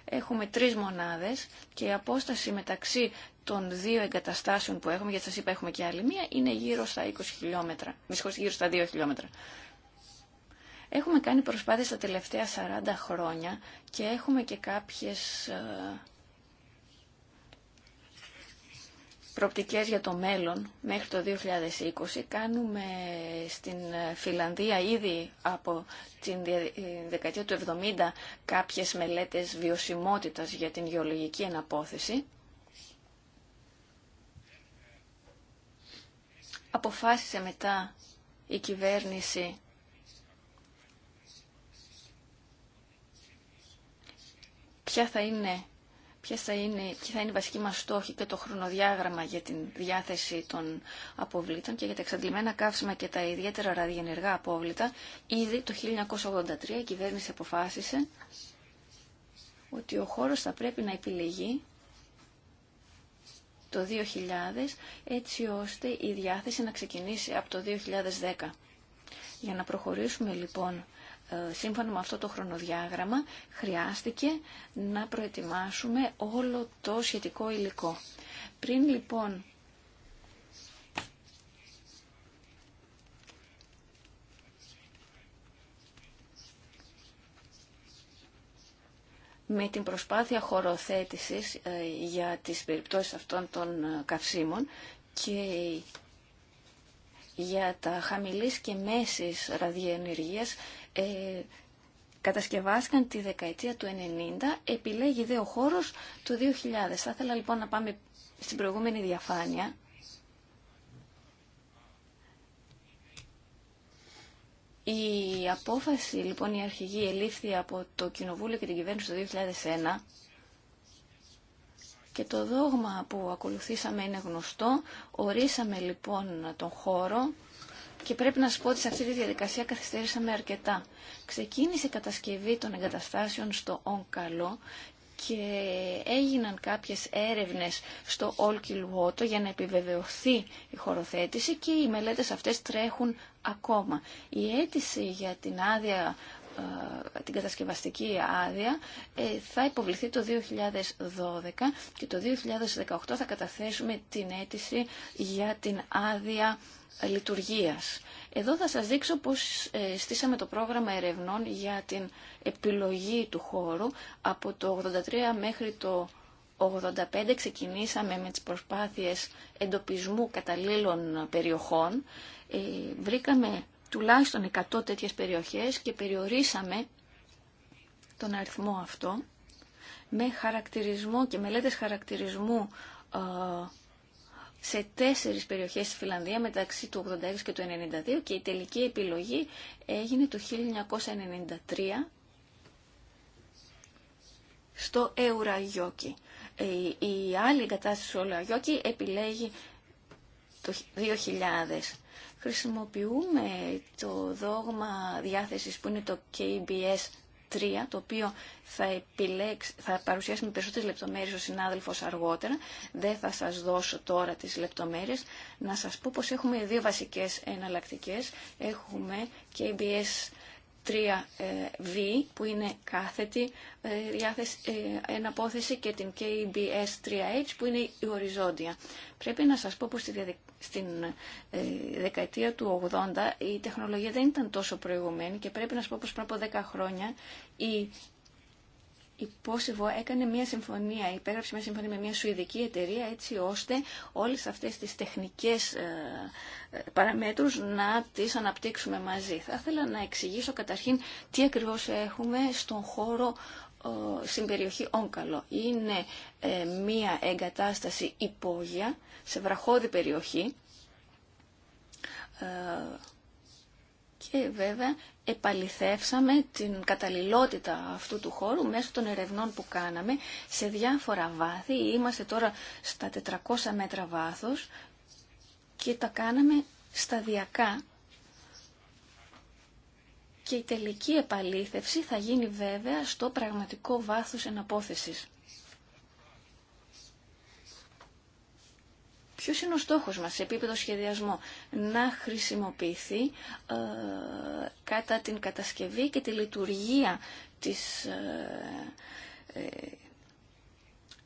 Έχουμε τρεις μονάδες και η απόσταση μεταξύ των δύο εγκαταστάσεων που έχουμε, γιατί σας είπα έχουμε και άλλη μία, είναι γύρω στα 20 χιλιόμετρα, γύρω στα 2 χιλιόμετρα. Έχουμε κάνει προσπάθειες τα τελευταία 40 χρόνια και έχουμε και κάποιες ε, προοπτικές για το μέλλον μέχρι το 2020. Κάνουμε στην Φιλανδία ήδη από την ε, δεκαετία του 70 κάποιες μελέτες βιωσιμότητας για την γεωλογική αναπόθεση. Αποφάσισε μετά η κυβέρνηση ποια θα είναι και θα είναι, ποιοι θα είναι μας στόχη και το χρονοδιάγραμμα για την διάθεση των αποβλήτων και για τα εξαντλημένα καύσιμα και τα ιδιαίτερα ραδιενεργά απόβλητα, ήδη το 1983 η κυβέρνηση αποφάσισε ότι ο χώρος θα πρέπει να επιλεγεί το 2000 έτσι ώστε η διάθεση να ξεκινήσει από το 2010. Για να προχωρήσουμε λοιπόν ε, σύμφωνα με αυτό το χρονοδιάγραμμα χρειάστηκε να προετοιμάσουμε όλο το σχετικό υλικό. Πριν λοιπόν με την προσπάθεια χωροθέτησης ε, για τις περιπτώσεις αυτών των ε, καυσίμων και για τα χαμηλής και μέσης ραδιενεργίας ε, κατασκευάστηκαν τη δεκαετία του 90, επιλέγει δε ο χώρος του 2000. Θα ήθελα λοιπόν να πάμε στην προηγούμενη διαφάνεια. Η απόφαση λοιπόν η αρχηγή ελήφθη από το Κοινοβούλιο και την κυβέρνηση το 2001 και το δόγμα που ακολουθήσαμε είναι γνωστό. Ορίσαμε λοιπόν τον χώρο και πρέπει να σα πω ότι σε αυτή τη διαδικασία καθυστέρησαμε αρκετά. Ξεκίνησε η κατασκευή των εγκαταστάσεων στο Ονκαλό και έγιναν κάποιες έρευνες στο Ολκιλουότο για να επιβεβαιωθεί η χωροθέτηση και οι μελέτες αυτές τρέχουν ακόμα. Η αίτηση για την άδεια ε, την κατασκευαστική άδεια ε, θα υποβληθεί το 2012 και το 2018 θα καταθέσουμε την αίτηση για την άδεια λειτουργίας. Εδώ θα σας δείξω πώς ε, στήσαμε το πρόγραμμα ερευνών για την επιλογή του χώρου. Από το 83 μέχρι το 85 ξεκινήσαμε με τις προσπάθειες εντοπισμού καταλήλων περιοχών. Βρήκαμε τουλάχιστον 100 τέτοιες περιοχές και περιορίσαμε τον αριθμό αυτό με χαρακτηρισμό και μελέτες χαρακτηρισμού ε, σε τέσσερις περιοχές στη Φιλανδία μεταξύ του 86 και του 92 και η τελική επιλογή έγινε το 1993 στο Εουραγιώκη. Ε, η άλλη εγκατάσταση στο Εουραγιώκη επιλέγει το 2000 χρησιμοποιούμε το δόγμα διάθεσης που είναι το KBS 3, το οποίο θα, επιλέξει, θα παρουσιάσει με περισσότερες λεπτομέρειες ο συνάδελφος αργότερα. Δεν θα σας δώσω τώρα τις λεπτομέρειες. Να σας πω πως έχουμε δύο βασικές εναλλακτικές. Έχουμε KBS 3V ε, που είναι κάθετη ε, ε, εναπόθεση και την KBS 3H που είναι η οριζόντια. Πρέπει να σας πω πως στην δεκαετία του 80 η τεχνολογία δεν ήταν τόσο προηγουμένη και πρέπει να σας πω πως πριν από 10 χρόνια η η έκανε μια συμφωνία, υπέγραψε μια συμφωνία με μια σουηδική εταιρεία έτσι ώστε όλες αυτές τις τεχνικές ε, ε, παραμέτρους να τις αναπτύξουμε μαζί. Θα ήθελα να εξηγήσω καταρχήν τι ακριβώς έχουμε στον χώρο ε, στην περιοχή Όγκαλο. Είναι μια εγκατάσταση υπόγεια σε βραχώδη περιοχή και βέβαια επαληθεύσαμε την καταλληλότητα αυτού του χώρου μέσω των ερευνών που κάναμε σε διάφορα βάθη. Είμαστε τώρα στα 400 μέτρα βάθος και τα κάναμε σταδιακά και η τελική επαλήθευση θα γίνει βέβαια στο πραγματικό βάθος εναπόθεσης. Ποιο είναι ο στόχος μας σε επίπεδο σχεδιασμό. Να χρησιμοποιηθεί ε, κατά την κατασκευή και τη λειτουργία της, ε, ε,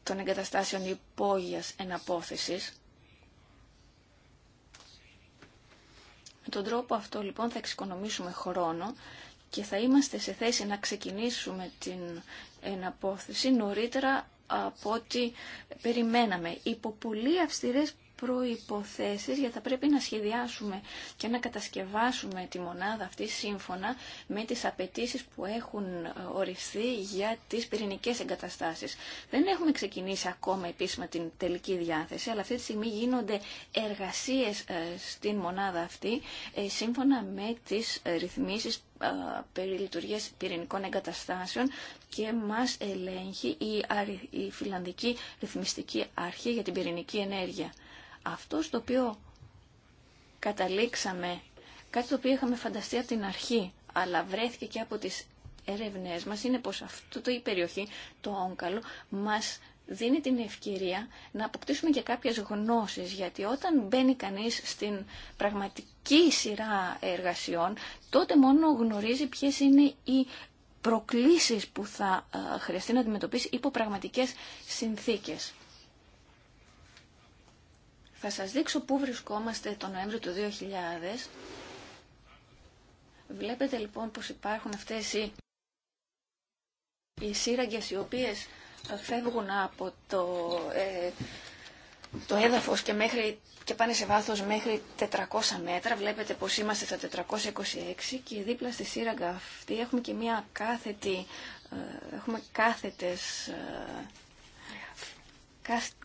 των εγκαταστάσεων υπόγειας εναπόθεσης. Με τον τρόπο αυτό λοιπόν θα εξοικονομήσουμε χρόνο και θα είμαστε σε θέση να ξεκινήσουμε την εναπόθεση νωρίτερα από ό,τι περιμέναμε. Υπό πολύ αυστηρές προϋποθέσεις για θα πρέπει να σχεδιάσουμε και να κατασκευάσουμε τη μονάδα αυτή σύμφωνα με τις απαιτήσει που έχουν οριστεί για τις πυρηνικέ εγκαταστάσεις. Δεν έχουμε ξεκινήσει ακόμα επίσημα την τελική διάθεση, αλλά αυτή τη στιγμή γίνονται εργασίες ε, στην μονάδα αυτή ε, σύμφωνα με τις ρυθμίσεις ε, περί λειτουργίας πυρηνικών εγκαταστάσεων και μας ελέγχει η Φιλανδική Ρυθμιστική Αρχή για την Πυρηνική Ενέργεια. Αυτό στο οποίο καταλήξαμε, κάτι το οποίο είχαμε φανταστεί από την αρχή, αλλά βρέθηκε και από τις ερευνές μας, είναι πως αυτή η περιοχή, το όγκαλο, μας δίνει την ευκαιρία να αποκτήσουμε και κάποιες γνώσεις, γιατί όταν μπαίνει κανείς στην πραγματική σειρά εργασιών, τότε μόνο γνωρίζει ποιες είναι οι προκλήσεις που θα ε, χρειαστεί να αντιμετωπίσει υπό πραγματικές συνθήκες. Θα σας δείξω πού βρισκόμαστε τον Νοέμβριο του 2000. Βλέπετε λοιπόν πως υπάρχουν αυτές οι, οι σύραγγες οι οποίες ε, φεύγουν από το, ε, το έδαφος και, μέχρι, και πάνε σε βάθος μέχρι 400 μέτρα. Βλέπετε πως είμαστε στα 426 και δίπλα στη σύραγγα αυτή έχουμε και μια κάθετη, ε, έχουμε κάθετες ε,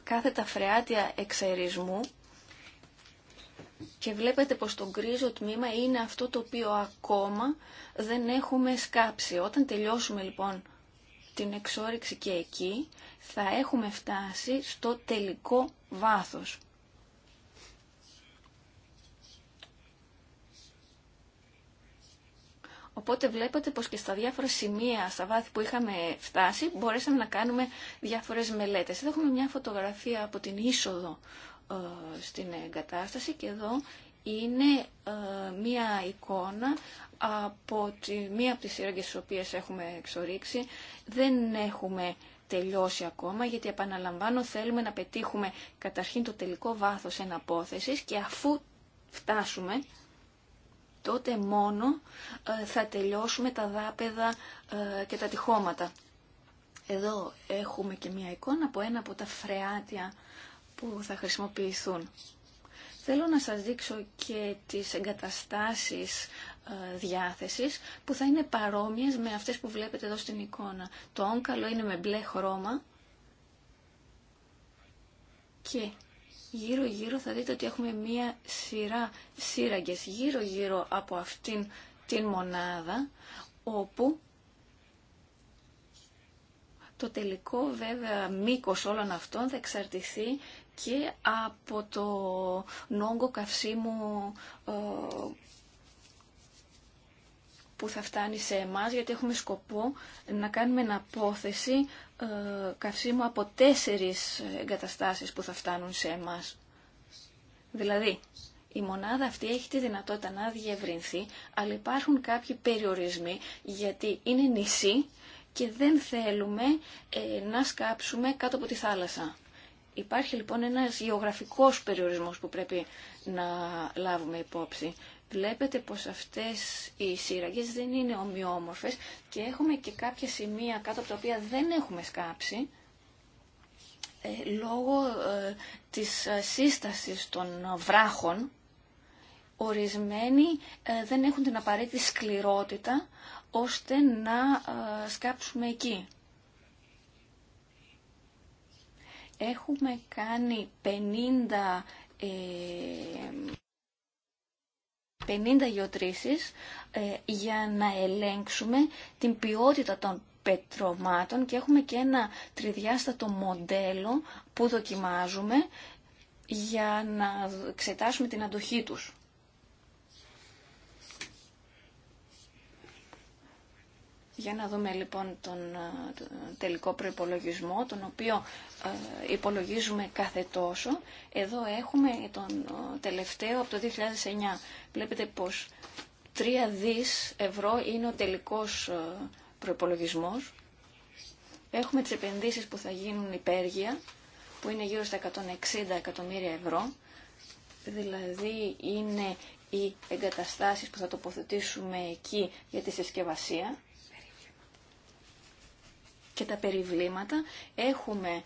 κάθε τα φρεάτια εξαιρισμού και βλέπετε πως το γκρίζο τμήμα είναι αυτό το οποίο ακόμα δεν έχουμε σκάψει. Όταν τελειώσουμε λοιπόν την εξόριξη και εκεί θα έχουμε φτάσει στο τελικό βάθος. Οπότε βλέπετε πως και στα διάφορα σημεία, στα βάθη που είχαμε φτάσει, μπορέσαμε να κάνουμε διάφορες μελέτες. Εδώ έχουμε μια φωτογραφία από την είσοδο ε, στην εγκατάσταση και εδώ είναι ε, μια εικόνα από τη, μία από τις σύραγγες τις οποίες έχουμε εξορίξει. Δεν έχουμε τελειώσει ακόμα, γιατί επαναλαμβάνω θέλουμε να πετύχουμε καταρχήν το τελικό βάθος εναπόθεσης και αφού φτάσουμε τότε μόνο ε, θα τελειώσουμε τα δάπεδα ε, και τα τυχώματα. Εδώ έχουμε και μία εικόνα από ένα από τα φρεάτια που θα χρησιμοποιηθούν. Θέλω να σας δείξω και τις εγκαταστάσεις ε, διάθεσης που θα είναι παρόμοιες με αυτές που βλέπετε εδώ στην εικόνα. Το όγκαλο είναι με μπλε χρώμα και γύρω-γύρω θα δείτε ότι έχουμε μία σειρά σύραγγες γύρω-γύρω από αυτήν την μονάδα, όπου το τελικό βέβαια μήκος όλων αυτών θα εξαρτηθεί και από το νόγκο καυσίμου ε, που θα φτάνει σε εμάς, γιατί έχουμε σκοπό να κάνουμε αναπόθεση ε, καυσίμου από τέσσερις εγκαταστάσεις που θα φτάνουν σε εμάς. Δηλαδή, η μονάδα αυτή έχει τη δυνατότητα να διευρυνθεί, αλλά υπάρχουν κάποιοι περιορισμοί γιατί είναι νησί και δεν θέλουμε ε, να σκάψουμε κάτω από τη θάλασσα. Υπάρχει λοιπόν ένας γεωγραφικός περιορισμός που πρέπει να λάβουμε υπόψη βλέπετε πως αυτές οι σύραγγες δεν είναι ομοιόμορφες και έχουμε και κάποια σημεία κάτω από τα οποία δεν έχουμε σκάψει ε, λόγω ε, της ε, σύστασης των βράχων ορισμένοι δεν έχουν την απαραίτητη σκληρότητα ώστε να σκάψουμε εκεί. Έχουμε κάνει 50 50 γεωτρήσεις ε, για να ελέγξουμε την ποιότητα των πετρωμάτων και έχουμε και ένα τριδιάστατο μοντέλο που δοκιμάζουμε για να εξετάσουμε την αντοχή τους. Για να δούμε λοιπόν τον ε, τελικό προϋπολογισμό, τον οποίο ε, υπολογίζουμε κάθε τόσο. Εδώ έχουμε τον ε, τελευταίο από το 2009. Βλέπετε πως 3 δις ευρώ είναι ο τελικός προϋπολογισμός. Έχουμε τις επενδύσεις που θα γίνουν υπέργεια, που είναι γύρω στα 160 εκατομμύρια ευρώ. Δηλαδή είναι οι εγκαταστάσεις που θα τοποθετήσουμε εκεί για τη συσκευασία και τα περιβλήματα. Έχουμε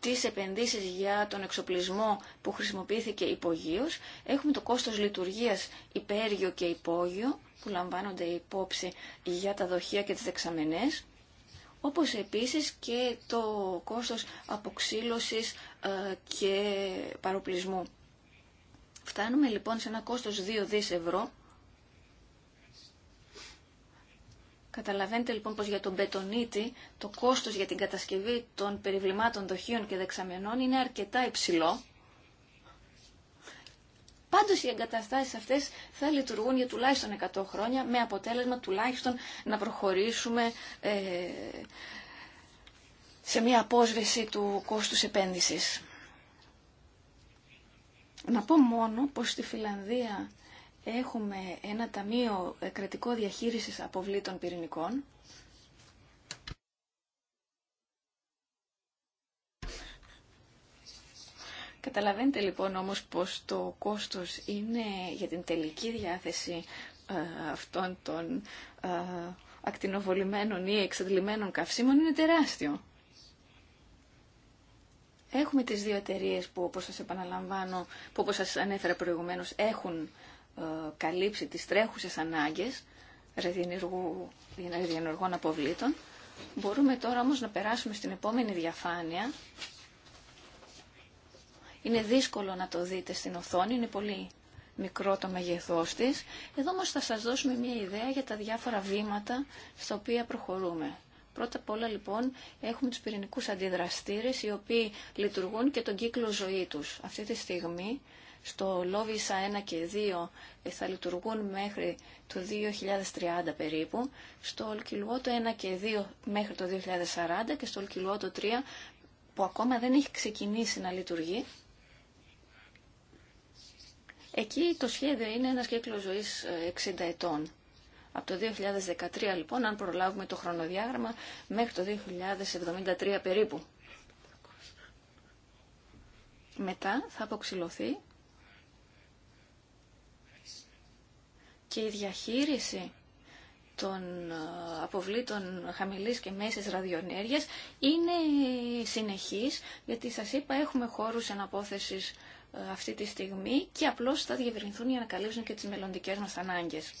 τις επενδύσεις για τον εξοπλισμό που χρησιμοποιήθηκε υπογείως. Έχουμε το κόστος λειτουργίας υπέργειο και υπόγειο που λαμβάνονται υπόψη για τα δοχεία και τις δεξαμενές όπως επίσης και το κόστος αποξύλωσης ε, και παροπλισμού. Φτάνουμε λοιπόν σε ένα κόστος 2 δις ευρώ Καταλαβαίνετε λοιπόν πως για τον πετονίτη το κόστος για την κατασκευή των περιβλημάτων δοχείων και δεξαμενών είναι αρκετά υψηλό. Πάντως οι εγκαταστάσεις αυτές θα λειτουργούν για τουλάχιστον 100 χρόνια με αποτέλεσμα τουλάχιστον να προχωρήσουμε ε, σε μια απόσβεση του κόστους επένδυσης. Να πω μόνο πως στη Φιλανδία Έχουμε ένα ταμείο ε, κρατικό διαχείρισης αποβλήτων πυρηνικών. Καταλαβαίνετε λοιπόν όμως πως το κόστος είναι για την τελική διάθεση ε, αυτών των ε, ακτινοβολημένων ή εξαντλημένων καυσίμων είναι τεράστιο. Έχουμε τις δύο εταιρείε που όπως σας επαναλαμβάνω, που όπως σας ανέφερα προηγουμένως έχουν ε, καλύψει τις τρέχουσες ανάγκες ρεδιενεργών αποβλήτων. Μπορούμε τώρα όμως να περάσουμε στην επόμενη διαφάνεια. Είναι δύσκολο να το δείτε στην οθόνη, είναι πολύ μικρό το μεγεθός της. Εδώ όμως θα σας δώσουμε μια ιδέα για τα διάφορα βήματα στα οποία προχωρούμε. Πρώτα απ' όλα λοιπόν έχουμε τους πυρηνικούς αντιδραστήρες οι οποίοι λειτουργούν και τον κύκλο ζωή τους. Αυτή τη στιγμή στο Λόβισα 1 και 2 ε, θα λειτουργούν μέχρι το 2030 περίπου, στο Ολκυλουότο 1 και 2 μέχρι το 2040 και στο Ολκυλουότο 3 που ακόμα δεν έχει ξεκινήσει να λειτουργεί. Εκεί το σχέδιο είναι ένας κύκλος ζωής 60 ε, ετών. Από το 2013 λοιπόν, αν προλάβουμε το χρονοδιάγραμμα, μέχρι το 2073 περίπου. Μετά θα αποξηλωθεί και η διαχείριση των ε, αποβλήτων χαμηλής και μέσης ραδιονέργειας είναι συνεχής, γιατί σας είπα έχουμε χώρους αναπόθεσης ε, αυτή τη στιγμή και απλώς θα διευρυνθούν για να καλύψουν και τις μελλοντικές μας ανάγκες.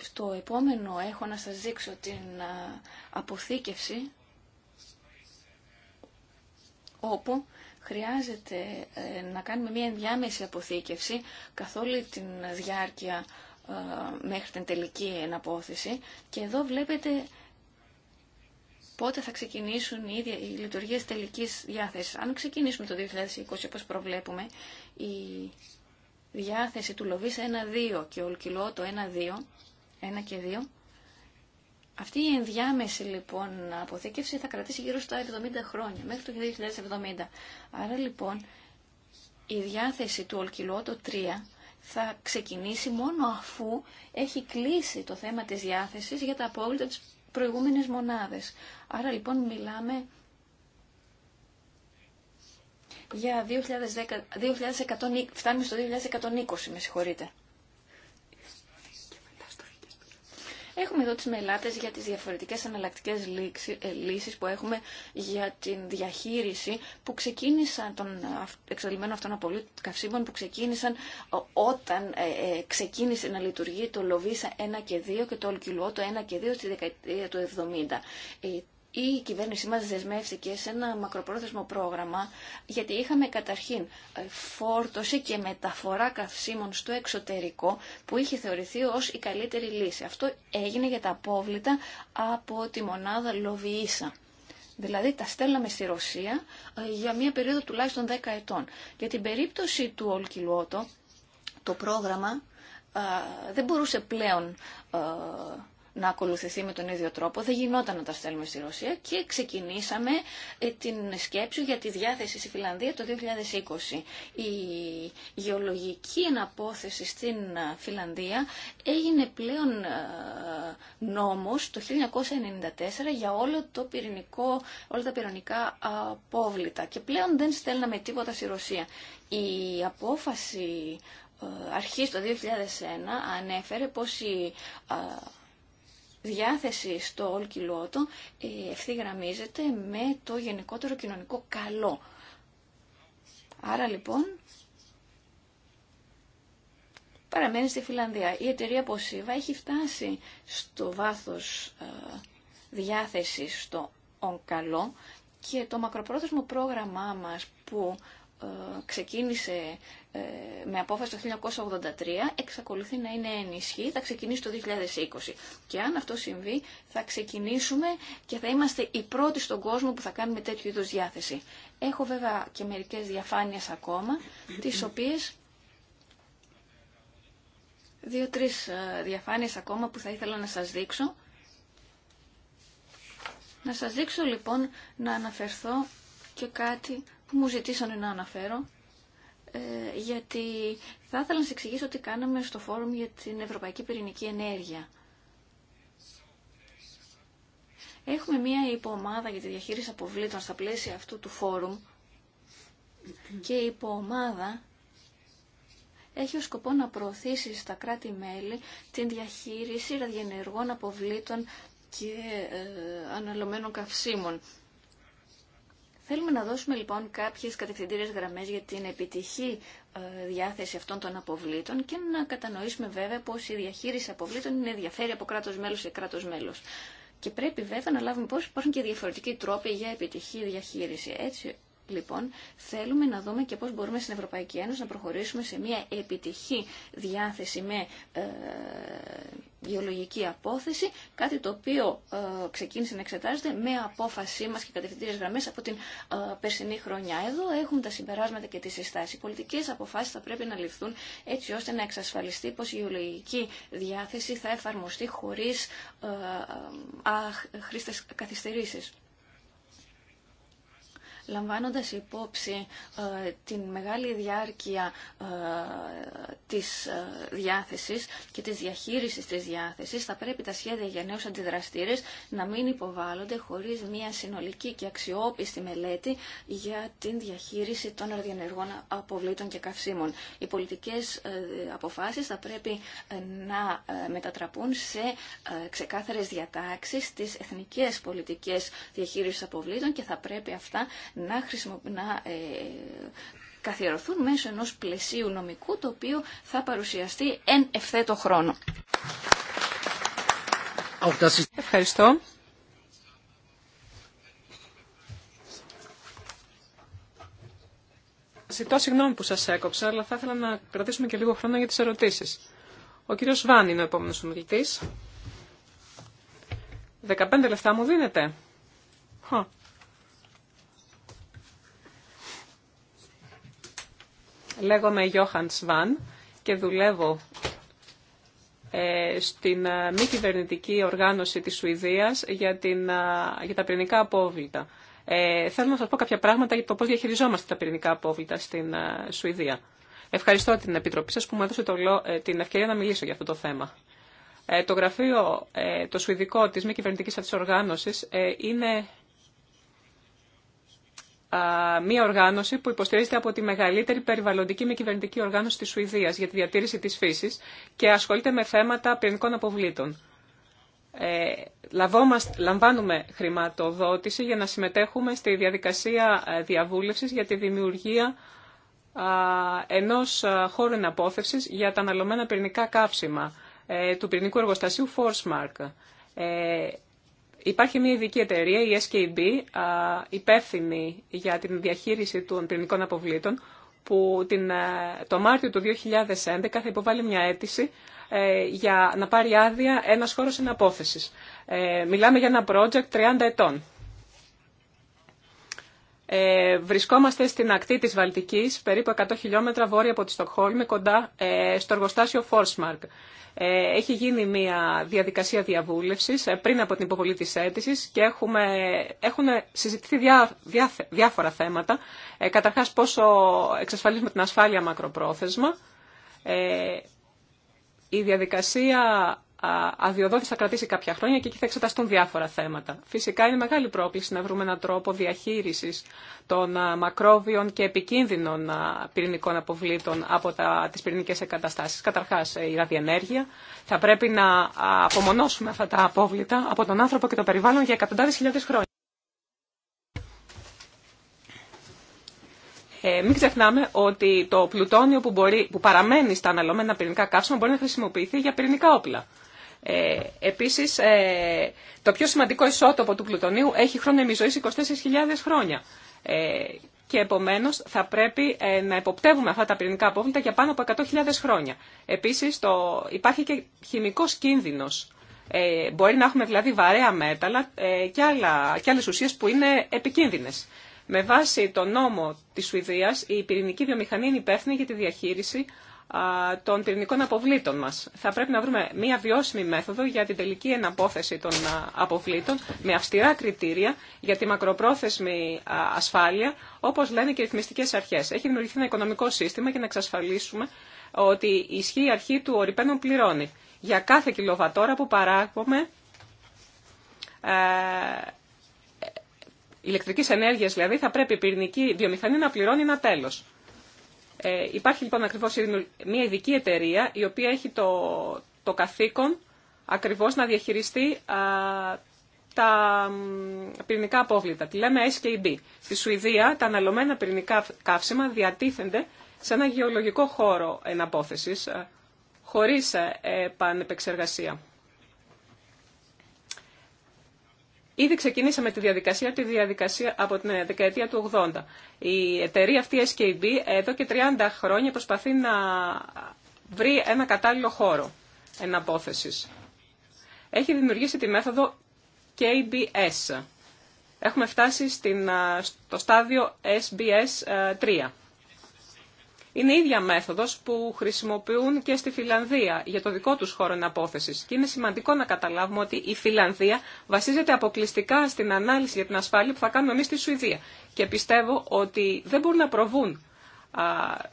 Στο επόμενο έχω να σας δείξω την ε, αποθήκευση όπου χρειάζεται ε, να κάνουμε μια ενδιάμεση αποθήκευση καθ' όλη τη διάρκεια ε, μέχρι την τελική εναπόθεση και εδώ βλέπετε πότε θα ξεκινήσουν οι, οι λειτουργίες τελικής διάθεσης. Αν ξεκινήσουμε το 2020 όπως προβλέπουμε, η διάθεση του λοβισα 1 1-2 και ολκυλό το 1-2, 1 και 2, αυτή η ενδιάμεση λοιπόν αποθήκευση θα κρατήσει γύρω στα 70 χρόνια, μέχρι το 2070. Άρα λοιπόν η διάθεση του Ολκυλώτο 3 θα ξεκινήσει μόνο αφού έχει κλείσει το θέμα της διάθεσης για τα απόλυτα της προηγούμενες μονάδες. Άρα λοιπόν μιλάμε για 2100, φτάνουμε στο 2120, με συγχωρείτε. Έχουμε εδώ τις μελάτες για τις διαφορετικές αναλλακτικές ε, λύσεις που έχουμε για την διαχείριση που ξεκίνησαν των ε, εξελιγμένων αυτών απολύτων καυσίμων που ξεκίνησαν όταν ε, ξεκίνησε να λειτουργεί το Λοβίσα 1 και 2 και το Ολκυλουότο 1 και 2 στη δεκαετία του 70 η κυβέρνησή μας δεσμεύτηκε σε ένα μακροπρόθεσμο πρόγραμμα γιατί είχαμε καταρχήν ε, φόρτωση και μεταφορά καυσίμων στο εξωτερικό που είχε θεωρηθεί ως η καλύτερη λύση. Αυτό έγινε για τα απόβλητα από τη μονάδα Λοβιίσα. Δηλαδή τα στέλναμε στη Ρωσία ε, για μια περίοδο τουλάχιστον 10 ετών. Για την περίπτωση του Ολκυλουότο το πρόγραμμα ε, δεν μπορούσε πλέον να ακολουθηθεί με τον ίδιο τρόπο. Δεν γινόταν να τα στέλνουμε στη Ρωσία και ξεκινήσαμε ε, την σκέψη για τη διάθεση στη Φιλανδία το 2020. Η γεωλογική εναπόθεση στην ε, Φιλανδία έγινε πλέον ε, νόμος το 1994 για όλο το πυρηνικό, όλα τα πυρηνικά απόβλητα και πλέον δεν στέλναμε τίποτα στη Ρωσία. Η απόφαση αρχής το 2001 ανέφερε πως η διάθεση στο όλκυλότο ε, ευθυγραμμίζεται με το γενικότερο κοινωνικό καλό. Άρα λοιπόν παραμένει στη Φιλανδία. Η εταιρεία Ποσίβα έχει φτάσει στο βάθος ε, διάθεσης στο καλό και το μακροπρόθεσμο πρόγραμμά μας που ε, ξεκίνησε ε, με απόφαση το 1983 εξακολουθεί να είναι ενισχύ, θα ξεκινήσει το 2020. Και αν αυτό συμβεί θα ξεκινήσουμε και θα είμαστε οι πρώτοι στον κόσμο που θα κάνουμε τέτοιου είδους διάθεση. Έχω βέβαια και μερικές διαφάνειες ακόμα, τις οποίες δύο-τρεις ε, διαφάνειες ακόμα που θα ήθελα να σας δείξω. Να σας δείξω λοιπόν να αναφερθώ και κάτι που μου ζητήσανε να αναφέρω, ε, γιατί θα ήθελα να σας εξηγήσω τι κάναμε στο φόρουμ για την Ευρωπαϊκή Πυρηνική Ενέργεια. Έχουμε μία υποομάδα για τη διαχείριση αποβλήτων στα πλαίσια αυτού του φόρουμ και η υποομάδα έχει ως σκοπό να προωθήσει στα κράτη-μέλη την διαχείριση ραδιενεργών αποβλήτων και ε, αναλωμένων καυσίμων. Θέλουμε να δώσουμε λοιπόν κάποιες κατευθυντήριες γραμμές για την επιτυχή ε, διάθεση αυτών των αποβλήτων και να κατανοήσουμε βέβαια πως η διαχείριση αποβλήτων είναι ενδιαφέρει από κράτος μέλος σε κράτος μέλος. Και πρέπει βέβαια να λάβουμε πώς υπάρχουν και διαφορετικοί τρόποι για επιτυχή διαχείριση. Έτσι Λοιπόν, θέλουμε να δούμε και πώς μπορούμε στην Ευρωπαϊκή Ένωση να προχωρήσουμε σε μια επιτυχή διάθεση με ε, γεωλογική απόθεση, κάτι το οποίο ε, ξεκίνησε να εξετάζεται με απόφασή μας και κατευθυντήριες γραμμές από την ε, περσινή χρονιά. Εδώ έχουν τα συμπεράσματα και τις συστάσεις. Οι πολιτικές αποφάσεις θα πρέπει να ληφθούν έτσι ώστε να εξασφαλιστεί πως η γεωλογική διάθεση θα εφαρμοστεί χωρίς χρήστε καθυστερήσεις λαμβάνοντας υπόψη ε, την μεγάλη διάρκεια ε, της ε, διάθεσης και της διαχείρισης της διάθεσης, θα πρέπει τα σχέδια για νέους αντιδραστήρες να μην υποβάλλονται χωρίς μια συνολική και αξιόπιστη μελέτη για την διαχείριση των αρδιενεργών αποβλήτων και καυσίμων. Οι πολιτικές ε, αποφάσεις θα πρέπει να μετατραπούν σε ξεκάθαρες διατάξεις στις εθνικές πολιτικές διαχείρισης αποβλήτων και θα πρέπει αυτά να, ε, καθιερωθούν μέσω ενός πλαισίου νομικού το οποίο θα παρουσιαστεί εν ευθέτω χρόνο. Ευχαριστώ. Ζητώ συγγνώμη που σας έκοψα, αλλά θα ήθελα να κρατήσουμε και λίγο χρόνο για τις ερωτήσεις. Ο κύριος Βάν είναι ο επόμενος ομιλητής. 15 λεφτά μου δίνετε. Χα. Λέγομαι Γιώχαντ Σβάν και δουλεύω ε, στην ε, μη κυβερνητική οργάνωση της Σουηδίας για, την, ε, για τα πυρηνικά απόβλητα. Ε, θέλω να σας πω κάποια πράγματα για το πώς διαχειριζόμαστε τα πυρηνικά απόβλητα στην Σουηδία. Ευχαριστώ την Επιτροπή σας που μου έδωσε το, την ευκαιρία να μιλήσω για αυτό το θέμα. το γραφείο, το σουηδικό της μη κυβερνητικής αυτής οργάνωσης, είναι μια οργάνωση που υποστηρίζεται από τη μεγαλύτερη περιβαλλοντική με κυβερνητική οργάνωση της Σουηδίας για τη διατήρηση της φύσης και ασχολείται με θέματα πυρηνικών αποβλήτων. Ε, λαμβάνουμε χρηματοδότηση για να συμμετέχουμε στη διαδικασία ε, διαβούλευσης για τη δημιουργία ενός χώρου εναπόθευσης για τα αναλωμένα πυρηνικά κάψιμα ε, του πυρηνικού εργοστασίου Forsmark. Ε, Υπάρχει μια ειδική εταιρεία, η SKB, υπεύθυνη για την διαχείριση των πυρηνικών αποβλήτων, που την, ε, το Μάρτιο του 2011 θα υποβάλει μια αίτηση ε, για να πάρει άδεια ένας χώρος εναπόθεσης. Ε, μιλάμε για ένα project 30 ετών. Ε, βρισκόμαστε στην ακτή της Βαλτικής, περίπου 100 χιλιόμετρα βόρεια από τη Στοκχόλμη, κοντά ε, στο εργοστάσιο Forsmark. Ε, έχει γίνει μια διαδικασία διαβούλευσης πριν από την υποβολή της αίτησης και έχουμε, έχουν συζητηθεί διάφορα θέματα. Ε, καταρχάς πόσο εξασφαλίζουμε την ασφάλεια μακροπρόθεσμα. η διαδικασία αδειοδότηση θα κρατήσει κάποια χρόνια και εκεί θα εξεταστούν διάφορα θέματα. Φυσικά είναι μεγάλη πρόκληση να βρούμε έναν τρόπο διαχείρισης των μακρόβιων και επικίνδυνων πυρηνικών αποβλήτων από τα, τις πυρηνικές εγκαταστάσεις. Καταρχάς ε, η ραδιενέργεια. Θα πρέπει να απομονώσουμε αυτά τα απόβλητα από τον άνθρωπο και το περιβάλλον για εκατοντάδες χιλιάδες χρόνια. Ε, μην ξεχνάμε ότι το πλουτόνιο που, μπορεί, που παραμένει στα αναλωμένα πυρηνικά καύσιμα μπορεί να χρησιμοποιηθεί για πυρηνικά όπλα. Ε, επίσης, ε, το πιο σημαντικό ισότοπο του πλουτονίου έχει χρόνο ζωή 24.000 χρόνια. Ε, και επομένω θα πρέπει ε, να εποπτεύουμε αυτά τα πυρηνικά απόβλητα για πάνω από 100.000 χρόνια. Επίση, υπάρχει και χημικό κίνδυνο. Ε, μπορεί να έχουμε δηλαδή βαρέα μέταλλα ε, και, άλλα, και άλλες ουσίες που είναι επικίνδυνες. Με βάση τον νόμο της Σουηδίας, η πυρηνική βιομηχανία είναι υπεύθυνη για τη διαχείριση των πυρηνικών αποβλήτων μας. Θα πρέπει να βρούμε μία βιώσιμη μέθοδο για την τελική εναπόθεση των αποβλήτων με αυστηρά κριτήρια για τη μακροπρόθεσμη ασφάλεια, όπως λένε και οι ρυθμιστικές αρχές. Έχει δημιουργηθεί ένα οικονομικό σύστημα για να εξασφαλίσουμε ότι ισχύει η αρχή του ορυπαίνων πληρώνει. Για κάθε κιλοβατόρα που παράγουμε ε, ηλεκτρικής ενέργειας, δηλαδή, θα πρέπει η πυρηνική βιομηχανία να πληρώνει ένα τέλος. Ε, υπάρχει λοιπόν ακριβώ μια ειδική εταιρεία η οποία έχει το, το καθήκον ακριβώς να διαχειριστεί τα πυρηνικά απόβλητα. Τη λέμε SKB. Στη Σουηδία τα αναλωμένα πυρηνικά καύσιμα διατίθενται σε ένα γεωλογικό χώρο εναπόθεσης ε, χωρίς ε, επανεπεξεργασία. Ήδη ξεκινήσαμε τη διαδικασία, τη διαδικασία από την δεκαετία του 80. Η εταιρεία αυτή SKB εδώ και 30 χρόνια προσπαθεί να βρει ένα κατάλληλο χώρο απόθεσης. Έχει δημιουργήσει τη μέθοδο KBS. Έχουμε φτάσει στην, στο στάδιο SBS 3. Είναι η ίδια μέθοδος που χρησιμοποιούν και στη Φιλανδία για το δικό τους χώρο εναπόθεσης. Και είναι σημαντικό να καταλάβουμε ότι η Φιλανδία βασίζεται αποκλειστικά στην ανάλυση για την ασφάλεια που θα κάνουμε εμείς στη Σουηδία. Και πιστεύω ότι δεν μπορούν να προβούν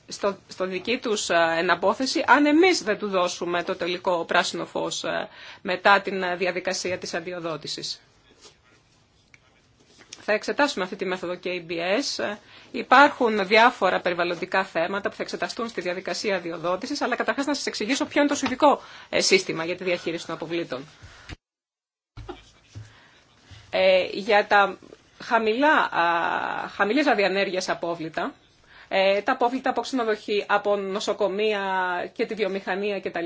στο, στο δική τους εναπόθεση αν εμείς δεν του δώσουμε το τελικό πράσινο φως μετά την διαδικασία της αντιοδότησης. Θα εξετάσουμε αυτή τη μέθοδο KBS Υπάρχουν διάφορα περιβαλλοντικά θέματα που θα εξεταστούν στη διαδικασία διοδότηση, αλλά καταρχά να σα εξηγήσω ποιο είναι το σουδικό ε, σύστημα για τη διαχείριση των αποβλήτων. Ε, για τα χαμηλά, α, χαμηλές απόβλητα, ε, τα απόβλητα από ξενοδοχή, από νοσοκομεία και τη βιομηχανία κτλ.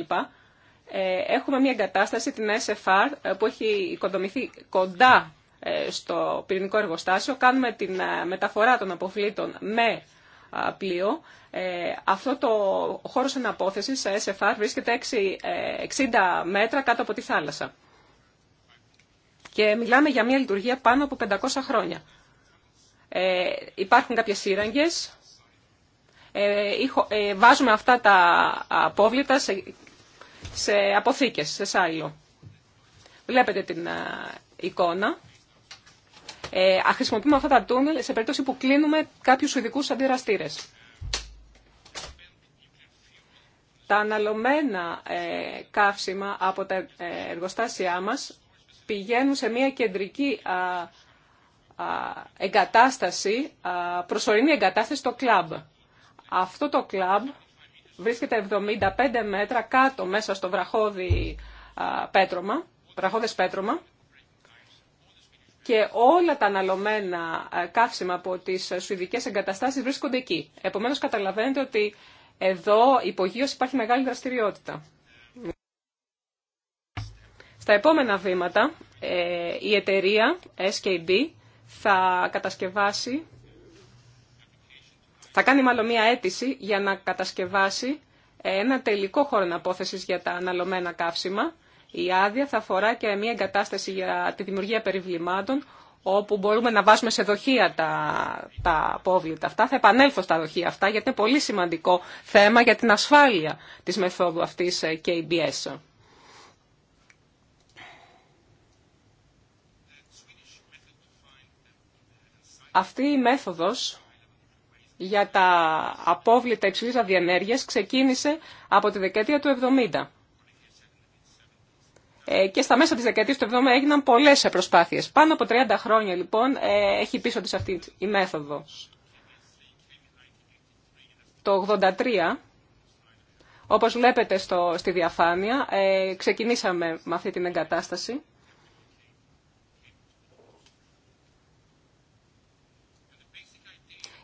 Ε, έχουμε μια εγκατάσταση, την SFR, ε, που έχει οικοδομηθεί κοντά ε, στο πυρηνικό εργοστάσιο, κάνουμε τη ε, μεταφορά των αποβλήτων με πλοίο. Ε, αυτό το χώρο αναπόθεση SFR βρίσκεται 60 μέτρα κάτω από τη θάλασσα. Και μιλάμε για μια λειτουργία πάνω από 500 χρόνια. Ε, υπάρχουν κάποιες σύραγγες, βάζουμε αυτά τα απόβλητα σε, σε αποθήκες, σε σάιλο. Βλέπετε την εικόνα ε, χρησιμοποιούμε αυτά τα τούνελ σε περίπτωση που κλείνουμε κάποιου ειδικού αντιραστήρε. Τα αναλωμένα ε, καύσιμα από τα ε, εργοστάσια μας πηγαίνουν σε μια κεντρική εγκατάσταση, προσωρινή εγκατάσταση, το κλαμπ. Αυτό το κλαμπ βρίσκεται 75 μέτρα κάτω μέσα στο βραχώδη πέτρωμα, βραχώδες πέτρωμα και όλα τα αναλωμένα ε, καύσιμα από τις σουηδικές εγκαταστάσεις βρίσκονται εκεί. Επομένως καταλαβαίνετε ότι εδώ υπογείως υπάρχει μεγάλη δραστηριότητα. Στα επόμενα βήματα ε, η εταιρεία SKB θα κατασκευάσει, θα κάνει μάλλον μία αίτηση για να κατασκευάσει ένα τελικό χώρο αναπόθεσης για τα αναλωμένα καύσιμα η άδεια θα αφορά και μια εγκατάσταση για τη δημιουργία περιβλημάτων, όπου μπορούμε να βάζουμε σε δοχεία τα, τα απόβλητα αυτά. Θα επανέλθω στα δοχεία αυτά, γιατί είναι πολύ σημαντικό θέμα για την ασφάλεια της μεθόδου αυτής ε, KBS. Αυτή η μέθοδος για τα απόβλητα υψηλής αδιενέργειας ξεκίνησε από τη δεκαετία του 70. Ε, και στα μέσα της δεκαετίας του 70 έγιναν πολλές προσπάθειες. Πάνω από 30 χρόνια λοιπόν ε, έχει πίσω της αυτή η μέθοδο. Το 83, όπως βλέπετε στο, στη διαφάνεια, ε, ξεκινήσαμε με αυτή την εγκατάσταση.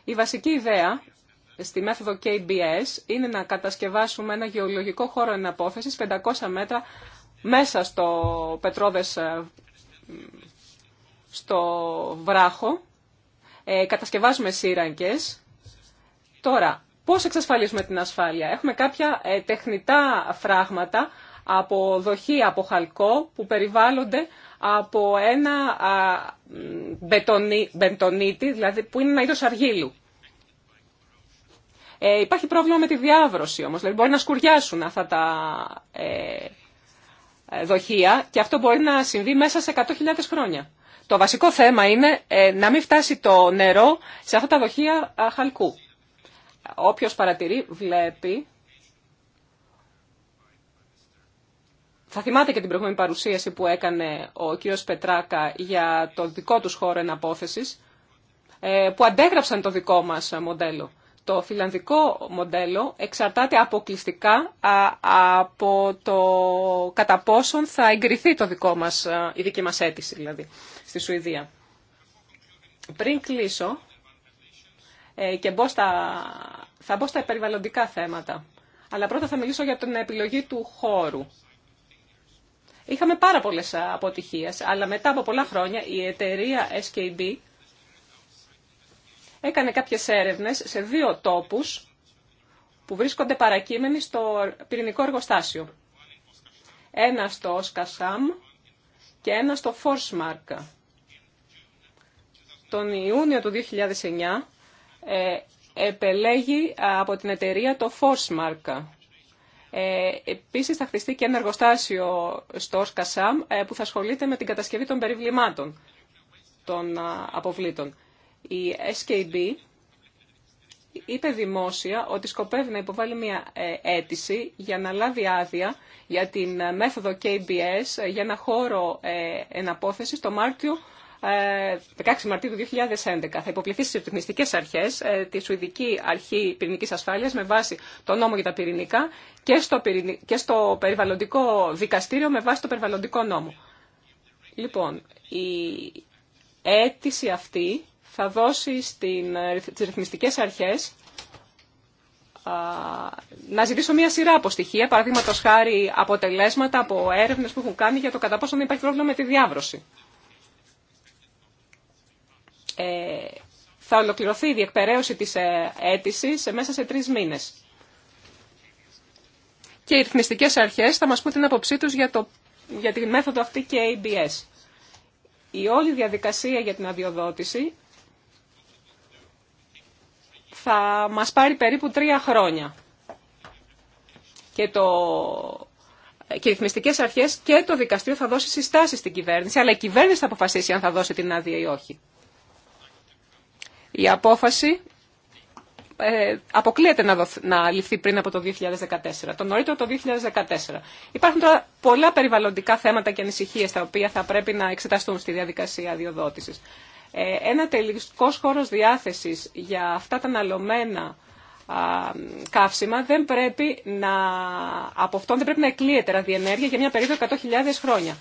Η βασική ιδέα στη μέθοδο KBS είναι να κατασκευάσουμε ένα γεωλογικό χώρο εναπόφεσης 500 μέτρα μέσα στο πετρόδες ε, στο βράχο, ε, κατασκευάζουμε σύραγγες. Τώρα, πώς εξασφαλίζουμε την ασφάλεια. Έχουμε κάποια ε, τεχνητά φράγματα από δοχή, από χαλκό, που περιβάλλονται από ένα α, δηλαδή που είναι ένα είδος αργύλου. Ε, υπάρχει πρόβλημα με τη διάβρωση όμως, δηλαδή μπορεί να σκουριάσουν αυτά τα ε, ε, δοχεία και αυτό μπορεί να συμβεί μέσα σε 100.000 χρόνια. Το βασικό θέμα είναι ε, να μην φτάσει το νερό σε αυτά τα δοχεία χαλκού. Όποιος παρατηρεί βλέπει... Θα θυμάται και την προηγούμενη παρουσίαση που έκανε ο κύριος Πετράκα για το δικό τους χώρο εναπόθεσης, ε, που αντέγραψαν το δικό μας μοντέλο το φιλανδικό μοντέλο εξαρτάται αποκλειστικά από το κατά πόσον θα εγκριθεί το δικό μας, η δική μας αίτηση δηλαδή στη Σουηδία. Πριν κλείσω ε, και μπω θα μπω στα περιβαλλοντικά θέματα, αλλά πρώτα θα μιλήσω για την επιλογή του χώρου. Είχαμε πάρα πολλές αποτυχίες, αλλά μετά από πολλά χρόνια η εταιρεία SKB έκανε κάποιες έρευνες σε δύο τόπους που βρίσκονται παρακείμενοι στο πυρηνικό εργοστάσιο. Ένα στο Σκασάμ και ένα στο ΦΟΡΣΜΑΡΚΑ. Τον Ιούνιο του 2009 ε, επελέγει ε, από την εταιρεία το ΦΟΡΣΜΑΡΚΑ. Ε, επίσης θα χτιστεί και ένα εργοστάσιο στο Σκασάμ ε, που θα ασχολείται με την κατασκευή των περιβλημάτων των ε, αποβλήτων. Η SKB είπε δημόσια ότι σκοπεύει να υποβάλει μια ε, αίτηση για να λάβει άδεια για την ε, μέθοδο KBS για ένα χώρο ε, εναπόθεσης το Μάρτιο 16 Μαρτίου του 2011. Θα υποβληθεί στις ρυθμιστικέ αρχές τη Σουηδική Αρχή Πυρηνική Ασφάλειας με βάση το νόμο για τα πυρηνικά και στο, και στο περιβαλλοντικό δικαστήριο με βάση το περιβαλλοντικό νόμο. Λοιπόν, η αίτηση αυτή θα δώσει στις ρυθμιστικές αρχές να ζητήσω μία σειρά από στοιχεία, παραδείγματο χάρη αποτελέσματα από έρευνε που έχουν κάνει για το κατά πόσο δεν υπάρχει πρόβλημα με τη διάβρωση. Ε, θα ολοκληρωθεί η διεκπαιρέωση της ε, αίτηση μέσα σε τρεις μήνες. Και οι ρυθμιστικές αρχές θα μας πούν την άποψή τους για, το, για τη μέθοδο αυτή και ABS. Η όλη διαδικασία για την αδειοδότηση θα μας πάρει περίπου τρία χρόνια. Και το και οι ρυθμιστικές αρχές και το δικαστήριο θα δώσει συστάσεις στην κυβέρνηση, αλλά η κυβέρνηση θα αποφασίσει αν θα δώσει την άδεια ή όχι. Η απόφαση ε, αποκλείεται να, να ληφθεί πριν από το 2014, το νωρίτερο το 2014. Υπάρχουν τώρα πολλά περιβαλλοντικά θέματα και ανησυχίες τα οποία θα πρέπει να εξεταστούν στη διαδικασία αδειοδότησης. Ε, ένα τελικός χώρος διάθεσης για αυτά τα αναλωμένα καύσιμα δεν πρέπει να, από αυτόν δεν πρέπει να εκλείεται ραδιενέργεια για μια περίοδο 100.000 χρόνια.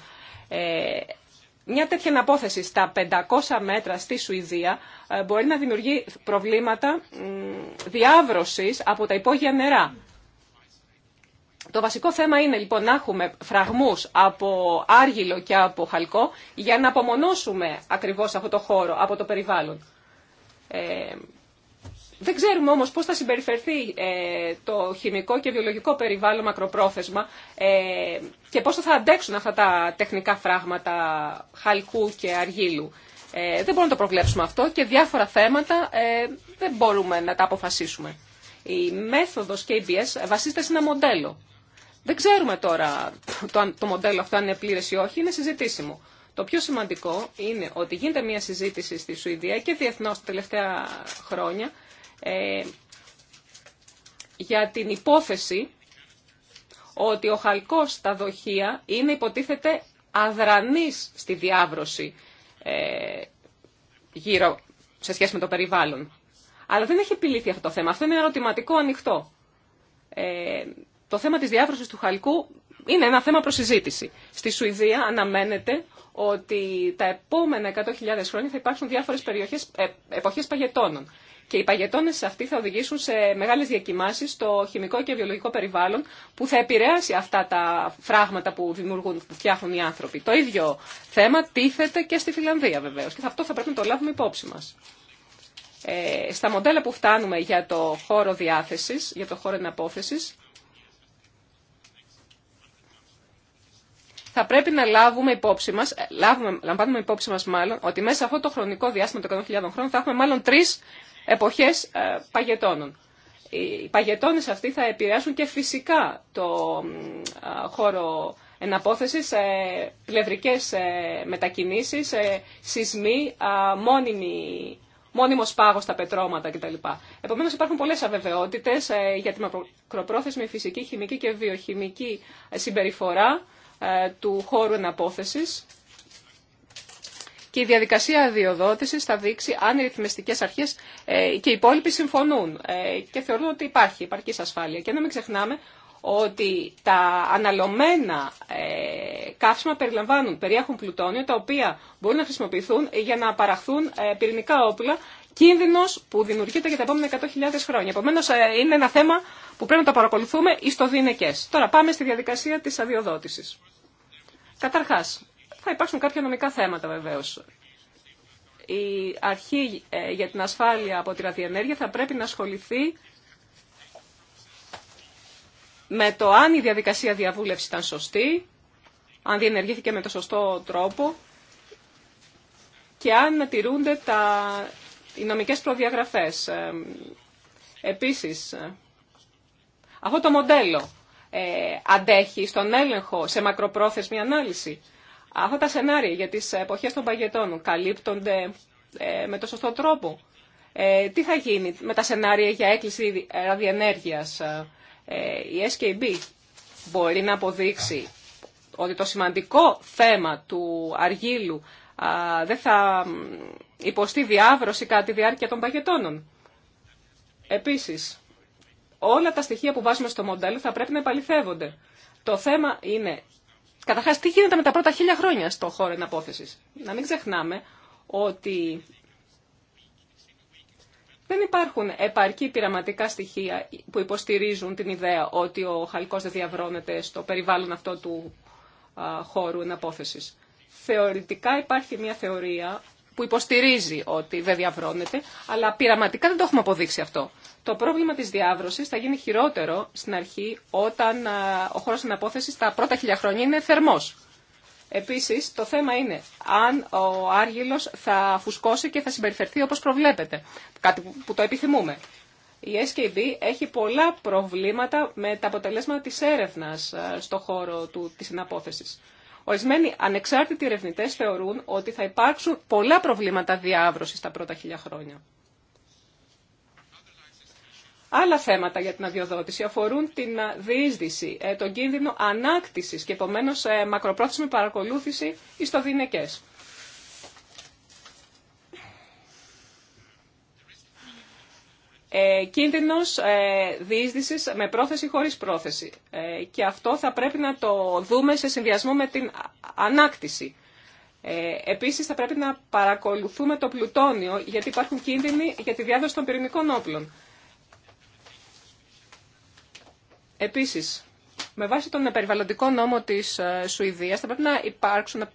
Ε, μια τέτοια αναπόθεση στα 500 μέτρα στη Σουηδία ε, μπορεί να δημιουργεί προβλήματα διάβρωσης από τα υπόγεια νερά το βασικό θέμα είναι λοιπόν να έχουμε φραγμούς από άργυλο και από χαλκό για να απομονώσουμε ακριβώς αυτό το χώρο από το περιβάλλον. Ε, δεν ξέρουμε όμως πώς θα συμπεριφερθεί ε, το χημικό και βιολογικό περιβάλλον μακροπρόθεσμα ε, και πώς θα αντέξουν αυτά τα τεχνικά φράγματα χαλκού και αργύλου. Ε, δεν μπορούμε να το προβλέψουμε αυτό και διάφορα θέματα ε, δεν μπορούμε να τα αποφασίσουμε. Η μέθοδος KBS βασίζεται σε ένα μοντέλο δεν ξέρουμε τώρα το το μοντέλο αυτό αν είναι πλήρες ή όχι, είναι συζητήσιμο. Το πιο σημαντικό είναι ότι γίνεται μια συζήτηση στη Σουηδία και διεθνώ τα τελευταία χρόνια ε, για την υπόθεση ότι ο χαλκός στα δοχεία είναι υποτίθεται αδρανής στη διάβρωση ε, γύρω σε σχέση με το περιβάλλον. Αλλά δεν έχει επιλύθει αυτό το θέμα. Αυτό είναι ερωτηματικό ανοιχτό. Ε, το θέμα της διάβρωσης του χαλκού είναι ένα θέμα προς Στη Σουηδία αναμένεται ότι τα επόμενα 100.000 χρόνια θα υπάρξουν διάφορες περιοχές, ε, εποχές παγετώνων. Και οι παγετώνες αυτοί θα οδηγήσουν σε μεγάλες διακοιμάσεις στο χημικό και βιολογικό περιβάλλον που θα επηρεάσει αυτά τα φράγματα που δημιουργούν, που φτιάχνουν οι άνθρωποι. Το ίδιο θέμα τίθεται και στη Φιλανδία βεβαίως και αυτό θα πρέπει να το λάβουμε υπόψη μας. Ε, στα μοντέλα που φτάνουμε για το χώρο διάθεσης, για το χώρο εναπόθεσης, θα πρέπει να λάβουμε υπόψη μας, ε, λάβουμε, λαμβάνουμε υπόψη μας μάλλον, ότι μέσα σε αυτό το χρονικό διάστημα των 100.000 χρόνων θα έχουμε μάλλον τρεις εποχές ε, παγετώνων. Οι παγετώνες αυτοί θα επηρεάσουν και φυσικά το χώρο εναπόθεσης, ε, πλευρικές ε, μετακινήσεις, ε, σεισμοί, μόνιμη μόνιμο πάγο στα πετρώματα κτλ. Επομένω, υπάρχουν πολλέ αβεβαιότητε για την μακροπρόθεσμη φυσική, χημική και βιοχημική συμπεριφορά ε, του χώρου εναπόθεσης και η διαδικασία διοδότησης θα δείξει αν οι ρυθμιστικές αρχές ε, και οι υπόλοιποι συμφωνούν ε, και θεωρούν ότι υπάρχει υπαρκής ασφάλεια. Και να μην ξεχνάμε ότι τα αναλωμένα καύσιμα περιλαμβάνουν, περιέχουν πλουτόνιο, τα οποία μπορούν να χρησιμοποιηθούν για να παραχθούν πυρηνικά όπλα Κίνδυνο που δημιουργείται για τα επόμενα 100.000 χρόνια. Επομένω ε, είναι ένα θέμα που πρέπει να το παρακολουθούμε ει το δίνεκε. Τώρα πάμε στη διαδικασία της αδειοδότηση. Καταρχάς, θα υπάρξουν κάποια νομικά θέματα βεβαίως. Η αρχή ε, για την ασφάλεια από τη ραδιενέργεια θα πρέπει να ασχοληθεί με το αν η διαδικασία διαβούλευση ήταν σωστή, αν διενεργήθηκε με το σωστό τρόπο και αν τηρούνται τα οι νομικές προδιαγραφές. Ε, επίσης, ε, αυτό το μοντέλο ε, αντέχει στον έλεγχο σε μακροπρόθεσμη ανάλυση. Αυτά τα σενάρια για τις εποχές των παγετών καλύπτονται με το σωστό τρόπο. τι θα γίνει με τα σενάρια για έκκληση ραδιενέργειας. η SKB μπορεί να αποδείξει ότι το σημαντικό θέμα του αργύλου δεν θα υποστεί διάβρωση κατά τη διάρκεια των παγετώνων. Επίσης, όλα τα στοιχεία που βάζουμε στο μοντέλο θα πρέπει να επαληθεύονται. Το θέμα είναι, καταρχάς, τι γίνεται με τα πρώτα χίλια χρόνια στο χώρο εναπόθεσης. Να μην ξεχνάμε ότι δεν υπάρχουν επαρκή πειραματικά στοιχεία που υποστηρίζουν την ιδέα ότι ο χαλκός δεν διαβρώνεται στο περιβάλλον αυτό του χώρου εναπόθεσης. Θεωρητικά υπάρχει μια θεωρία που υποστηρίζει ότι δεν διαβρώνεται, αλλά πειραματικά δεν το έχουμε αποδείξει αυτό. Το πρόβλημα της διάβρωσης θα γίνει χειρότερο στην αρχή όταν ο χώρος αναπόθεσης τα πρώτα χιλιά χρόνια είναι θερμός. Επίσης, το θέμα είναι αν ο άργυλος θα φουσκώσει και θα συμπεριφερθεί όπως προβλέπεται, κάτι που το επιθυμούμε. Η SKB έχει πολλά προβλήματα με τα αποτελέσματα της έρευνας στο χώρο του, της συναπόθεσης. Ορισμένοι ανεξάρτητοι ερευνητέ θεωρούν ότι θα υπάρξουν πολλά προβλήματα διάβρωση τα πρώτα χίλια χρόνια. Άλλα θέματα για την αδειοδότηση αφορούν την διείσδυση, ε, τον κίνδυνο ανάκτηση και επομένω ε, μακροπρόθεσμη παρακολούθηση ει ε, κίνδυνος ε, με πρόθεση χωρίς πρόθεση. Ε, και αυτό θα πρέπει να το δούμε σε συνδυασμό με την ανάκτηση. Ε, επίσης θα πρέπει να παρακολουθούμε το πλουτόνιο γιατί υπάρχουν κίνδυνοι για τη διάδοση των πυρηνικών όπλων. Επίσης, με βάση τον περιβαλλοντικό νόμο της ε, Σουηδίας θα πρέπει να υπάρξουν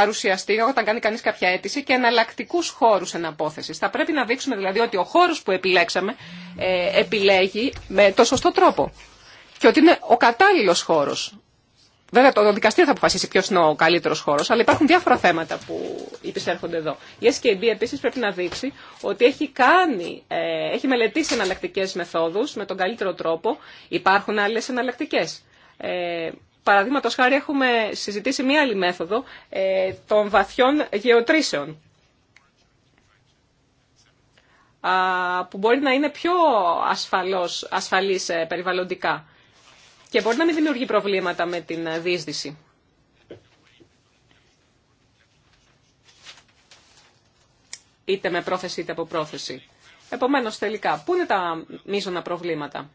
παρουσιαστεί όταν κάνει κανείς κάποια αίτηση και εναλλακτικού χώρου εναπόθεση. Θα πρέπει να δείξουμε δηλαδή ότι ο χώρο που επιλέξαμε ε, επιλέγει με το σωστό τρόπο και ότι είναι ο κατάλληλο χώρο. Βέβαια, το δικαστήριο θα αποφασίσει ποιο είναι ο καλύτερο χώρο, αλλά υπάρχουν διάφορα θέματα που υπησέρχονται εδώ. Η SKB επίση πρέπει να δείξει ότι έχει, κάνει, ε, έχει μελετήσει εναλλακτικέ μεθόδου με τον καλύτερο τρόπο. Υπάρχουν άλλε εναλλακτικέ. Ε, Παραδείγματος χάρη έχουμε συζητήσει μία άλλη μέθοδο ε, των βαθιών γεωτρήσεων που μπορεί να είναι πιο ασφαλός, ασφαλής ε, περιβαλλοντικά και μπορεί να μην δημιουργεί προβλήματα με την ε, δίσδυση. Είτε με πρόθεση είτε από πρόθεση. Επομένως τελικά, πού είναι τα μείζωνα προβλήματα.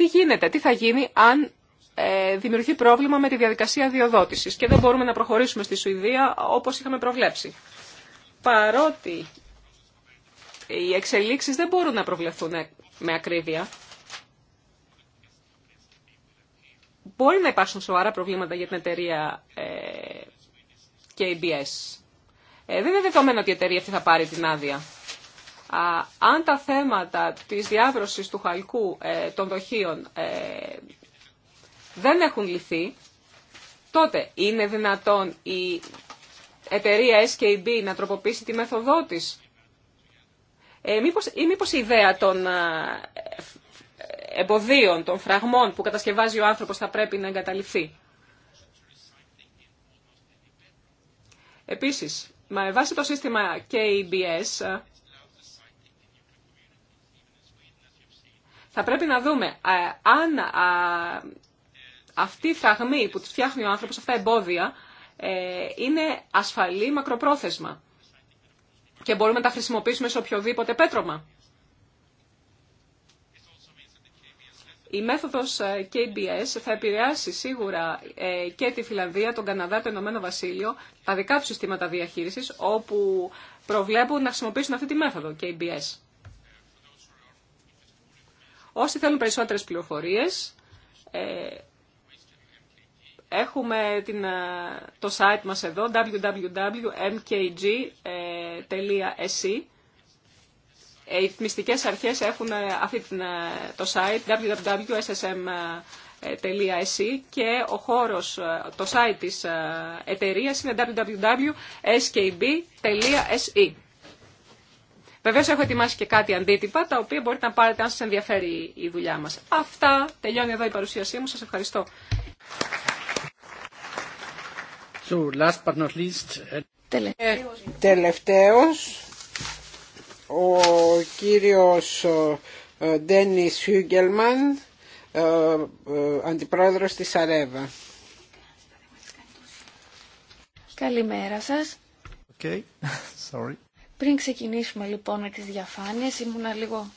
τι γίνεται, τι θα γίνει αν ε, δημιουργεί πρόβλημα με τη διαδικασία διοδότησης και δεν μπορούμε να προχωρήσουμε στη Σουηδία όπως είχαμε προβλέψει. Παρότι οι εξελίξεις δεν μπορούν να προβλεφθούν με ακρίβεια, μπορεί να υπάρξουν σοβαρά προβλήματα για την εταιρεία ε, KBS. Ε, δεν είναι δεδομένο ότι η εταιρεία αυτή θα πάρει την άδεια αν τα θέματα της διάβρωσης του χαλκού ε, των δοχείων ε, δεν έχουν λυθεί, τότε είναι δυνατόν η εταιρεία SKB να τροποποιήσει τη μεθοδό της. Ε, η ιδέα των ε, εμποδίων, των φραγμών που κατασκευάζει ο άνθρωπος θα πρέπει να εγκαταληφθεί. Επίσης, με βάση το σύστημα KBS Θα πρέπει να δούμε ε, αν ε, αυτή η φραγμή που τους φτιάχνει ο άνθρωπος, αυτά εμπόδια, ε, είναι ασφαλή μακροπρόθεσμα και μπορούμε να τα χρησιμοποιήσουμε σε οποιοδήποτε πέτρωμα. Η μέθοδος KBS θα επηρεάσει σίγουρα και τη Φιλανδία, τον Καναδά, το Ηνωμένο Βασίλειο, τα δικά του συστήματα διαχείρισης, όπου προβλέπουν να χρησιμοποιήσουν αυτή τη μέθοδο KBS. Όσοι θέλουν περισσότερες πληροφορίες, ε, έχουμε την, ε, το site μας εδώ, www.mkg.se. Ε, οι μυστικές αρχές έχουν αυτή το site www.ssm.se και ο χώρος, το site της εταιρείας είναι www.skb.se. Βεβαίω έχω ετοιμάσει και κάτι αντίτυπα, τα οποία μπορείτε να πάρετε αν σα ενδιαφέρει η δουλειά μα. Αυτά. Τελειώνει εδώ η παρουσίασή μου. Σα ευχαριστώ. So, last but not least... Ε, ε, τελευταίος. ο κύριος ε, Ντένις Χιούγκελμαν, αντιπρόεδρος της Αρέβα. Καλημέρα σας. Okay. Sorry. Πριν ξεκινήσουμε λοιπόν με τις διαφάνειες, ήμουνα λίγο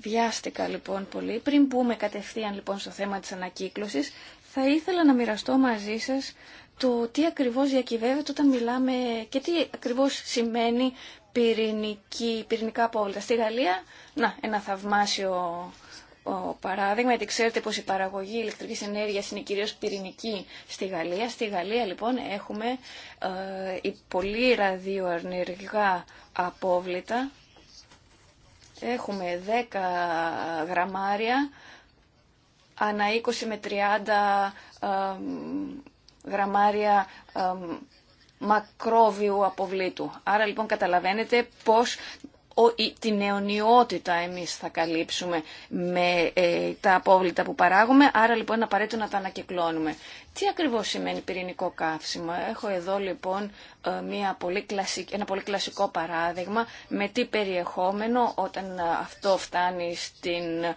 βιάστηκα λοιπόν πολύ. Πριν μπούμε κατευθείαν λοιπόν στο θέμα της ανακύκλωσης, θα ήθελα να μοιραστώ μαζί σας το τι ακριβώς διακυβεύεται όταν μιλάμε και τι ακριβώς σημαίνει πυρηνική, πυρηνικά απόλυτα. Στη Γαλλία, να, ένα θαυμάσιο παράδειγμα, γιατί ξέρετε πως η παραγωγή ηλεκτρικής ενέργειας είναι κυρίως πυρηνική στη Γαλλία. Στη Γαλλία λοιπόν έχουμε ε, πολύ ραδιοενεργά απόβλητα. Έχουμε 10 γραμμάρια ανά 20 με 30 ε, γραμμάρια ε, μακρόβιου αποβλήτου. Άρα λοιπόν καταλαβαίνετε πως την αιωνιότητα εμείς θα καλύψουμε με ε, τα απόβλητα που παράγουμε, άρα λοιπόν είναι απαραίτητο να τα ανακυκλώνουμε. Τι ακριβώς σημαίνει πυρηνικό καύσιμο. Έχω εδώ λοιπόν ε, μια πολύ ένα πολύ κλασικό παράδειγμα με τι περιεχόμενο όταν αυτό φτάνει στην ε,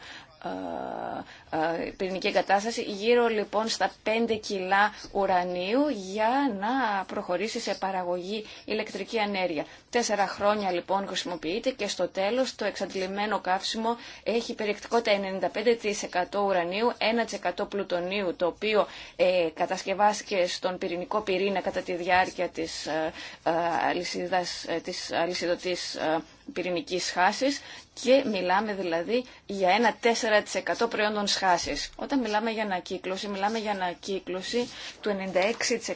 ε, πυρηνική εγκατάσταση, γύρω λοιπόν στα 5 κιλά ουρανίου για να προχωρήσει σε παραγωγή ηλεκτρική ανέργεια. Τέσσερα χρόνια λοιπόν χρησιμοποιείται και στο τέλος το εξαντλημένο καύσιμο έχει περιεκτικότητα 95% ουρανίου, 1% πλουτονίου, το οποίο ε, κατασκευάστηκε στον πυρηνικό πυρήνα κατά τη διάρκεια της, ε, ε αλυσίδας, ε, ε, πυρηνικής χάσης και μιλάμε δηλαδή για ένα 4% προϊόντων όταν μιλάμε για ανακύκλωση, μιλάμε για ανακύκλωση του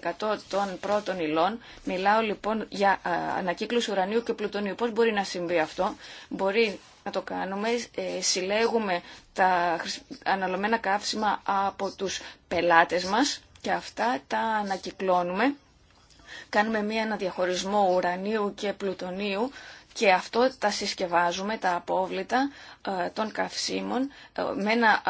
96% των πρώτων υλών. Μιλάω λοιπόν για ανακύκλωση ουρανίου και πλουτονίου. Πώς μπορεί να συμβεί αυτό. Μπορεί να το κάνουμε. Ε, συλλέγουμε τα αναλωμένα καύσιμα από τους πελάτες μας και αυτά τα ανακυκλώνουμε. Κάνουμε μία αναδιαχωρισμό ουρανίου και πλουτονίου και αυτό τα συσκευάζουμε, τα απόβλητα ε, των καυσίμων ε, με ένα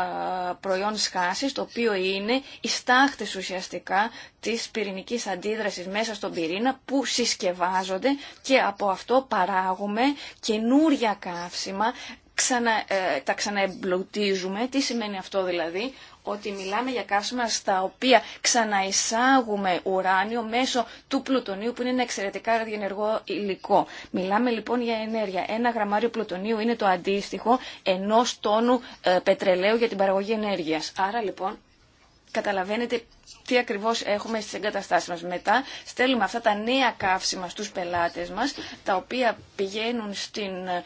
ε, προϊόν σχάσης το οποίο είναι οι στάχτες ουσιαστικά της πυρηνικής αντίδρασης μέσα στον πυρήνα που συσκευάζονται και από αυτό παράγουμε καινούρια καύσιμα ξανα, ε, τα ξαναεμπλουτίζουμε. Τι σημαίνει αυτό δηλαδή, ότι μιλάμε για κάψιμα στα οποία ξαναεισάγουμε ουράνιο μέσω του πλουτονίου που είναι ένα εξαιρετικά ραδιενεργό υλικό. Μιλάμε λοιπόν για ενέργεια. Ένα γραμμάριο πλουτονίου είναι το αντίστοιχο ενός τόνου ε, πετρελαίου για την παραγωγή ενέργειας. Άρα λοιπόν καταλαβαίνετε τι ακριβώς έχουμε στις εγκαταστάσεις μας. Μετά στέλνουμε αυτά τα νέα καύσιμα στους πελάτες μας, τα οποία πηγαίνουν στην ε,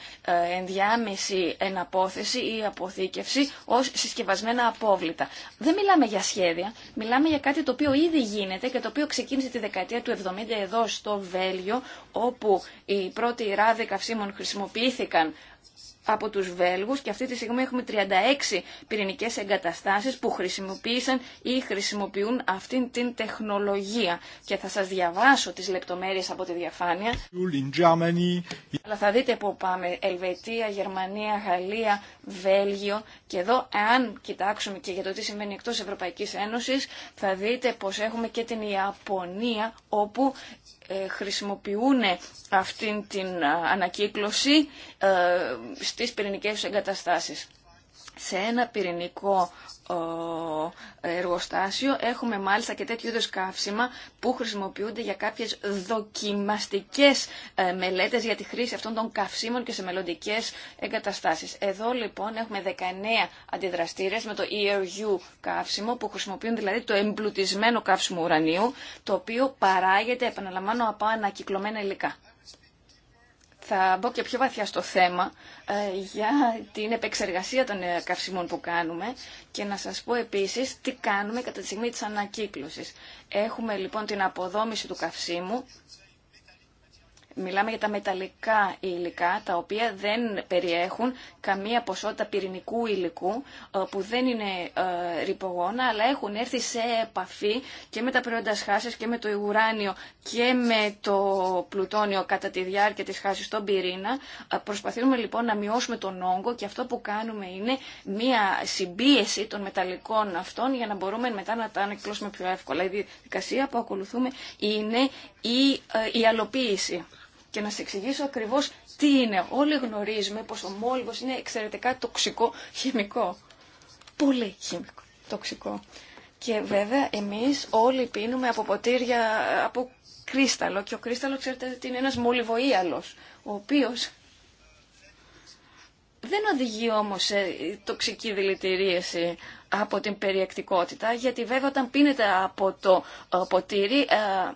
ενδιάμεση εναπόθεση ή αποθήκευση ως συσκευασμένα απόβλητα. Δεν μιλάμε για σχέδια, μιλάμε για κάτι το οποίο ήδη γίνεται και το οποίο ξεκίνησε τη δεκαετία του 70 εδώ στο Βέλγιο, όπου οι πρώτοι ράδοι καυσίμων χρησιμοποιήθηκαν από τους Βέλγους και αυτή τη στιγμή έχουμε 36 πυρηνικές εγκαταστάσεις που χρησιμοποίησαν ή χρησιμοποιούν αυτήν την τεχνολογία. Και θα σας διαβάσω τις λεπτομέρειες από τη διαφάνεια. Αλλά θα δείτε που πάμε. Ελβετία, Γερμανία, Γαλλία, Βέλγιο. Και εδώ, αν κοιτάξουμε και για το τι σημαίνει εκτός Ευρωπαϊκής Ένωσης, θα δείτε πως έχουμε και την Ιαπωνία, όπου ε, χρησιμοποιούν αυτήν την ε, ανακύκλωση ε, στις πυρηνικές εγκαταστάσεις σε ένα πυρηνικό εργοστάσιο έχουμε μάλιστα και τέτοιου είδους καύσιμα που χρησιμοποιούνται για κάποιες δοκιμαστικές ε, μελέτες για τη χρήση αυτών των καυσίμων και σε μελλοντικέ εγκαταστάσεις. Εδώ λοιπόν έχουμε 19 αντιδραστήρες με το ERU καύσιμο που χρησιμοποιούν δηλαδή το εμπλουτισμένο καύσιμο ουρανίου το οποίο παράγεται επαναλαμβάνω από ανακυκλωμένα υλικά θα μπω και πιο βαθιά στο θέμα ε, για την επεξεργασία των ε, καυσιμών που κάνουμε και να σας πω επίσης τι κάνουμε κατά τη στιγμή της ανακύκλωσης. Έχουμε λοιπόν την αποδόμηση του καυσίμου Μιλάμε για τα μεταλλικά υλικά, τα οποία δεν περιέχουν καμία ποσότητα πυρηνικού υλικού, ε, που δεν είναι ε, ρηπογόνα, αλλά έχουν έρθει σε επαφή και με τα προϊόντα σχάσης και με το ουράνιο και με το πλουτόνιο κατά τη διάρκεια της χάση στον πυρήνα. Ε, προσπαθούμε λοιπόν να μειώσουμε τον όγκο και αυτό που κάνουμε είναι μία συμπίεση των μεταλλικών αυτών για να μπορούμε μετά να τα ανακυκλώσουμε πιο εύκολα. Η διαδικασία που ακολουθούμε είναι η, η αλοποίηση και να σα εξηγήσω ακριβώς τι είναι. Όλοι γνωρίζουμε πως ο μόλυβος είναι εξαιρετικά τοξικό χημικό. Πολύ χημικό, τοξικό. Και βέβαια εμείς όλοι πίνουμε από ποτήρια, από κρίσταλο και ο κρίσταλο ξέρετε ότι είναι ένας άλλο. ο οποίος δεν οδηγεί όμω σε τοξική δηλητηρίαση από την περιεκτικότητα, γιατί βέβαια όταν πίνετε από το ε, ποτήρι ε,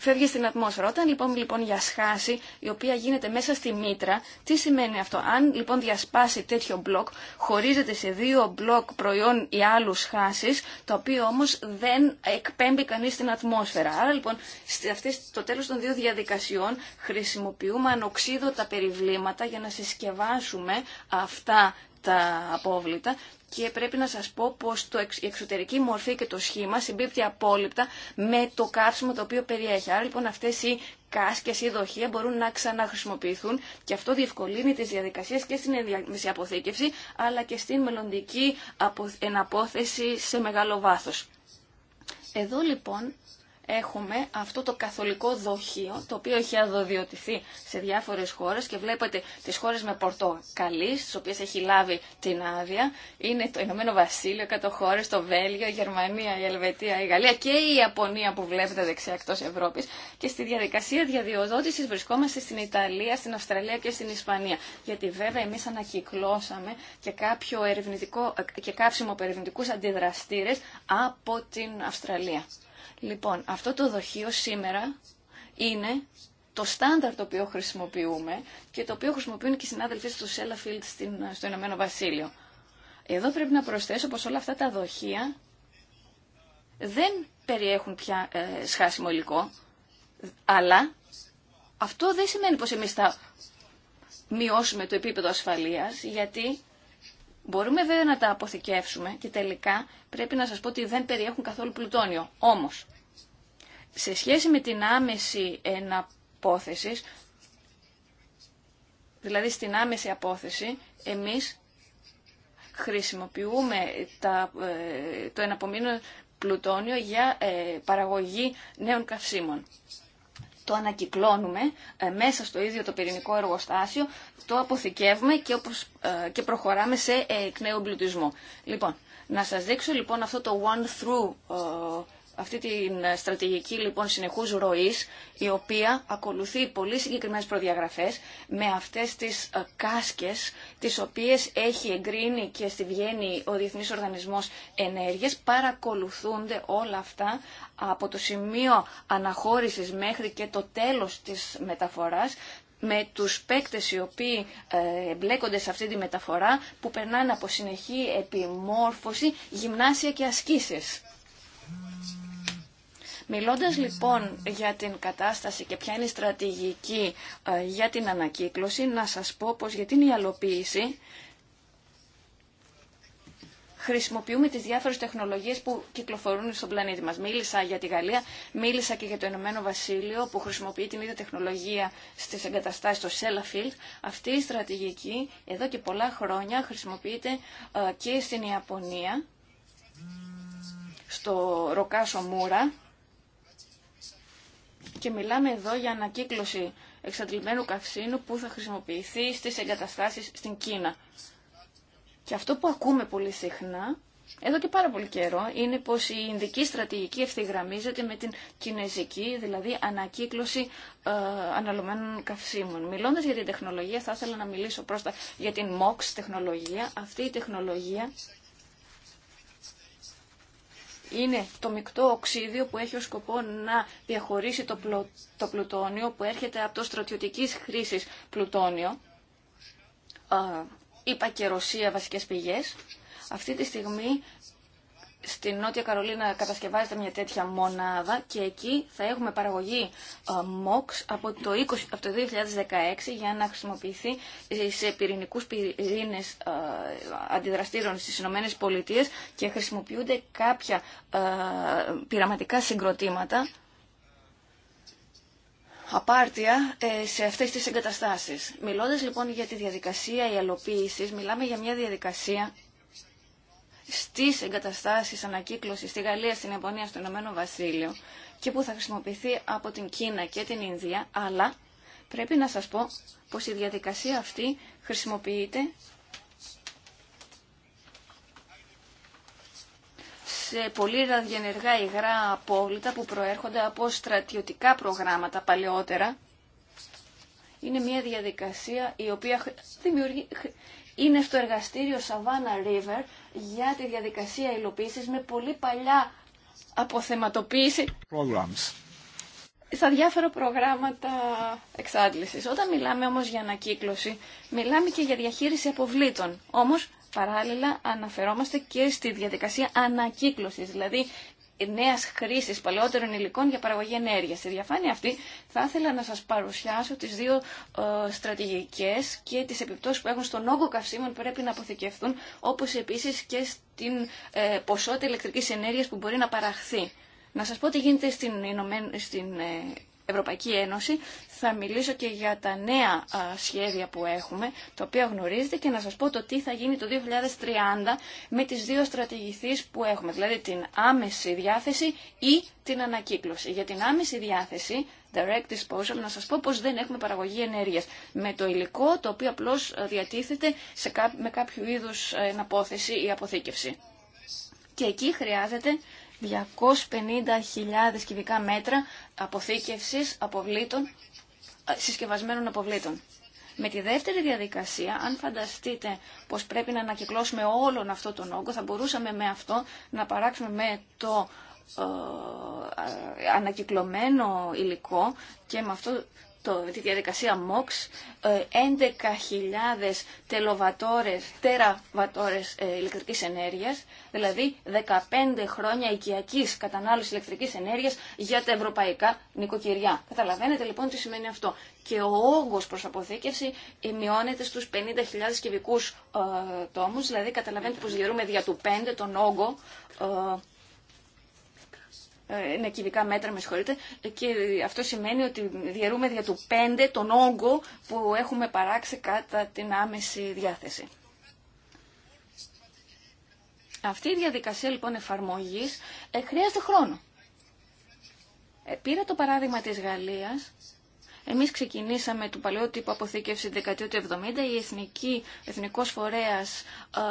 φεύγει στην ατμόσφαιρα. Όταν λοιπόν, λοιπόν για σχάση, η οποία γίνεται μέσα στη μήτρα, τι σημαίνει αυτό. Αν λοιπόν διασπάσει τέτοιο μπλοκ, χωρίζεται σε δύο μπλοκ προϊόν ή άλλου σχάσεις, το οποίο όμως δεν εκπέμπει κανεί στην ατμόσφαιρα. Άρα λοιπόν, στο τέλος των δύο διαδικασιών χρησιμοποιούμε ανοξίδωτα περιβλήματα για να συσκευάσουμε αυτά τα απόβλητα, και πρέπει να σας πω πως το η εξωτερική μορφή και το σχήμα συμπίπτει απόλυτα με το καύσιμο το οποίο περιέχει. Άρα λοιπόν αυτές οι κάσκες ή δοχεία μπορούν να ξαναχρησιμοποιηθούν και αυτό διευκολύνει τις διαδικασίες και στην αποθήκευση αλλά και στην μελλοντική εναπόθεση σε μεγάλο βάθος. Εδώ λοιπόν έχουμε αυτό το καθολικό δοχείο, το οποίο έχει αδοδιοτηθεί σε διάφορες χώρες και βλέπετε τις χώρες με πορτοκαλί, στις οποίες έχει λάβει την άδεια, είναι το Ηνωμένο Βασίλειο, κάτω χώρες, το Βέλγιο, η Γερμανία, η Ελβετία, η Γαλλία και η Ιαπωνία που βλέπετε δεξιά εκτός Ευρώπης και στη διαδικασία διαδιοδότησης βρισκόμαστε στην Ιταλία, στην Αυστραλία και στην Ισπανία. Γιατί βέβαια εμείς ανακυκλώσαμε και κάποιο ερευνητικό και καύσιμο από ερευνητικούς αντιδραστήρες από την Αυστραλία. Λοιπόν, αυτό το δοχείο σήμερα είναι το στάνταρ το οποίο χρησιμοποιούμε και το οποίο χρησιμοποιούν και οι συνάδελφοί του Σέλαφιλτ στο Ηνωμένο Βασίλειο. Εδώ πρέπει να προσθέσω πως όλα αυτά τα δοχεία δεν περιέχουν πια ε, σχάσιμο υλικό, αλλά αυτό δεν σημαίνει πως εμείς θα μειώσουμε το επίπεδο ασφαλείας, γιατί Μπορούμε βέβαια να τα αποθηκεύσουμε και τελικά πρέπει να σας πω ότι δεν περιέχουν καθόλου πλουτόνιο. Όμως, σε σχέση με την άμεση εναπόθεση, δηλαδή στην άμεση απόθεση, εμείς χρησιμοποιούμε τα, ε, το εναπομείνον πλουτόνιο για ε, παραγωγή νέων καυσίμων το ανακυκλώνουμε ε, μέσα στο ίδιο το πυρηνικό εργοστάσιο, το αποθηκεύουμε και, όπως, ε, και προχωράμε σε ε, εκ νέου Λοιπόν, να σας δείξω λοιπόν αυτό το one-through αυτή την στρατηγική λοιπόν συνεχούς ροή, η οποία ακολουθεί πολύ συγκεκριμένες προδιαγραφές με αυτές τις ε, κάσκες τις οποίες έχει εγκρίνει και στη Βιέννη ο Διεθνής Οργανισμός ενέργεια, παρακολουθούνται όλα αυτά από το σημείο αναχώρησης μέχρι και το τέλος της μεταφοράς με τους παίκτες οι οποίοι ε, μπλέκονται σε αυτή τη μεταφορά που περνάνε από συνεχή επιμόρφωση, γυμνάσια και ασκήσεις. Μιλώντας λοιπόν για την κατάσταση και ποια είναι η στρατηγική ε, για την ανακύκλωση, να σας πω πως για την ιαλοποίηση χρησιμοποιούμε τις διάφορες τεχνολογίες που κυκλοφορούν στον πλανήτη μας. Μίλησα για τη Γαλλία, μίλησα και για το Ενωμένο Βασίλειο που χρησιμοποιεί την ίδια τεχνολογία στις εγκαταστάσεις στο Sellafield. Αυτή η στρατηγική εδώ και πολλά χρόνια χρησιμοποιείται ε, και στην Ιαπωνία, στο Ροκάσο Μούρα και μιλάμε εδώ για ανακύκλωση εξαντλημένου καυσίνου που θα χρησιμοποιηθεί στις εγκαταστάσεις στην Κίνα. Και αυτό που ακούμε πολύ συχνά, εδώ και πάρα πολύ καιρό, είναι πως η Ινδική στρατηγική ευθυγραμμίζεται με την Κινέζικη, δηλαδή ανακύκλωση ε, αναλωμένων καυσίμων. Μιλώντας για την τεχνολογία, θα ήθελα να μιλήσω πρώτα για την MOX τεχνολογία. Αυτή η τεχνολογία είναι το μεικτό οξύδιο που έχει ως σκοπό να διαχωρίσει το, πλουτόνιο που έρχεται από το στρατιωτικής χρήσης πλουτόνιο. Είπα και Ρωσία βασικές πηγές. Αυτή τη στιγμή στην Νότια Καρολίνα κατασκευάζεται μια τέτοια μονάδα και εκεί θα έχουμε παραγωγή MOX ε, από το, 20, από το 2016 για να χρησιμοποιηθεί σε πυρηνικούς πυρήνες ε, αντιδραστήρων στις Ηνωμένες Πολιτείες και χρησιμοποιούνται κάποια ε, πειραματικά συγκροτήματα απάρτια σε αυτές τις εγκαταστάσεις. Μιλώντας λοιπόν για τη διαδικασία η μιλάμε για μια διαδικασία στις εγκαταστάσεις ανακύκλωσης στη Γαλλία, στην Ιαπωνία, στο Ηνωμένο Βασίλειο και που θα χρησιμοποιηθεί από την Κίνα και την Ινδία, αλλά πρέπει να σας πω πως η διαδικασία αυτή χρησιμοποιείται σε πολύ ραδιενεργά υγρά απόλυτα που προέρχονται από στρατιωτικά προγράμματα παλαιότερα. Είναι μια διαδικασία η οποία είναι στο εργαστήριο Savannah River για τη διαδικασία υλοποίησης με πολύ παλιά αποθεματοποίηση Programs. στα διάφορα προγράμματα εξάντλησης. Όταν μιλάμε όμως για ανακύκλωση, μιλάμε και για διαχείριση αποβλήτων. Όμως, παράλληλα, αναφερόμαστε και στη διαδικασία ανακύκλωσης, δηλαδή νέα χρήση παλαιότερων υλικών για παραγωγή ενέργεια. Στη διαφάνεια αυτή θα ήθελα να σα παρουσιάσω τι δύο ε, στρατηγικές στρατηγικέ και τι επιπτώσει που έχουν στον όγκο καυσίμων που πρέπει να αποθηκευτούν, όπω επίση και στην ε, ποσότητα ηλεκτρική ενέργεια που μπορεί να παραχθεί. Να σας πω τι γίνεται στην, στην ε, Ευρωπαϊκή Ένωση. Θα μιλήσω και για τα νέα σχέδια που έχουμε, τα οποία γνωρίζετε και να σας πω το τι θα γίνει το 2030 με τις δύο στρατηγηθείς που έχουμε, δηλαδή την άμεση διάθεση ή την ανακύκλωση. Για την άμεση διάθεση, direct disposal, να σας πω πως δεν έχουμε παραγωγή ενέργειας. Με το υλικό το οποίο απλώς διατίθεται σε με κάποιο είδους εναπόθεση ή αποθήκευση. Και εκεί χρειάζεται 250.000 κυβικά μέτρα αποθήκευσης αποβλήτων, συσκευασμένων αποβλήτων. Με τη δεύτερη διαδικασία, αν φανταστείτε πως πρέπει να ανακυκλώσουμε όλον αυτό τον όγκο, θα μπορούσαμε με αυτό να παράξουμε με το ε, ανακυκλωμένο υλικό και με αυτό το, τη διαδικασία MOX, 11.000 ε, τελοβατόρες, τεραβατόρες ε, ηλεκτρικής ενέργειας, δηλαδή 15 χρόνια οικιακής κατανάλωσης ηλεκτρικής ενέργειας για τα ευρωπαϊκά νοικοκυριά. Καταλαβαίνετε λοιπόν τι σημαίνει αυτό. Και ο όγκος προς αποθήκευση ε, μειώνεται στους 50.000 κυβικούς ε, τόμους, δηλαδή καταλαβαίνετε πως γερούμε δια του 5 τον όγκο ε, ε, είναι κυβικά μέτρα, με συγχωρείτε, και αυτό σημαίνει ότι διαιρούμε δια του 5 τον όγκο που έχουμε παράξει κατά την άμεση διάθεση. Αυτή η διαδικασία λοιπόν εφαρμογής ε, χρειάζεται χρόνο. Ε, πήρα το παράδειγμα της Γαλλίας. Εμείς ξεκινήσαμε του παλαιού τύπου αποθήκευση την του 70. Η Εθνική, Εθνικός Φορέας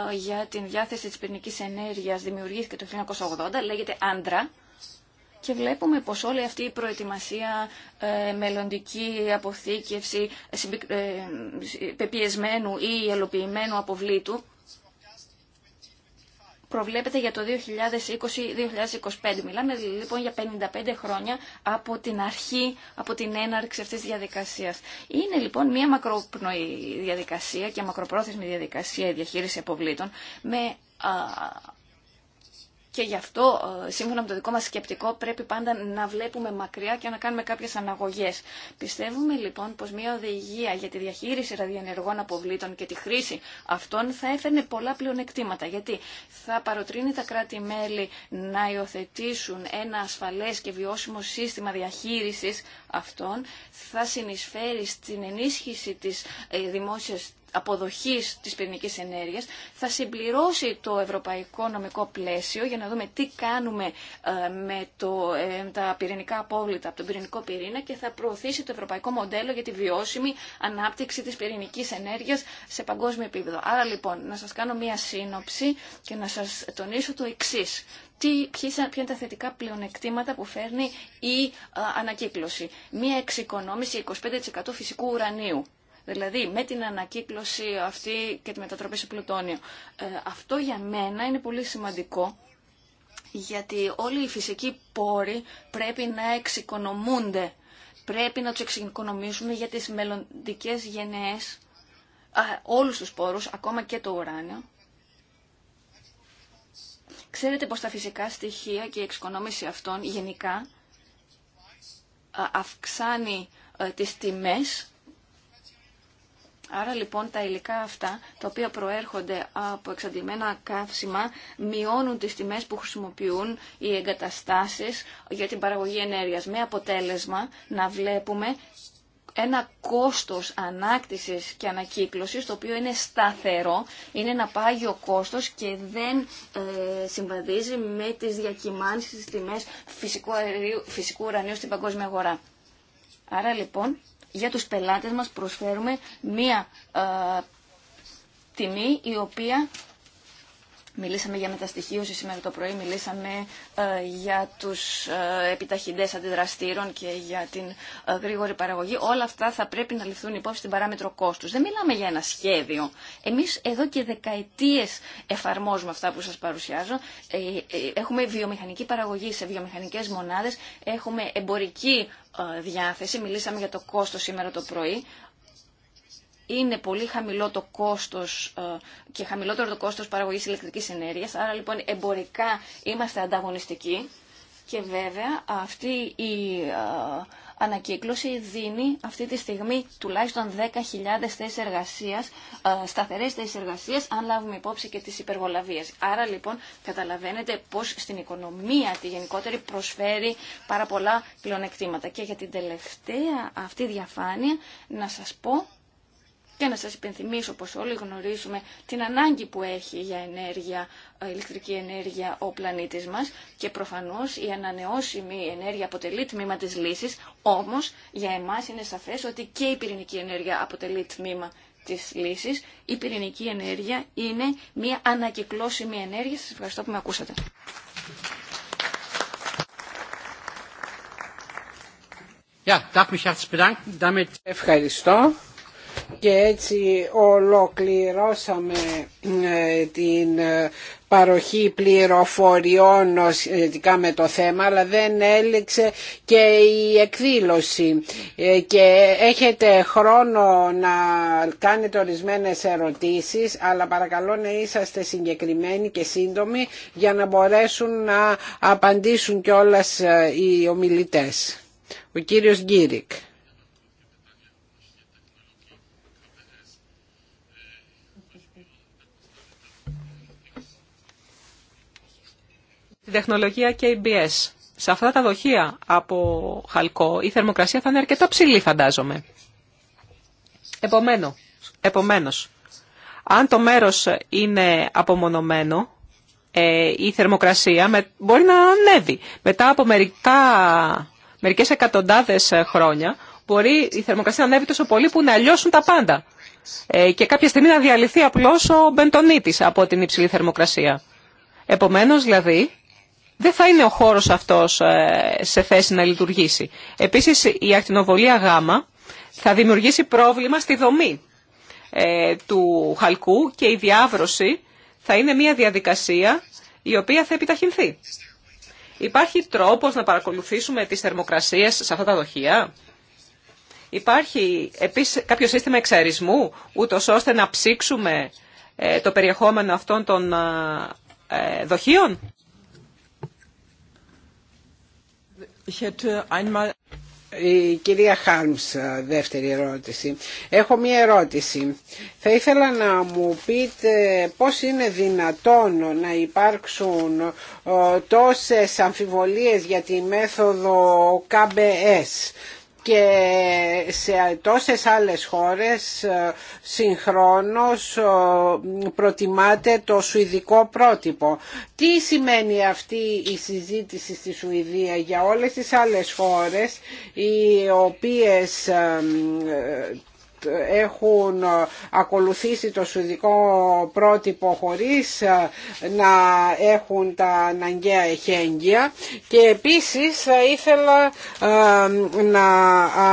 ε, για την διάθεση της πυρηνικής ενέργειας δημιουργήθηκε το 1980. Λέγεται Άντρα και βλέπουμε πως όλη αυτή η προετοιμασία, ε, μελλοντική αποθήκευση ε, ε, πεπιεσμένου ή ελοποιημένου αποβλήτου προβλέπεται για το 2020-2025. Μιλάμε λοιπόν για 55 χρόνια από την αρχή, από την έναρξη αυτής της διαδικασίας. Είναι λοιπόν μια μακροπνοή διαδικασία και μακροπρόθεσμη διαδικασία η διαχείριση αποβλήτων με και γι' αυτό, ε, σύμφωνα με το δικό μας σκεπτικό, πρέπει πάντα να βλέπουμε μακριά και να κάνουμε κάποιες αναγωγές. Πιστεύουμε λοιπόν πως μια οδηγία για τη διαχείριση ραδιενεργών αποβλήτων και τη χρήση αυτών θα έφερνε πολλά πλεονεκτήματα. Γιατί θα παροτρύνει τα κράτη-μέλη να υιοθετήσουν ένα ασφαλές και βιώσιμο σύστημα διαχείρισης αυτών, θα συνεισφέρει στην ενίσχυση της ε, δημόσιας αποδοχής της πυρηνικής ενέργειας, θα συμπληρώσει το ευρωπαϊκό νομικό πλαίσιο για να δούμε τι κάνουμε ε, με το, ε, τα πυρηνικά απόβλητα από τον πυρηνικό πυρήνα και θα προωθήσει το ευρωπαϊκό μοντέλο για τη βιώσιμη ανάπτυξη της πυρηνικής ενέργειας σε παγκόσμιο επίπεδο. Άρα λοιπόν, να σας κάνω μία σύνοψη και να σας τονίσω το εξή. Τι, ποια είναι τα θετικά πλεονεκτήματα που φέρνει η ε, ανακύκλωση. Μία εξοικονόμηση 25% φυσικού ουρανίου Δηλαδή με την ανακύκλωση αυτή και τη μετατροπή σε πλουτόνιο. Ε, αυτό για μένα είναι πολύ σημαντικό γιατί όλοι οι φυσικοί πόροι πρέπει να εξοικονομούνται. Πρέπει να τους εξοικονομήσουμε για τις μελλοντικέ γενναίες, α, όλους τους πόρους, ακόμα και το ουράνιο. Ξέρετε πως τα φυσικά στοιχεία και η εξοικονόμηση αυτών γενικά αυξάνει ε, τις τιμές Άρα λοιπόν τα υλικά αυτά, τα οποία προέρχονται από εξαντλημένα καύσιμα, μειώνουν τις τιμές που χρησιμοποιούν οι εγκαταστάσεις για την παραγωγή ενέργειας, με αποτέλεσμα να βλέπουμε ένα κόστος ανάκτησης και ανακύκλωσης, το οποίο είναι σταθερό, είναι ένα πάγιο κόστος και δεν ε, συμβαδίζει με τις διακυμάνσεις της τιμές φυσικού, φυσικού ουρανίου στην παγκόσμια αγορά. Άρα λοιπόν για τους πελάτες μας προσφέρουμε μία ε, τιμή η οποία Μιλήσαμε για μεταστοιχείωση σήμερα το πρωί, μιλήσαμε ε, για τους ε, επιταχυντές αντιδραστήρων και για την ε, γρήγορη παραγωγή. Όλα αυτά θα πρέπει να ληφθούν υπόψη στην παράμετρο κόστους. Δεν μιλάμε για ένα σχέδιο. Εμείς εδώ και δεκαετίες εφαρμόζουμε αυτά που σας παρουσιάζω. Έχουμε βιομηχανική παραγωγή σε βιομηχανικές μονάδες, έχουμε εμπορική διάθεση, μιλήσαμε για το κόστος σήμερα το πρωί είναι πολύ χαμηλό το κόστος ε, και χαμηλότερο το κόστος παραγωγής ηλεκτρικής ενέργειας. Άρα λοιπόν εμπορικά είμαστε ανταγωνιστικοί και βέβαια αυτή η ε, ανακύκλωση δίνει αυτή τη στιγμή τουλάχιστον 10.000 θέσεις εργασίας, ε, σταθερές θέσεις εργασίας, αν λάβουμε υπόψη και τις υπεργολαβίες. Άρα λοιπόν καταλαβαίνετε πως στην οικονομία τη γενικότερη προσφέρει πάρα πολλά πλεονεκτήματα. Και για την τελευταία αυτή διαφάνεια να σας πω και να σας υπενθυμίσω πως όλοι γνωρίζουμε την ανάγκη που έχει για ενέργεια, ηλεκτρική ενέργεια ο πλανήτης μας και προφανώς η ανανεώσιμη ενέργεια αποτελεί τμήμα της λύσης, όμως για εμάς είναι σαφές ότι και η πυρηνική ενέργεια αποτελεί τμήμα της λύσης. Η πυρηνική ενέργεια είναι μια ανακυκλώσιμη ενέργεια. Σας ευχαριστώ που με ακούσατε. Ευχαριστώ και έτσι ολοκληρώσαμε ε, την ε, παροχή πληροφοριών ε, σχετικά με το θέμα αλλά δεν έληξε και η εκδήλωση και έχετε χρόνο να κάνετε ορισμένες ερωτήσεις αλλά παρακαλώ να είσαστε συγκεκριμένοι και σύντομοι για να μπορέσουν να απαντήσουν κιόλας οι ομιλητές. Ο κύριος Γκίρικ. την τεχνολογία KBS. Σε αυτά τα δοχεία από χαλκό η θερμοκρασία θα είναι αρκετά ψηλή φαντάζομαι. Επομένω, επομένως, αν το μέρος είναι απομονωμένο, ε, η θερμοκρασία μπορεί να ανέβει. Μετά από μερικά, μερικές εκατοντάδες χρόνια μπορεί η θερμοκρασία να ανέβει τόσο πολύ που να λιώσουν τα πάντα. Ε, και κάποια στιγμή να διαλυθεί απλώς ο μπεντονίτης από την υψηλή θερμοκρασία. Επομένως, δηλαδή, δεν θα είναι ο χώρος αυτός ε, σε θέση να λειτουργήσει. Επίσης, η ακτινοβολία Γ θα δημιουργήσει πρόβλημα στη δομή ε, του χαλκού και η διάβρωση θα είναι μια διαδικασία η οποία θα επιταχυνθεί. Υπάρχει τρόπος να παρακολουθήσουμε τις θερμοκρασίες σε αυτά τα δοχεία. Υπάρχει επίσης κάποιο σύστημα εξαρισμού, ούτως ώστε να ψήξουμε ε, το περιεχόμενο αυτών των δοχείων. Η κυρία Χάλμς, ε, δεύτερη ερώτηση. Έχω μία ερώτηση. Θα ήθελα να μου πείτε πώς είναι δυνατόν να υπάρξουν ε, τόσες αμφιβολίες για τη μέθοδο KBS και σε τόσες άλλες χώρες ε, συγχρόνως ε, προτιμάται το σουηδικό πρότυπο. Τι σημαίνει αυτή η συζήτηση στη Σουηδία για όλες τις άλλες χώρες οι οποίες ε, έχουν ακολουθήσει το Σουδικό πρότυπο χωρίς ε, να έχουν τα αναγκαία εχέγγυα και επίσης θα ε, ήθελα ε, να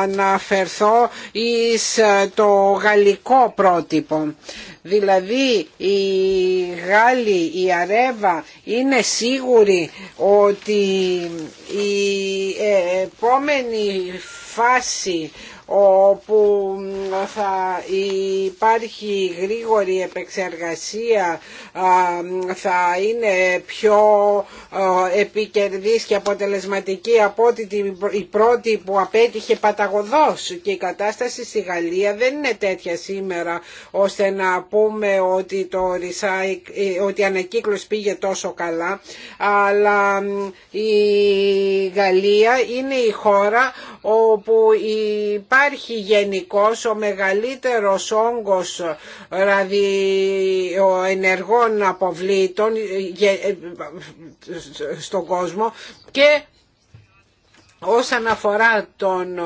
αναφερθώ εις το γαλλικό πρότυπο. Δηλαδή η Γάλλοι, η Αρέβα είναι σίγουροι ότι η επόμενη φάση όπου θα υπάρχει γρήγορη επεξεργασία θα είναι πιο επικερδής και αποτελεσματική από ότι η πρώτη που απέτυχε παταγωδός και η κατάσταση στη Γαλλία δεν είναι τέτοια σήμερα ώστε να πούμε ότι, το ε, ότι η ανακύκλωση πήγε τόσο καλά αλλά η Γαλλία είναι η χώρα όπου υπάρχει υπάρχει γενικώ ο μεγαλύτερος όγκος ραδιοενεργών αποβλήτων ε, στον κόσμο και όσον αφορά τον ε,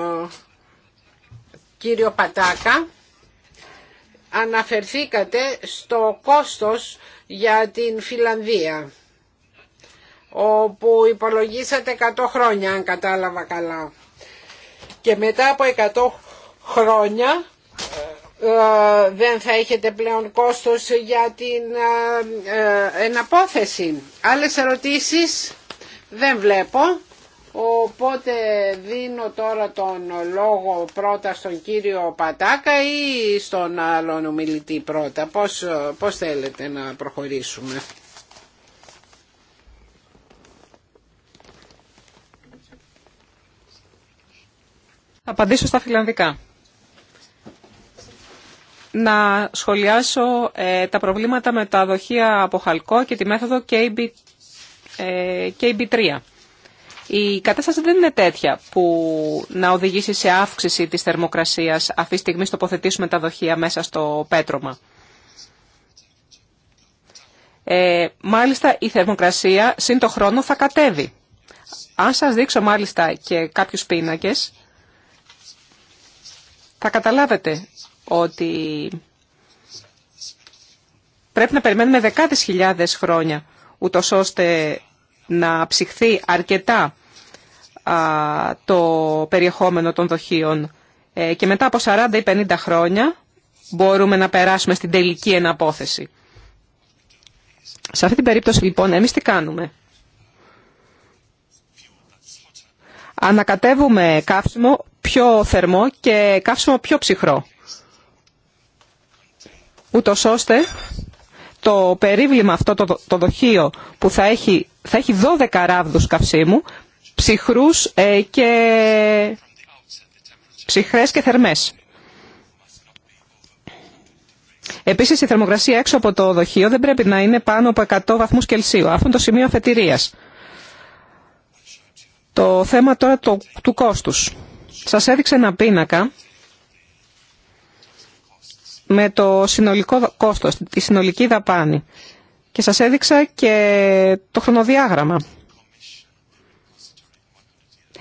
κύριο Πατάκα αναφερθήκατε στο κόστος για την Φιλανδία όπου υπολογίσατε 100 χρόνια αν κατάλαβα καλά και μετά από 100 χρόνια ε, δεν θα έχετε πλέον κόστος για την ε, ε, εναπόθεση. Άλλες ερωτήσεις δεν βλέπω. Οπότε δίνω τώρα τον λόγο πρώτα στον κύριο Πατάκα ή στον άλλον ομιλητή πρώτα. Πώς, πώς θέλετε να προχωρήσουμε. Θα απαντήσω στα φιλανδικά. Να σχολιάσω ε, τα προβλήματα με τα δοχεία από χαλκό και τη μέθοδο KB, 3 ε, Η κατάσταση δεν είναι τέτοια που να οδηγήσει σε αύξηση της θερμοκρασίας αυτή τη στιγμή τοποθετήσουμε τα δοχεία μέσα στο πέτρωμα. Ε, μάλιστα η θερμοκρασία σύν το χρόνο θα κατέβει. Αν σας δείξω μάλιστα και κάποιους πίνακες, θα καταλάβετε ότι πρέπει να περιμένουμε δεκάδες χιλιάδες χρόνια ούτως ώστε να ψυχθεί αρκετά το περιεχόμενο των δοχείων ε, και μετά από 40 ή 50 χρόνια μπορούμε να περάσουμε στην τελική εναπόθεση. Σε αυτή την περίπτωση λοιπόν εμείς τι κάνουμε. ανακατεύουμε καύσιμο πιο θερμό και καύσιμο πιο ψυχρό. Ούτω ώστε το περίβλημα αυτό το, δοχείο που θα έχει, θα έχει 12 ράβδους καυσίμου, ψυχρούς ε, και ψυχρές και θερμές. Επίσης η θερμοκρασία έξω από το δοχείο δεν πρέπει να είναι πάνω από 100 βαθμούς Κελσίου. Αυτό είναι το σημείο αφετηρίας. Το θέμα τώρα το, του κόστους. Σας έδειξε ένα πίνακα με το συνολικό κόστος, τη συνολική δαπάνη. Και σας έδειξα και το χρονοδιάγραμμα.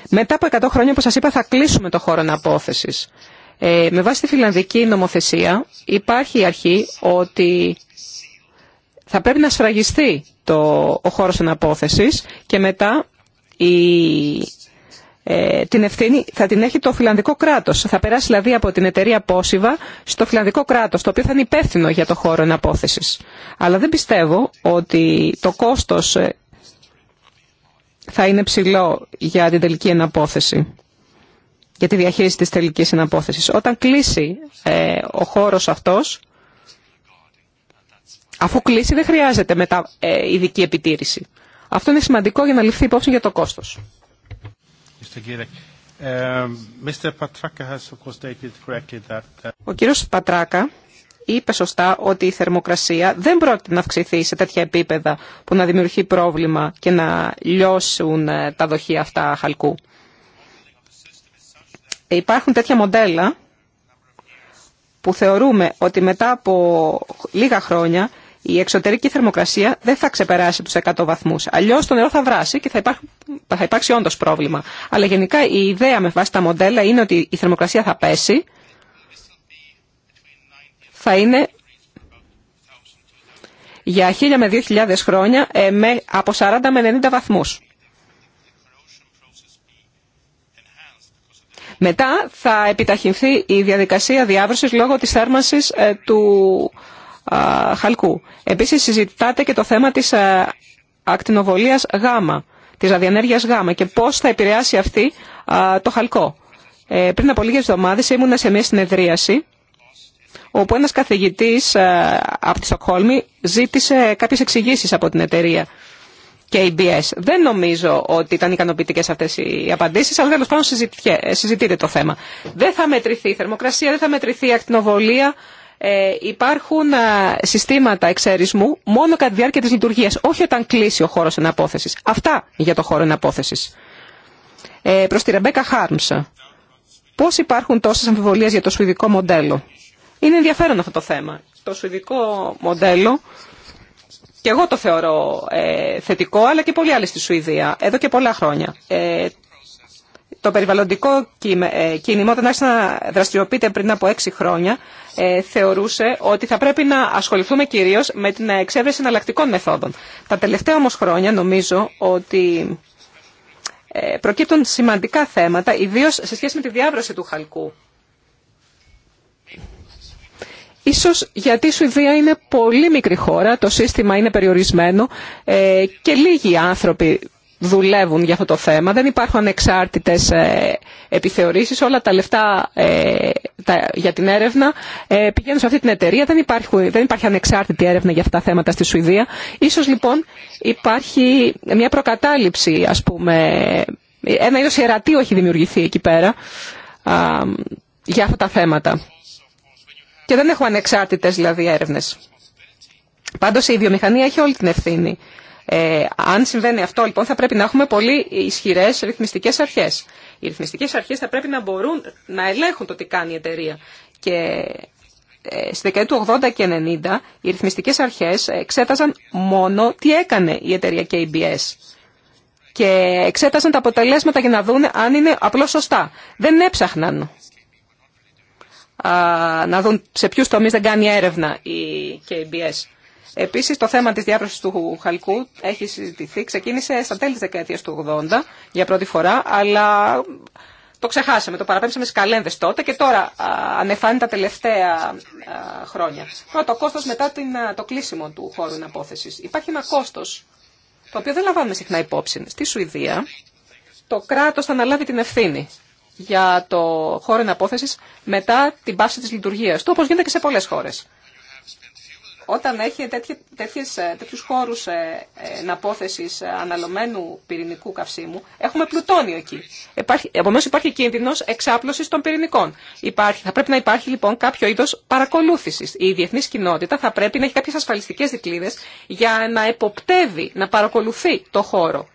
Μετά από 100 χρόνια, όπως σας είπα, θα κλείσουμε το χώρο αναπόθεσης. Ε, με βάση τη φιλανδική νομοθεσία υπάρχει η αρχή ότι θα πρέπει να σφραγιστεί το, ο χώρος αναπόθεσης και μετά η, ε, την ευθύνη θα την έχει το φιλανδικό κράτος. Θα περάσει δηλαδή από την εταιρεία Πόσιβα στο φιλανδικό κράτος, το οποίο θα είναι υπεύθυνο για το χώρο εναπόθεσης. Αλλά δεν πιστεύω ότι το κόστος ε, θα είναι ψηλό για την τελική εναπόθεση για τη διαχείριση της τελικής εναπόθεσης. Όταν κλείσει ε, ο χώρος αυτός, αφού κλείσει δεν χρειάζεται μετά ειδική επιτήρηση. Αυτό είναι σημαντικό για να ληφθεί υπόψη για το κόστος. Um, uh, Ο κύριος Πατράκα είπε σωστά ότι η θερμοκρασία δεν πρόκειται να αυξηθεί σε τέτοια επίπεδα που να δημιουργεί πρόβλημα και να λιώσουν ε, τα δοχεία αυτά χαλκού. Υπάρχουν τέτοια μοντέλα που θεωρούμε ότι μετά από λίγα χρόνια η εξωτερική θερμοκρασία δεν θα ξεπεράσει τους 100 βαθμούς. Αλλιώς το νερό θα βράσει και θα, υπάρξει, θα όντως πρόβλημα. Αλλά γενικά η ιδέα με βάση τα μοντέλα είναι ότι η θερμοκρασία θα πέσει, θα είναι για 1.000 με 2.000 χρόνια ε, με, από 40 με 90 βαθμούς. Μετά θα επιταχυνθεί η διαδικασία διάβρωσης λόγω της θέρμανσης ε, του, χαλκού. Επίσης συζητάτε και το θέμα της ακτινοβολίας γάμα, της αδιανέργειας γάμα και πώς θα επηρεάσει αυτή το χαλκό. Ε, πριν από λίγες εβδομάδε ήμουν σε μια συνεδρίαση όπου ένας καθηγητής από τη Στοκχόλμη ζήτησε κάποιες εξηγήσει από την εταιρεία και Δεν νομίζω ότι ήταν ικανοποιητικέ αυτέ οι απαντήσει, αλλά τέλο πάντων ε, συζητείτε το θέμα. Δεν θα μετρηθεί η θερμοκρασία, δεν θα μετρηθεί η ακτινοβολία, ε, υπάρχουν συστήματα εξαιρισμού μόνο κατά τη διάρκεια της λειτουργίας, όχι όταν κλείσει ο χώρος εναπόθεσης. Αυτά για το χώρο εναπόθεσης. Ε, προς τη Ρεμπέκα Χάρμσα. πώς υπάρχουν τόσες αμφιβολίες για το σουηδικό μοντέλο. Είναι ενδιαφέρον αυτό το θέμα. Το σουηδικό μοντέλο και εγώ το θεωρώ ε, θετικό, αλλά και πολλοί άλλοι στη Σουηδία, εδώ και πολλά χρόνια. Ε, το περιβαλλοντικό ε, κίνημα, όταν άρχισε να δραστηριοποιείται πριν από έξι χρόνια, ε, θεωρούσε ότι θα πρέπει να ασχοληθούμε κυρίως με την εξέβρεση εναλλακτικών μεθόδων. Τα τελευταία όμως χρόνια νομίζω ότι ε, προκύπτουν σημαντικά θέματα, ιδίως σε σχέση με τη διάβρωση του χαλκού. Ίσως γιατί η Σουηδία είναι πολύ μικρή χώρα, το σύστημα είναι περιορισμένο ε, και λίγοι άνθρωποι δουλεύουν για αυτό το θέμα. Δεν υπάρχουν ανεξάρτητες ε, επιθεωρήσεις. Όλα τα λεφτά ε, για την έρευνα ε, πηγαίνουν σε αυτή την εταιρεία. Δεν, υπάρχει, δεν υπάρχει ανεξάρτητη έρευνα για αυτά τα θέματα στη Σουηδία. Ίσως λοιπόν υπάρχει μια προκατάληψη, ας πούμε, ένα είδος ιερατείο έχει δημιουργηθεί εκεί πέρα για αυτά τα θέματα. Και δεν έχουμε ανεξάρτητες δηλαδή έρευνες. Πάντως η βιομηχανία έχει όλη την ευθύνη ε, αν συμβαίνει αυτό, λοιπόν, θα πρέπει να έχουμε πολύ ισχυρέ ρυθμιστικέ αρχέ. Οι ρυθμιστικέ αρχέ θα πρέπει να μπορούν να ελέγχουν το τι κάνει η εταιρεία. Και ε, στη δεκαετία του 80 και 90 οι ρυθμιστικέ αρχές εξέταζαν μόνο τι έκανε η εταιρεία KBS και εξέταζαν τα αποτελέσματα για να δουν αν είναι απλώ σωστά. Δεν έψαχναν να δουν σε ποιους τομείς δεν κάνει έρευνα η KBS. Επίσης το θέμα της διάβρωσης του χαλκού έχει συζητηθεί. Ξεκίνησε στα τέλη της του 80 για πρώτη φορά, αλλά το ξεχάσαμε, το παραπέμψαμε στις καλένδες τότε και τώρα ανεφάνει τα τελευταία χρόνια. Τώρα το κόστος μετά την, το κλείσιμο του χώρου εναπόθεσης. Υπάρχει ένα κόστος το οποίο δεν λαμβάνουμε συχνά υπόψη. Στη Σουηδία το κράτος θα αναλάβει την ευθύνη για το χώρο εναπόθεσης μετά την πάση της λειτουργίας του, όπω γίνεται και σε πολλές χώρες. Όταν έχει τέτοιες, ε, τέτοιους χώρους ε, ε, εναπόθεσης αναλωμένου πυρηνικού καυσίμου, έχουμε πλουτόνιο εκεί. Επομένω υπάρχει κίνδυνο εξάπλωση των πυρηνικών. Υπάρχει, θα πρέπει να υπάρχει λοιπόν κάποιο είδο παρακολούθηση. Η διεθνή κοινότητα θα πρέπει να έχει κάποιε ασφαλιστικέ δικλείδες για να εποπτεύει, να παρακολουθεί το χώρο.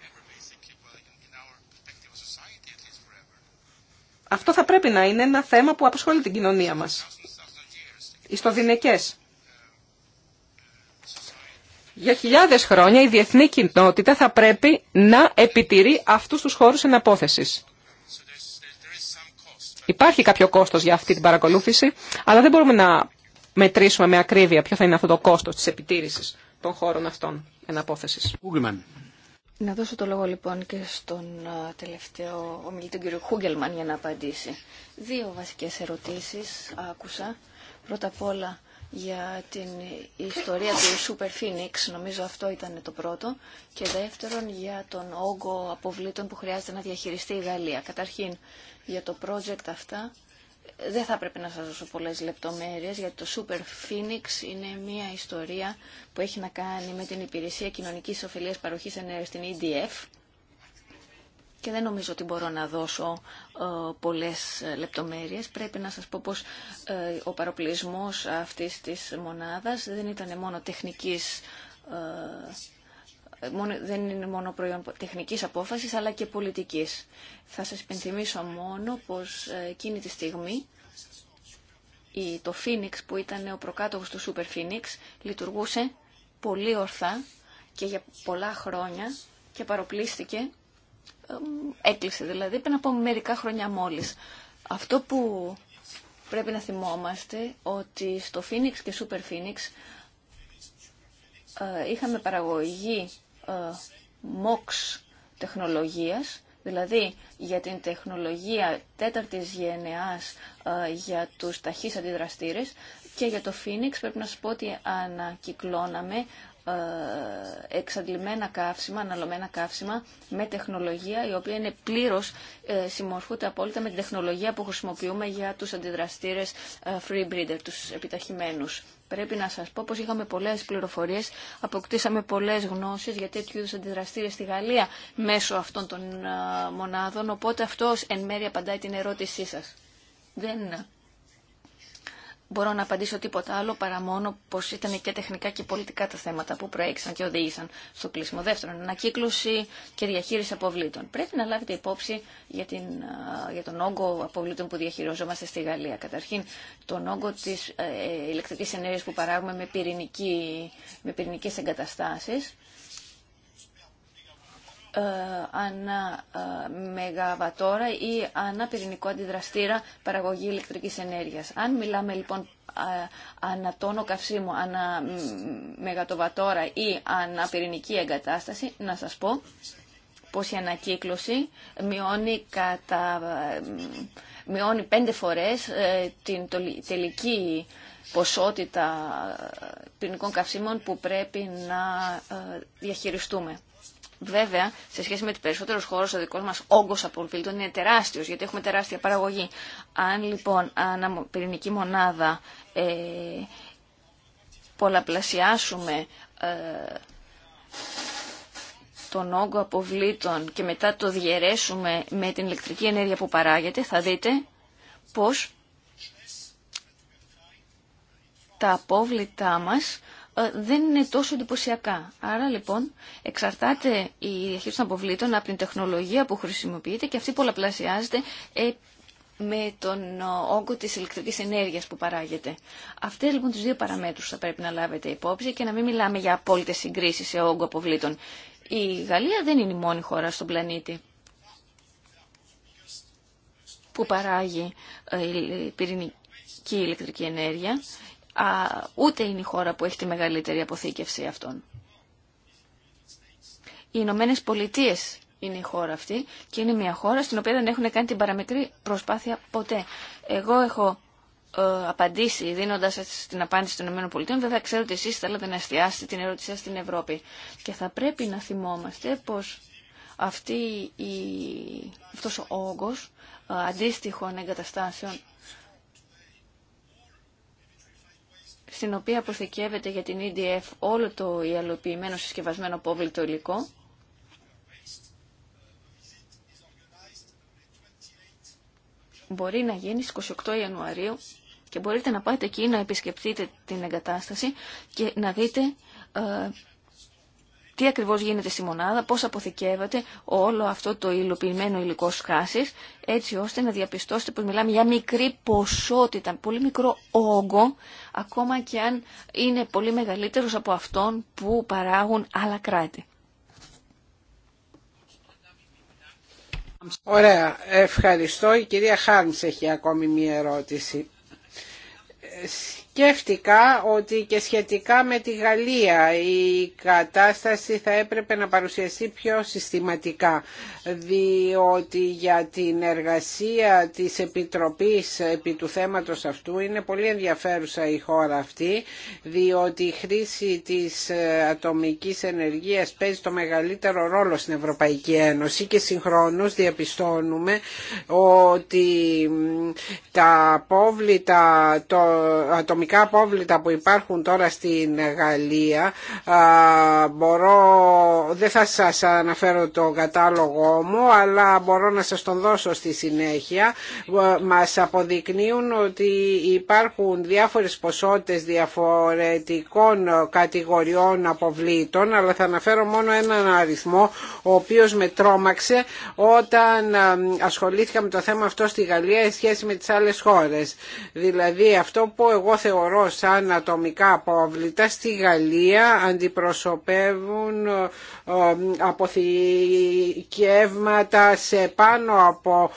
Αυτό θα πρέπει να είναι ένα θέμα που απασχολεί την κοινωνία μας. Ιστοδυναικές. Για χιλιάδες χρόνια η διεθνή κοινότητα θα πρέπει να επιτηρεί αυτούς τους χώρους εναπόθεσης. Υπάρχει κάποιο κόστος για αυτή την παρακολούθηση, αλλά δεν μπορούμε να μετρήσουμε με ακρίβεια ποιο θα είναι αυτό το κόστος της επιτήρησης των χώρων αυτών εναπόθεσης. Να δώσω το λόγο λοιπόν και στον τελευταίο ομιλητή, τον κύριο Χούγκελμαν, για να απαντήσει. Δύο βασικές ερωτήσεις άκουσα. Πρώτα απ' όλα, για την ιστορία του Super Phoenix, νομίζω αυτό ήταν το πρώτο, και δεύτερον για τον όγκο αποβλήτων που χρειάζεται να διαχειριστεί η Γαλλία. Καταρχήν, για το project αυτά, δεν θα πρέπει να σας δώσω πολλές λεπτομέρειες, γιατί το Super Phoenix είναι μια ιστορία που έχει να κάνει με την Υπηρεσία Κοινωνικής Οφελίας Παροχής Ενέργειας, στην EDF, και δεν νομίζω ότι μπορώ να δώσω ε, πολλές ε, λεπτομέρειες. Πρέπει να σας πω πως ε, ο παροπλισμός αυτής της μονάδας δεν ήταν μόνο τεχνικής δεν είναι μόνο προϊόν τεχνικής απόφασης αλλά και πολιτικής. Θα σας υπενθυμίσω μόνο πως εκείνη τη στιγμή το Phoenix που ήταν ο προκάτοχος του Super Phoenix λειτουργούσε πολύ ορθά και για πολλά χρόνια και παροπλίστηκε έκλεισε δηλαδή πριν από μερικά χρόνια μόλις. Αυτό που πρέπει να θυμόμαστε ότι στο Phoenix και Super Phoenix ε, είχαμε παραγωγή MOX ε, τεχνολογίας, δηλαδή για την τεχνολογία τέταρτης γενεάς ε, για τους ταχύς αντιδραστήρες και για το Phoenix πρέπει να σας πω ότι ανακυκλώναμε ε, εξαντλημένα καύσιμα, αναλωμένα καύσιμα με τεχνολογία η οποία είναι πλήρως ε, συμμορφούται απόλυτα με την τεχνολογία που χρησιμοποιούμε για τους αντιδραστήρες ε, free breeder, τους επιταχυμένους. Πρέπει να σας πω πως είχαμε πολλές πληροφορίες, αποκτήσαμε πολλές γνώσεις για τέτοιου είδους αντιδραστήρες στη Γαλλία μέσω αυτών των μονάδων, οπότε αυτός εν μέρει απαντάει την ερώτησή σας. Δεν μπορώ να απαντήσω τίποτα άλλο παρά μόνο πω ήταν και τεχνικά και πολιτικά τα θέματα που προέκυψαν και οδήγησαν στο κλείσιμο. Δεύτερον, ανακύκλωση και διαχείριση αποβλήτων. Πρέπει να λάβετε υπόψη για, την, για τον όγκο αποβλήτων που διαχειριζόμαστε στη Γαλλία. Καταρχήν, τον όγκο της ε, ηλεκτρική ενέργεια που παράγουμε με, πυρηνικέ με ε, αναμεγαβατόρα ε, ή αναπυρηνικό αντιδραστήρα παραγωγή ηλεκτρικής ενέργειας. Αν μιλάμε λοιπόν ανατόνο τόνο καυσίμου, ανά ή ανά εγκατάσταση, να σας πω πως η ανακύκλωση μειώνει κατά μειώνει πέντε φορές ε, την τελική ποσότητα πυρηνικών καυσίμων που πρέπει να διαχειριστούμε. Βέβαια, σε σχέση με τι περισσότερε χώρε, ο δικό μα όγκο αποβλήτων είναι τεράστιο, γιατί έχουμε τεράστια παραγωγή. Αν λοιπόν πυρηνική μονάδα ε, πολλαπλασιάσουμε ε, τον όγκο αποβλήτων και μετά το διαιρέσουμε με την ηλεκτρική ενέργεια που παράγεται, θα δείτε πως τα απόβλητά μας ε, δεν είναι τόσο εντυπωσιακά. Άρα λοιπόν εξαρτάται η διαχείριση των αποβλήτων από την τεχνολογία που χρησιμοποιείται και αυτή πολλαπλασιάζεται ε, με τον ε, όγκο της ηλεκτρικής ενέργειας που παράγεται. Αυτές λοιπόν τις δύο παραμέτρους θα πρέπει να λάβετε υπόψη και να μην μιλάμε για απόλυτες συγκρίσεις σε όγκο αποβλήτων. Η Γαλλία δεν είναι η μόνη χώρα στον πλανήτη που παράγει πυρηνική ηλεκτρική ενέργεια α, ούτε είναι η χώρα που έχει τη μεγαλύτερη αποθήκευση αυτών. Οι Ηνωμένε Πολιτείε είναι η χώρα αυτή και είναι μια χώρα στην οποία δεν έχουν κάνει την παραμικρή προσπάθεια ποτέ. Εγώ έχω ε, απαντήσει δίνοντα την απάντηση των Ηνωμένων Πολιτείων. Βέβαια, ξέρω ότι εσεί θέλατε να εστιάσετε την ερώτησή σα στην Ευρώπη. Και θα πρέπει να θυμόμαστε πω αυτό ο όγκος ε, αντίστοιχων εγκαταστάσεων στην οποία αποθηκεύεται για την EDF όλο το ιαλοποιημένο συσκευασμένο απόβλητο υλικό. Μπορεί να γίνει στις 28 Ιανουαρίου και μπορείτε να πάτε εκεί να επισκεφτείτε την εγκατάσταση και να δείτε ε, τι ακριβώς γίνεται στη μονάδα, πώς αποθηκεύεται όλο αυτό το υλοποιημένο υλικό σκάσης, έτσι ώστε να διαπιστώσετε πως μιλάμε για μικρή ποσότητα, πολύ μικρό όγκο, ακόμα και αν είναι πολύ μεγαλύτερος από αυτόν που παράγουν άλλα κράτη. Ωραία, ευχαριστώ. Η κυρία Χάρνς έχει ακόμη μία ερώτηση ε, σκέφτηκα ότι και σχετικά με τη Γαλλία η κατάσταση θα έπρεπε να παρουσιαστεί πιο συστηματικά διότι για την εργασία της Επιτροπής επί του θέματος αυτού είναι πολύ ενδιαφέρουσα η χώρα αυτή διότι η χρήση της ατομικής ενεργείας παίζει το μεγαλύτερο ρόλο στην Ευρωπαϊκή Ένωση και συγχρόνως διαπιστώνουμε ότι τα απόβλητα το οικονομικά απόβλητα που υπάρχουν τώρα στην Γαλλία μπορώ, δεν θα σας αναφέρω το κατάλογό μου αλλά μπορώ να σας τον δώσω στη συνέχεια μας αποδεικνύουν ότι υπάρχουν διάφορες ποσότητες διαφορετικών κατηγοριών αποβλήτων αλλά θα αναφέρω μόνο έναν αριθμό ο οποίος με τρόμαξε όταν ασχολήθηκα με το θέμα αυτό στη Γαλλία σχέση με τις άλλες χώρες δηλαδή αυτό που εγώ θεωρώ σαν ατομικά απόβλητα στη Γαλλία αντιπροσωπεύουν ε, αποθηκεύματα σε πάνω από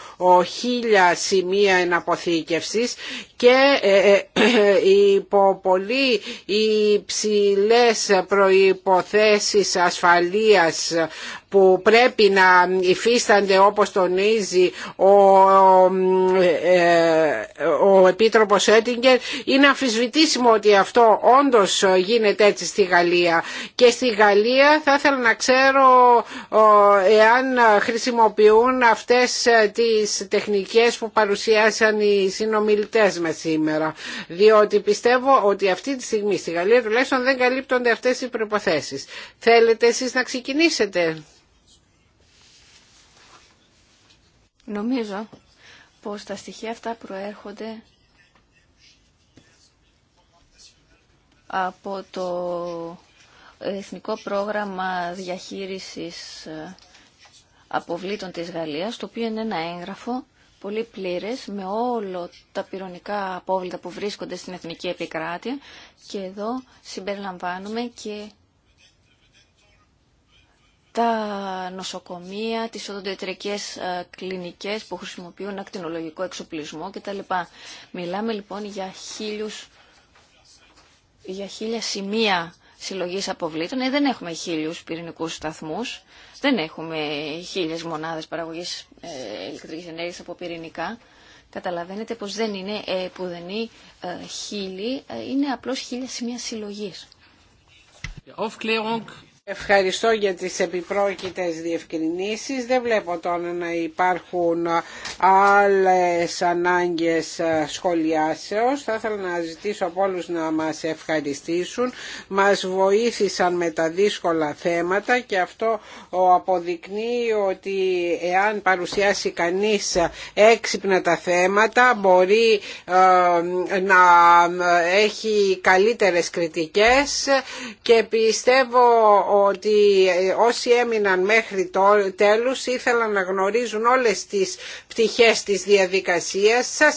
χίλια σημεία εναποθήκευσης και ε, ε, ε, υπό πολύ υψηλές προϋποθέσεις ασφαλείας που πρέπει να υφίστανται όπως τονίζει ο, ο, ο Επίτροπος Έτιγκερ είναι αμφισβητήσιμο ότι αυτό όντως γίνεται έτσι στη Γαλλία και στη Γαλλία θα ήθελα να ξέρω εάν χρησιμοποιούν αυτές ε, τις τεχνικές που παρουσιάσαν οι συνομιλητές μας σήμερα. Διότι πιστεύω ότι αυτή τη στιγμή στη Γαλλία τουλάχιστον δεν καλύπτονται αυτές οι προϋποθέσεις. Θέλετε εσείς να ξεκινήσετε. Νομίζω πως τα στοιχεία αυτά προέρχονται από το Εθνικό Πρόγραμμα Διαχείρισης ε, Αποβλήτων της Γαλλίας, το οποίο είναι ένα έγγραφο πολύ πλήρες με όλο τα πυρονικά απόβλητα που βρίσκονται στην εθνική επικράτεια και εδώ συμπεριλαμβάνουμε και τα νοσοκομεία, τις οδοντιατρικές ε, κλινικές που χρησιμοποιούν ακτινολογικό εξοπλισμό κτλ. Μιλάμε λοιπόν για χίλιους για χίλια σημεία συλλογή αποβλήτων. Ε, δεν έχουμε χίλιου πυρηνικού σταθμού. δεν έχουμε χίλιε μονάδε παραγωγή ε, ηλεκτρικής ενέργειας από πυρηνικά. Καταλαβαίνετε πω δεν είναι ε, πουδενή ε, χίλιοι, ε, είναι απλώ χίλια σημεία συλλογής. Ευχαριστώ για τις επιπρόκειτες διευκρινήσεις. Δεν βλέπω τώρα να υπάρχουν άλλες ανάγκες σχολιάσεως. Θα ήθελα να ζητήσω από όλους να μας ευχαριστήσουν. Μας βοήθησαν με τα δύσκολα θέματα και αυτό αποδεικνύει ότι εάν παρουσιάσει κανείς έξυπνα τα θέματα μπορεί ε, να έχει καλύτερες κριτικές και πιστεύω ότι όσοι έμειναν μέχρι το τέλος ήθελαν να γνωρίζουν όλες τις πτυχές της διαδικασίας σας.